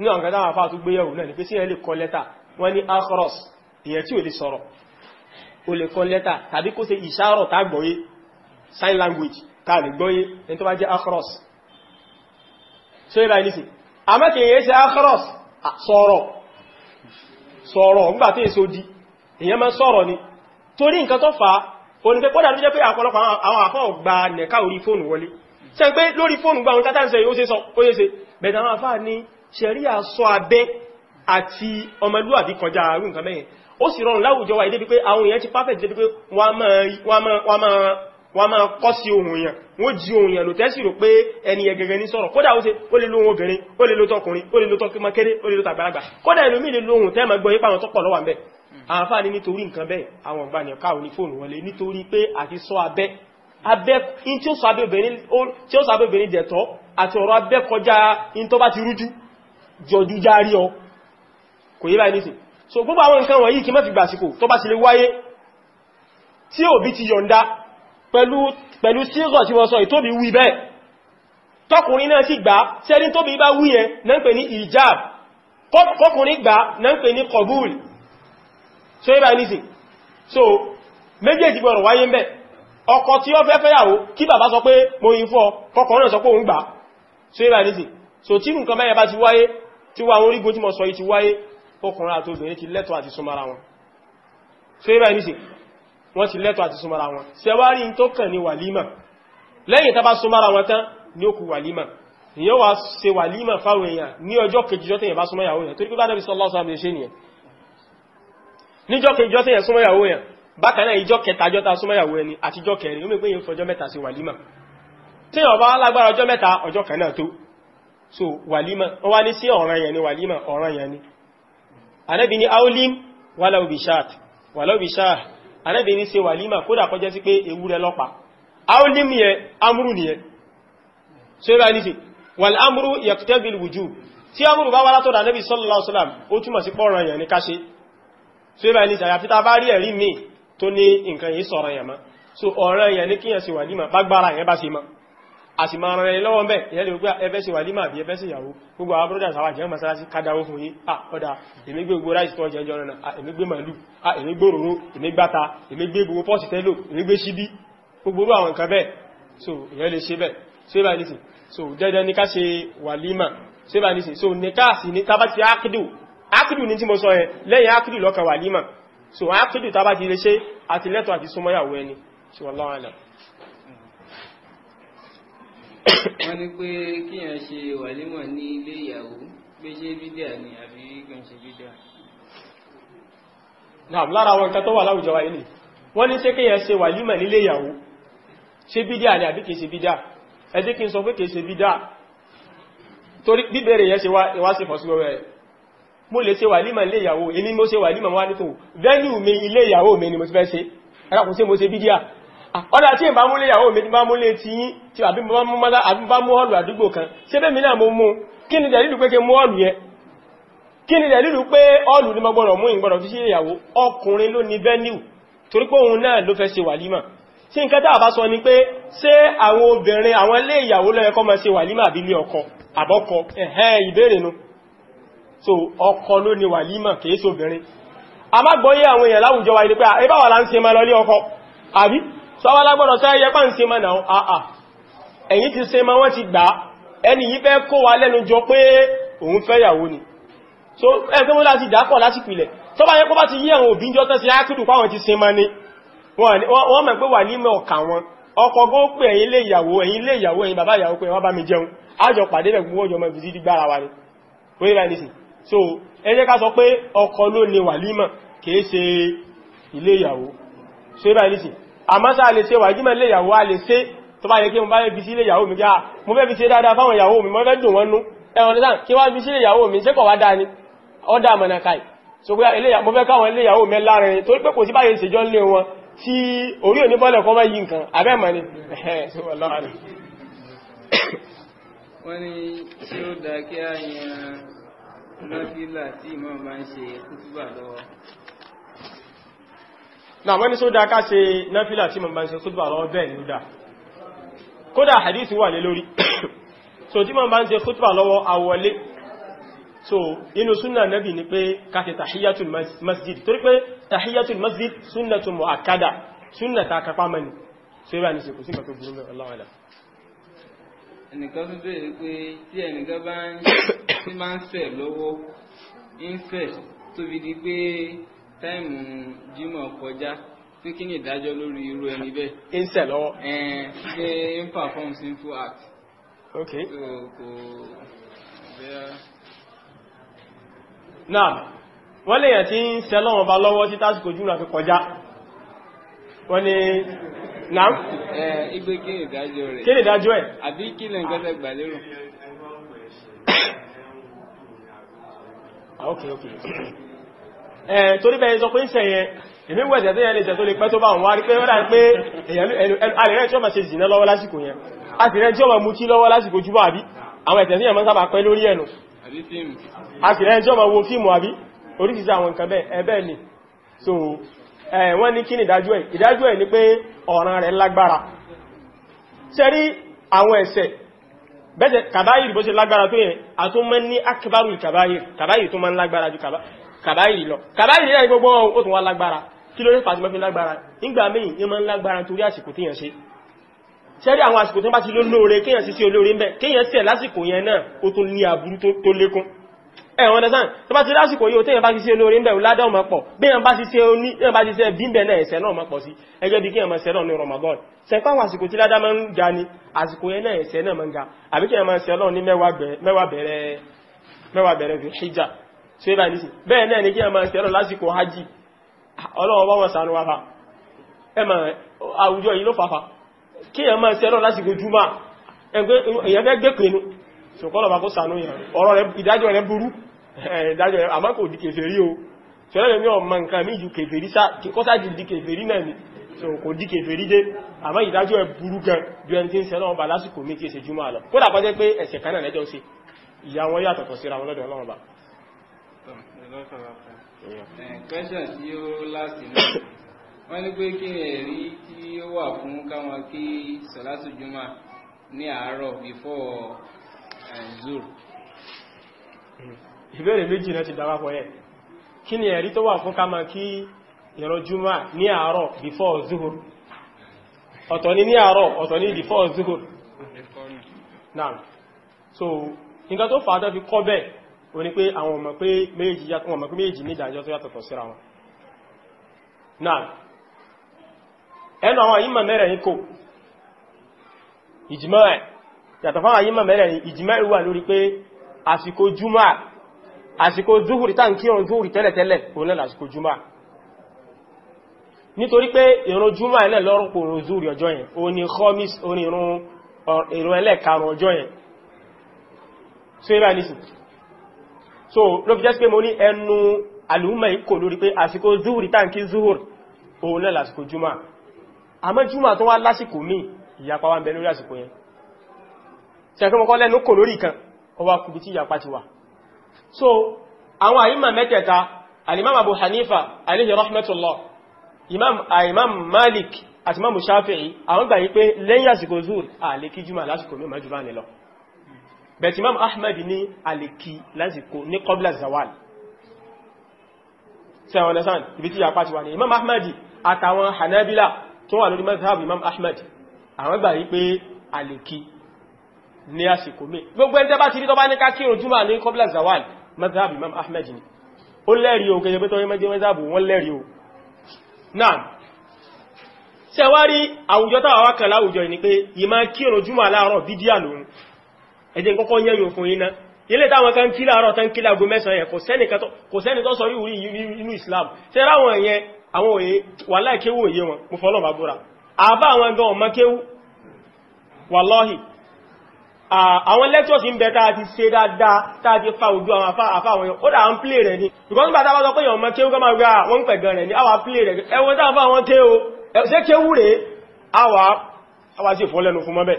ní ọ̀gá dáwà fà tó gbéyàwó náà ni pé sí ẹ lè kọ lẹ́tà wọ́n ní akros ìyẹn tí ò lè sọ̀rọ̀ o lè kọ lẹ́tà tàbí kó ṣe ìṣàrọ̀ tá gbọ́yé sign language tá lè gbọ́yé ẹni tó bá jẹ́ akros ṣe ìbá ìlísì àmọ́ kì í ṣe ni torí nǹkan tó fà á o ní pé kódà tó jẹ́ pé àpọ̀lọpọ̀ àwọn àfọ́ gba nẹ̀ká orí fóònù wọlé ṣe pé lórí fóònù gba ohun ní ṣẹ̀ríà sọ abẹ́ àti ọmọlúwàbí kọjá àrùn nǹkan mẹ́yìn ó sì rọrùn láwùjọ wa ìdébí pé àwọn èèyàn ti perfect débi pé wọ́n máa kọ́ sí ohun èèyàn wọ́n jí ohun èèyàn ló tẹ́sì rò pé ẹni ẹgẹgẹ ní sọ̀rọ̀ kódà ó ṣe ó lè lóhun obìnrin ó lè ló tọkùnrin ó lè ló tọkọmọkéré ó lè ló tàgbàlagbà kódà ẹlòmí lè lóhun tẹ́mọ̀ gbọ́ ipa àwọn tọ́pọ̀ lọ́wà ń bẹ̀ hmm. àǹfààní nítorí nǹkan bẹ́ẹ̀ àwọn ọ̀gbà ní ọ̀ká òní fóònù wọlé nítorí pé àti sọ abẹ́ abẹ́ tí ó sọ abẹ́ obìnrin jẹ̀tọ́ àti ọ̀rọ̀ abẹ́ kọjá in tó bá ti rújú jọjú járí ọ kò yí báyìí nìsìn so gbogbo àwọn nǹkan wọ̀nyí kí má fi gbàsíkò tó bá sì lè wáyé tí òbí ti yọ̀ǹda pẹ̀lú sígọ̀ tí wọ́n sọ ìtóbi wí bẹ́ẹ̀ tọkùnrin náà sì gbà sẹ́rí tóbi bá wí yẹn náà ń pè ní ìjáb kọkùnrin gbà náà ń pè ní kọbúl so yí báyìí nìsìn so méjèèjì gbọ́rọ̀ wáyé ń bẹ̀ ọkọ tí ó fẹ́ fẹ́yàwó kí bàbá sọ pé mo yìn fọ́ kọkùnrin náà sọ pé òun gbà so yí báyìí nìsìn so tí nǹkan bẹ́yẹ bá ti wáyé tí wà orígun tí mo sọ yìí ti wáyé ọkùnrin àti obìnrin ti lẹ́tọ̀ àti súnmọ́ra wọn ṣe ibà ní sí wọ́n ti lẹ́tọ̀ àti súnmọ́ra wọn ṣẹwárí tó kàn ní wàlímà lẹ́yìn tàbá súnmọ́ra wọn tán ní ó kù wàlímà ìyẹn wà ṣe wàlímà fáwọn èèyàn ní ọjọ́ kejìjọ́ tẹ̀yẹ̀ bá súnmọ́ ìyàwó yẹn torí pé bá Ànábì sallallahu alaihi wasallam ṣe nìyẹn níjọ́ kejìjọ́ so walima, wọ́n wá ní sí ọ̀ràn yẹn ni wàlímà ọ̀ràn yẹn ni Ànábì ní aulim walau bishat walau bishah Ànábì ní se walima kódà kọjẹ́ sí pé ewúrẹ́ lọ́pa aulim yẹ amúrù nìyẹn so yẹ́ bá Wal sí wal amúrù yaqtabil wujub tí amúrù bá wá látọ̀ Ànábì sallallahu alaihi wasallam ó túmọ̀ sí pọ̀ràn yẹn ni ká ṣe so yẹ́ bá ní sí so ọ̀ràn yẹn ni kíyàn sí wàlímà a sì máa rẹ̀ lọ́wọ́ bẹ́ ìyẹ́lẹ̀ gbogbo ẹbẹ́ sí wàlímà bí ẹbẹ́ sí ìyàwó gbogbo àwọn brothers àwọn àjẹ́ masalasi kádàwó fún yí à ọ̀dà èmi gbé gbogbo ráìsì tó jẹ́ jọ náà èmi gbé màlúù à èmi gbé so ìyẹn lè so ìbá nìsín so dandan ni ká ṣe wàlímà so so nìka sì ní tá bá ni tí mo sọ yẹn lẹ́yìn ákìdù lọ́kàn wàlímà so ákìdù tá bá ti lè ṣe àti so wallahu wọ́n ní pé kíyàn ṣe wàlímọ̀ ní ilé ìyàwó pé ṣé bídíà ni àbí kàn ṣe bídíà. náà lára àwọn nǹkan tó wà láwùjọ wa yìí wọ́n ní ṣé kíyàn ṣe wàlímọ̀ nílé ìyàwó ṣé bídíà ni àbí kìí ṣe bídíà ẹ jẹ́ kí n sọ pé kìí ṣe bídíà torí bíbẹ̀rẹ̀ yẹn ṣe wá sí fọ́síwọ́wẹ́ mo lè ṣe wàlímọ̀ ilé ìyàwó mo ṣe wàlímọ̀ wá nítò venue mi ilé ìyàwó mi ni mo ti fẹ́ ṣe ẹ̀rọ ọ̀dá tí ìbá múlé ìyàwó mi bá múlé tí yí tí àbí bá mú mọ́lá àbí bá mú ọ̀lù àdúgbò kan ṣe bẹ́ mi náà mú mú kí ni dẹ̀lìlù pé kí mú ọ̀lù yẹ kí ni dẹ̀lìlù pé ọ̀lù ni mọ́gbọ́rọ̀ mú ìgbọ́rọ̀ fi ṣe ìyàwó ọkùnrin ló ní venue torí pé òun náà ló fẹ́ ṣe wàlímà tí nǹkan tàbá sọ ni pé ṣé àwọn obìnrin àwọn ilé ìyàwó ló máa ṣe wàlímà àbí ilé ọkọ àbọ́kọ ẹ̀hẹ́ ìbéèrè nu so ọkọ ló ní wàlímà kìí ṣe obìnrin a má gbọ́yé àwọn èèyàn láwùjọ wa ilé pé ẹbá wà láń máa lọ ilé ọkọ àbí sọ́wọ́ lágbọ́dọ̀ sọ ẹyẹ pà ń se mọ́nà àà ẹ̀yìn ti se mọ́ wọ́n ti gbà ẹni yí fẹ́ kó wa lẹ́nu jọ pé òun fẹ́ yàwó ni so ẹgbẹ́ mọ́ láti dápọ̀ láti pìlẹ̀ sọ́wọ́ yẹ kó bá ti yí ẹ̀wọ̀n òbí jọ tẹ́sí ákìtù ni wọ́n mẹ́ pé wà ní mẹ́ ọ̀kà wọn ọkọ gó pé ẹ̀yin lé ìyàwó ẹ̀yin lé ìyàwó ẹ̀yin bàbá ìyàwó pé wọ́n bá mi jẹun ájọ pàdé rẹ̀ gbogbo ni orí rẹ̀ nìsìn so ẹ jẹ́ ká ṣe ilé ìyàwó àmásá lè ṣe wàjímọ̀ lè yàwó a lè ṣe tó bá yẹ kí mo bá fi sílé yàwó mi gáà mo fẹ́ fi ṣe dáadáa fáwọn yàwó mi mo fẹ́ dùn wọn nú ẹ̀wọ̀n ní sáà kí wá fi sílé yàwó mi ṣé kọ̀ wá dáa ni ọ́dà mọ̀nàkàì so pé mo fẹ́ káwọn ilé yàwó mi láàrin torí pé kò sí báyìí ìṣèjọ́ nílé wọn tí orí òní bọ́lẹ̀ kọ́ yí nǹkan abẹ́ mọ̀ ni [coughs] wọ́n ní ṣé ó dáa kí á yan náfílà tí ìmọ̀ bá ń ṣe kútúbà lọ́wọ́ na wọ́n ní só dá ká ṣe náfílà tí mọ̀ bá ń ṣe kútbà lọ bẹ́ẹ̀ ni ó dá kódà hadith wà lé lórí [coughs] so tí mọ̀ bá ń ṣe kútbà lọ́wọ́ àwọlé so inú súnnà nábì ni pé ká ṣe tahiyatul masjid torí pé tahiyatul masjid súnnà tó mọ̀ àkádà súnnà so yíra ní sèkú sí kàtó burú mẹ́ ọláwàlá ẹnìkan tó bèèrè pé tí ẹnìkan bá ń sẹ̀ [coughs] lọ́wọ́ tóbi di pé táìmù Jímọ̀ kọjá tí kí ni ìdájọ́ lórí irú ẹni bẹ́ẹ̀. ń sẹ̀ lọ́wọ́. ṣe ń perform sinful act. ok. so kò bẹ́ẹ̀. náà wọ́n lè yàn tí ń sẹ lọ́wọ́ bá lọ́wọ́ tí tásìkò júlọ fi kọjá wọ́n ni náà. ẹ igbe kí ni ìdájọ́ rẹ̀. kí ni ìdájọ́ ẹ̀. àbí kí ni nǹkan tẹ gbà lérò. Ah. Ah, ok ok torí bẹ́ẹ̀ sọ pé ń sẹ̀ yẹn èmi wẹ̀ tẹ̀ tẹ́yẹn lè tẹ̀ tó lè pẹ́ tó bá wọn wá rí pé wọ́n pé àrẹ̀rẹ́ tí ó máa ṣe jìnà lọ́wọ́ lásìkò yẹn a sì rẹ̀ tí ó máa mutí lọ́wọ́ lásìkò jú bá àbí àwọn ẹ̀tẹ̀ tíyẹ̀ máa sábà pẹ́ lórí ẹnu a sì rẹ̀ tí ó máa wo fíìmù àbí oríṣiríṣi àwọn nǹkan bẹ́ẹ̀ ẹbẹ́ ni so wọ́n ní kí ni ìdájọ́ ẹ̀ ìdájọ́ ẹ̀ ni pé ọ̀ràn rẹ̀ lágbára sẹ́rí àwọn ẹ̀ṣẹ̀ bẹ́ẹ̀ kàbáyìrì bó ṣe lágbára tó yẹn àtúnmọ́ ní akíbárù kàbáyìrì kàbáyìrì tó máa ń lágbára ju kàbáyìrì kàbáyìí lọ kàbáyìí yẹ́ gbogbo ó tún wá lágbára kí ló ní fàtí mọ́fí lágbára nígbà míì ní máa ń lágbára torí àsìkò téèyàn ṣe sẹ́rí àwọn àsìkò tó bá ti lólóore kéèyàn sí sí olóore ń bẹ kéèyàn sí ẹ̀ lásìkò yẹn náà ó tún ní aburú tó lékún ẹ̀wọ̀n ẹ̀sán tó bá ti lásìkò yóò téèyàn bá ti sí olóore ń bẹ ládà ọmọ pọ̀ béèyàn bá ti sí oní náà bá ti sí ẹbí ń bẹ náà ẹ̀ṣẹ̀ náà ọmọ pọ̀ ṣe bá nìsí bẹ́ẹ̀ náà ní kí a máa ṣẹ̀rọ lásìkò hajj ọlọ́wọ́ bá wọn sànú wáfà ẹmà àwùjọ yìí ló fàfà kí a máa ṣẹ̀rọ lásìkò júmà èyàn fẹ́ gbé pinnu ṣòkọ́lọ̀ bá kó sànú yàn ọ̀rọ̀ rẹ̀ ìdájọ́ rẹ̀ burú ìdájọ́ rẹ̀ àmọ́ kò di kèfèrí o ṣẹlẹ̀ mi ọmọ nǹkan mi ju kèfèrí sá kọ́sá ti ni kò di kèfèrí dé àmọ́ ìdájọ́ ẹ̀ burú gan ju ẹni tí ń ṣẹlọ́ ọba lásìkò méjì ṣe júmọ́ àlọ́ kódà question tí ó láti náà wọ́n ní pé kí ni ẹ̀rí tí ó wà fún káwọn kí sọ̀látù jùmọ̀ ní àárọ̀ before zoro. ìbéèrè méjì náà ti dáwàpọ̀ ẹ̀ kí ni ẹ̀rí tó wà fún ká máa kí ìran jùmọ̀ ní àárọ̀ before zuhur ọ̀tọ̀ ni ní àárọ̀ ọ̀tọ̀ ni before zuhur. naam so nǹkan tó fàá tó fi kọ́ bẹ́ẹ̀ o ní pé àwọn ọmọ pé méjì yàtọ̀ ọmọ pé méjì ní ìdájọ́ tó yàtọ̀tọ̀ síra wọn náà ẹnu àwọn àyíma mẹ́rẹ̀ yìí kò ìjìmọ́ ẹ̀ yàtọ̀ fáwọn àyíma mẹ́rẹ̀ yìí ìjìmọ́ ìwà lórí pé àsìkò júmọ́ àsìkò zuhuri tá ń kírun zuhuri tẹ́lẹ̀tẹ́lẹ̀ kò náà àsìkò júmọ́ nítorí pé ọjọ́ yẹn o ní khamis o so ló fi jẹ́ pé mo ní ẹnu àlùmọ̀ ikò lórí pé àsìkò zuhur táǹkì zuhur òun náà lásìkò juma àmọ́ juma tó wá lásìkò míì ìyapa wa ń bẹ lórí àsìkò yẹn ṣẹ̀kọ́ mọ́kọ́ lẹ́nu kò lórí kan ọwá kùbí tí ìyapa ti wà so àwọn àyíma mẹ́tẹ̀ẹ̀ta alimam abu hanifa alayhi rahmatullah imam imam malik àti imam shafi'i àwọn gbà yí pé lẹ́yìn àsìkò zuhur àlékí juma lásìkò míì májúbá nílọ bẹ̀t imam ahmed ní aleki lásìkò ní kọ́blá zawal ṣé understand ibi tí yàpá ti wà ní imam ahmed àtàwọn hanabila tó wà lórí mazhab imam ahmed àwọn gbà yí pé aleki ní àsìkò mé gbogbo ẹni tẹ́bá ti rí tọ́bá ní ká kírun ní kọ́blá mazhab imam ahmed ni ó lẹ́rí o kẹjẹ pé tọ́wọ́ mẹ́jẹ mazhab wọn lẹ́rí o náà ṣẹwárí àwùjọ táwà wákàlá àwùjọ ni pé ìmá kírun júmọ̀ ẹjẹ́ kọ́kọ́ yẹ́yìn fún iná ilé táwọn kan kí láàárọ̀ tán kí láàgó mẹ́sàn yẹn kò sẹ́ni tó sọ rí orí inú Islam tẹ́ ráwọn yẹn àwọn òye wà láìkéwò òye wọn mú fọ́lọ̀ bàbúra àbá àwọn gan ọmọ kéwú wàlọ́hì àwọn lectures ń bẹ táà ti ṣe dáadáa táà ti fa ojú àwọn afá àwọn yọ ó dà ń plé rẹ̀ ní because bá tábá sọ pé ọmọ kéwú gọ́mà gbá wọ́n pẹ̀gàn rẹ̀ ní àwà plé rẹ̀ ẹwọ́n táà fà wọ́n kéwú rẹ̀ àwà sí ìfọ́lẹ́nu fún mọ́bẹ̀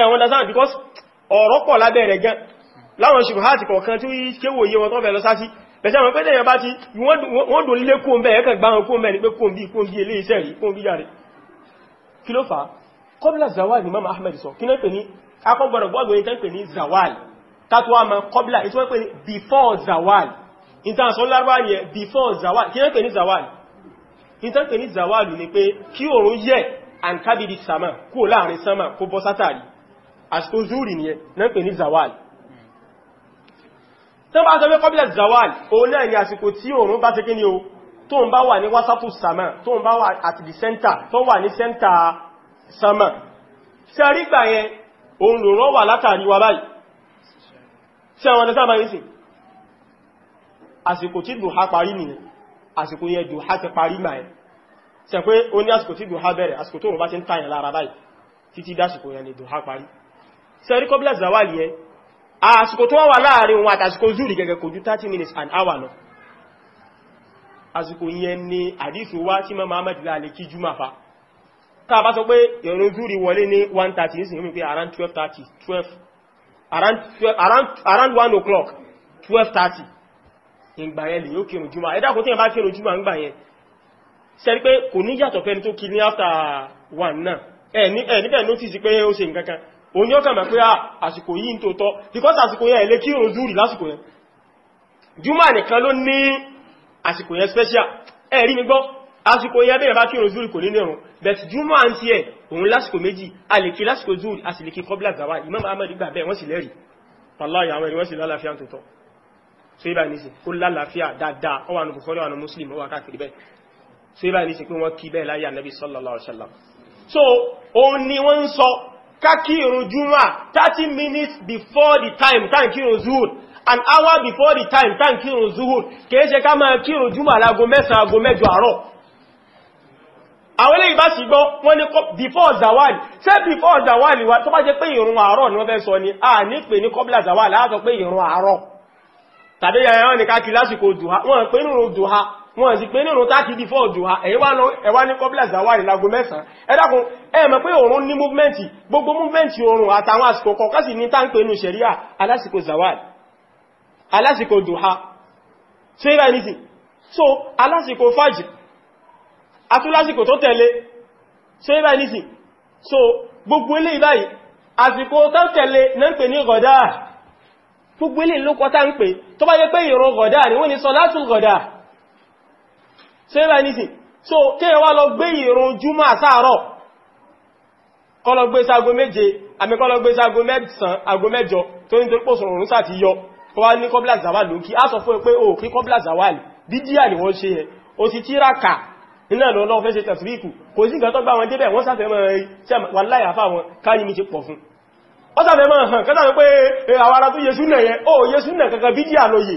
ẹ understand because ọ̀rọ̀ pọ̀ lábẹ́ rẹ̀ gan láwọn ṣùgbọ́n kọ̀ọ̀kan tí kéwò yé wọn tó fẹ́ lọ sásí bẹ̀sẹ̀ àwọn pẹ́lẹ̀ yẹn bá ti wọ́n dùn lé kóòm bẹ́ẹ̀ ẹ̀kàn gbáhùn kóòm bẹ́ẹ̀ ni pé kóòm bí kóòm kí ló fà á kọ́bílà zawal ni ahmed sọ kí náà pè ní akọ́gbọ̀rọ̀ gbọ́gbọ̀ zawal tatuwa ma kọ́bílà ìtí wọ́n before zawal ìtàn sọ lárúbá before zawal kí náà zawal ìtàn pè zawal ni pé kí òòrùn yẹ àǹkábìdì sàmà kúò láàrin sàmà kó bọ́ sátàrí àsìkò zúrì ni náà pè ní zawal tó bá sọ pé kọ́bílẹ̀ zawal òun náà ni àsìkò tí òun bá tẹ́kí ni o tó ń bá wà ní wásátù sàmà tó ń bá wà àti di sẹ́ntà tó wà ní sẹ́ntà sàmà tí a rí gbà yẹn òun lò rán wà látàrí wa báyìí tí àwọn ọ̀dọ́sá bá yìí sì àsìkò tí dùhá parí nìyẹn àsìkò yẹn dùhá ti parí mà yẹn tí a pé ó ní àsìkò tí dùhá bẹ̀rẹ̀ àsìkò tó òun bá ti títí dásìkò yẹn ni dùhá parí sẹ́rí kọ́bílà zawali yẹn àsìkò tó wà láàrin wọn àtàsìkò zuri gẹ́gẹ́ kò ju 30 minutes an hour lọ àsìkò yẹn ni àdísù wá tí mọ́ Muhammad láàrin kí jùmọ́ fa ká bá sọ pé ìrun zuri wọlé ní 1:30 ní sinmi pé around 12:30 around around 1 o'clock 12:30 ìgbà yẹn lè yóò kírun jùmọ́ ẹ̀dá kò tí yẹn bá kírun jùmọ́ ìgbà yẹn sẹ́rí pé kò ní yàtọ̀ fẹ́ni tó kí pé ó ṣe nǹkan òun yọ́ kàmà pé ah, àsìkò yìí tó tọ́ because àsìkò yẹn ilé kí o zúrì lásìkò yẹn jùmọ́ nìkan ló ní àsìkò yẹn special ẹ̀rí mi gbọ́ àsìkò yẹn bẹ̀rẹ̀ bá kí o zúrì kò ní nírun but jùmọ́ àti ẹ̀ òun lásìkò méjì a lè kí lásìkò zúrì a sì lè kí kọ́bílà Imam Ahmad gbà bẹ́ẹ̀ wọ́n sì lẹ́rì wallahi àwọn ẹni wọ́n sì lálàáfíà tó tọ́ so ibà ní sí kó lálàáfíà dáadáa ó wà ní Bukhari wà ní Muslim ó sallallahu alaihi wasallam so òun ni wọ́n ń sọ kákí ìrun juma 30 minutes before the time tán kírun zuhur an hour before the time tán kírun zuhur kìí ṣe ká máa kírun juma lágo mẹ́sàn àgo mẹ́jọ àárọ̀ àwọn ilé ìbá sì gbọ́ wọ́n ní before zawal say before zawal wa tó bá jẹ́ pé ìrun àárọ̀ ni wọ́n fẹ́ sọ ni a ní pè ní kọ́bílà zawal láàtọ̀ pé ìrun àárọ̀ tàbí ẹ̀yàn ní káàkiri lásìkò duha. wọ́n pè ní ìrun dùhá wọn sì pé nínú táàkì di fọ́ọ̀dù ẹ̀wà ní kọ́bílà zawari lago mẹ́sàn ẹ dákun ẹ mọ̀ pé òun ní múvmẹ́ntì gbogbo múvmẹ́ntì oòrùn àtàwọn àsìkò kọ̀ọ̀kan sì ní táǹpé inú ṣẹ̀ríà alásìkò zawari alásìkò duha so ira ní sí so alásìkò fajr atúlásìkò tó tẹ̀lé so ira ní sí so gbogbo ilé ìbáyìí kọta ń pè tó bá yẹ pé ìrun gọ̀dá ni wọ́n ni sọ látún gọ̀dá ṣe bá nísìn so kéèyàn wá lọ gbé ìrun júmọ́ àsáàrọ̀ kọ́ lọ gbé ságo méje àmì kọ́ lọ gbé ságo mẹ́sàn ago mẹ́jọ tó ní torípò sọ̀rọ̀ òun sáti yọ kọ́ wá ní kọ́bílà zawal ló kí á sọ fún ẹ o kí kọ́bílà zawal dídíà ni wọ́n ṣe o ti tíraka iná lọ lọ́wọ́ fẹ́ ṣe tẹ̀síríkù kò sí nǹkan tó gbá wọn débẹ̀ wọ́n sáfẹ́ mọ́ ṣe wà láyà fáwọn káyí mi ti pọ̀ fún wọ́n sáfẹ́ mọ́ hàn kẹ́sàfẹ́ pé àwọn ará tó yẹ súnà yẹn ó yẹ súnà kankan bídíà lóye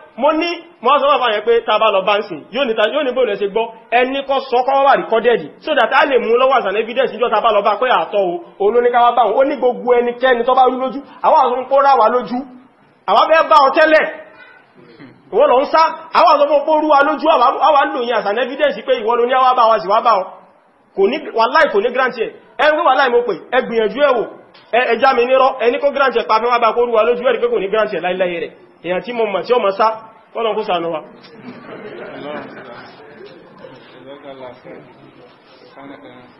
mo ní mọ́ sọ máa yẹn pé tàbá lọ bá ń sìn yóò ní bóòlẹ̀ ṣe gbọ́ ẹni kọ́ sọ kọ́ wà recorded so that a lè mú lọ́wọ́ àsàn evidence ìjọ tàbá lọ bá pé àtọ́ o olóníkáwà bá wọn ó ní gbogbo ẹnikẹ́ni tó bá rú lójú àwọn àsọ pó rá wa lójú àwọn bẹ́ bá ọ tẹ́lẹ̀ wọ́n lọ ń sá àwọn àsọ pó rú wa lójú àwọn lòyìn àsàn evidence pé ìwọ ló ní àwà bá wa sì wá bá ọ wàláì kò ní grant ẹ̀ ẹni pé wàláì mo pè ẹ gbìyànjú ẹ wò ẹ já mi nírọ́ ẹni kó grant ẹ̀ pàfẹ́ wá bá kó rú wa lójú ẹ̀rí pé kò ní grant ẹ̀ láìláyé rẹ̀ èèyàn tí mo mọ̀ tí ó mọ̀ sá kọ́lọ̀ kó sànú wa Thank you.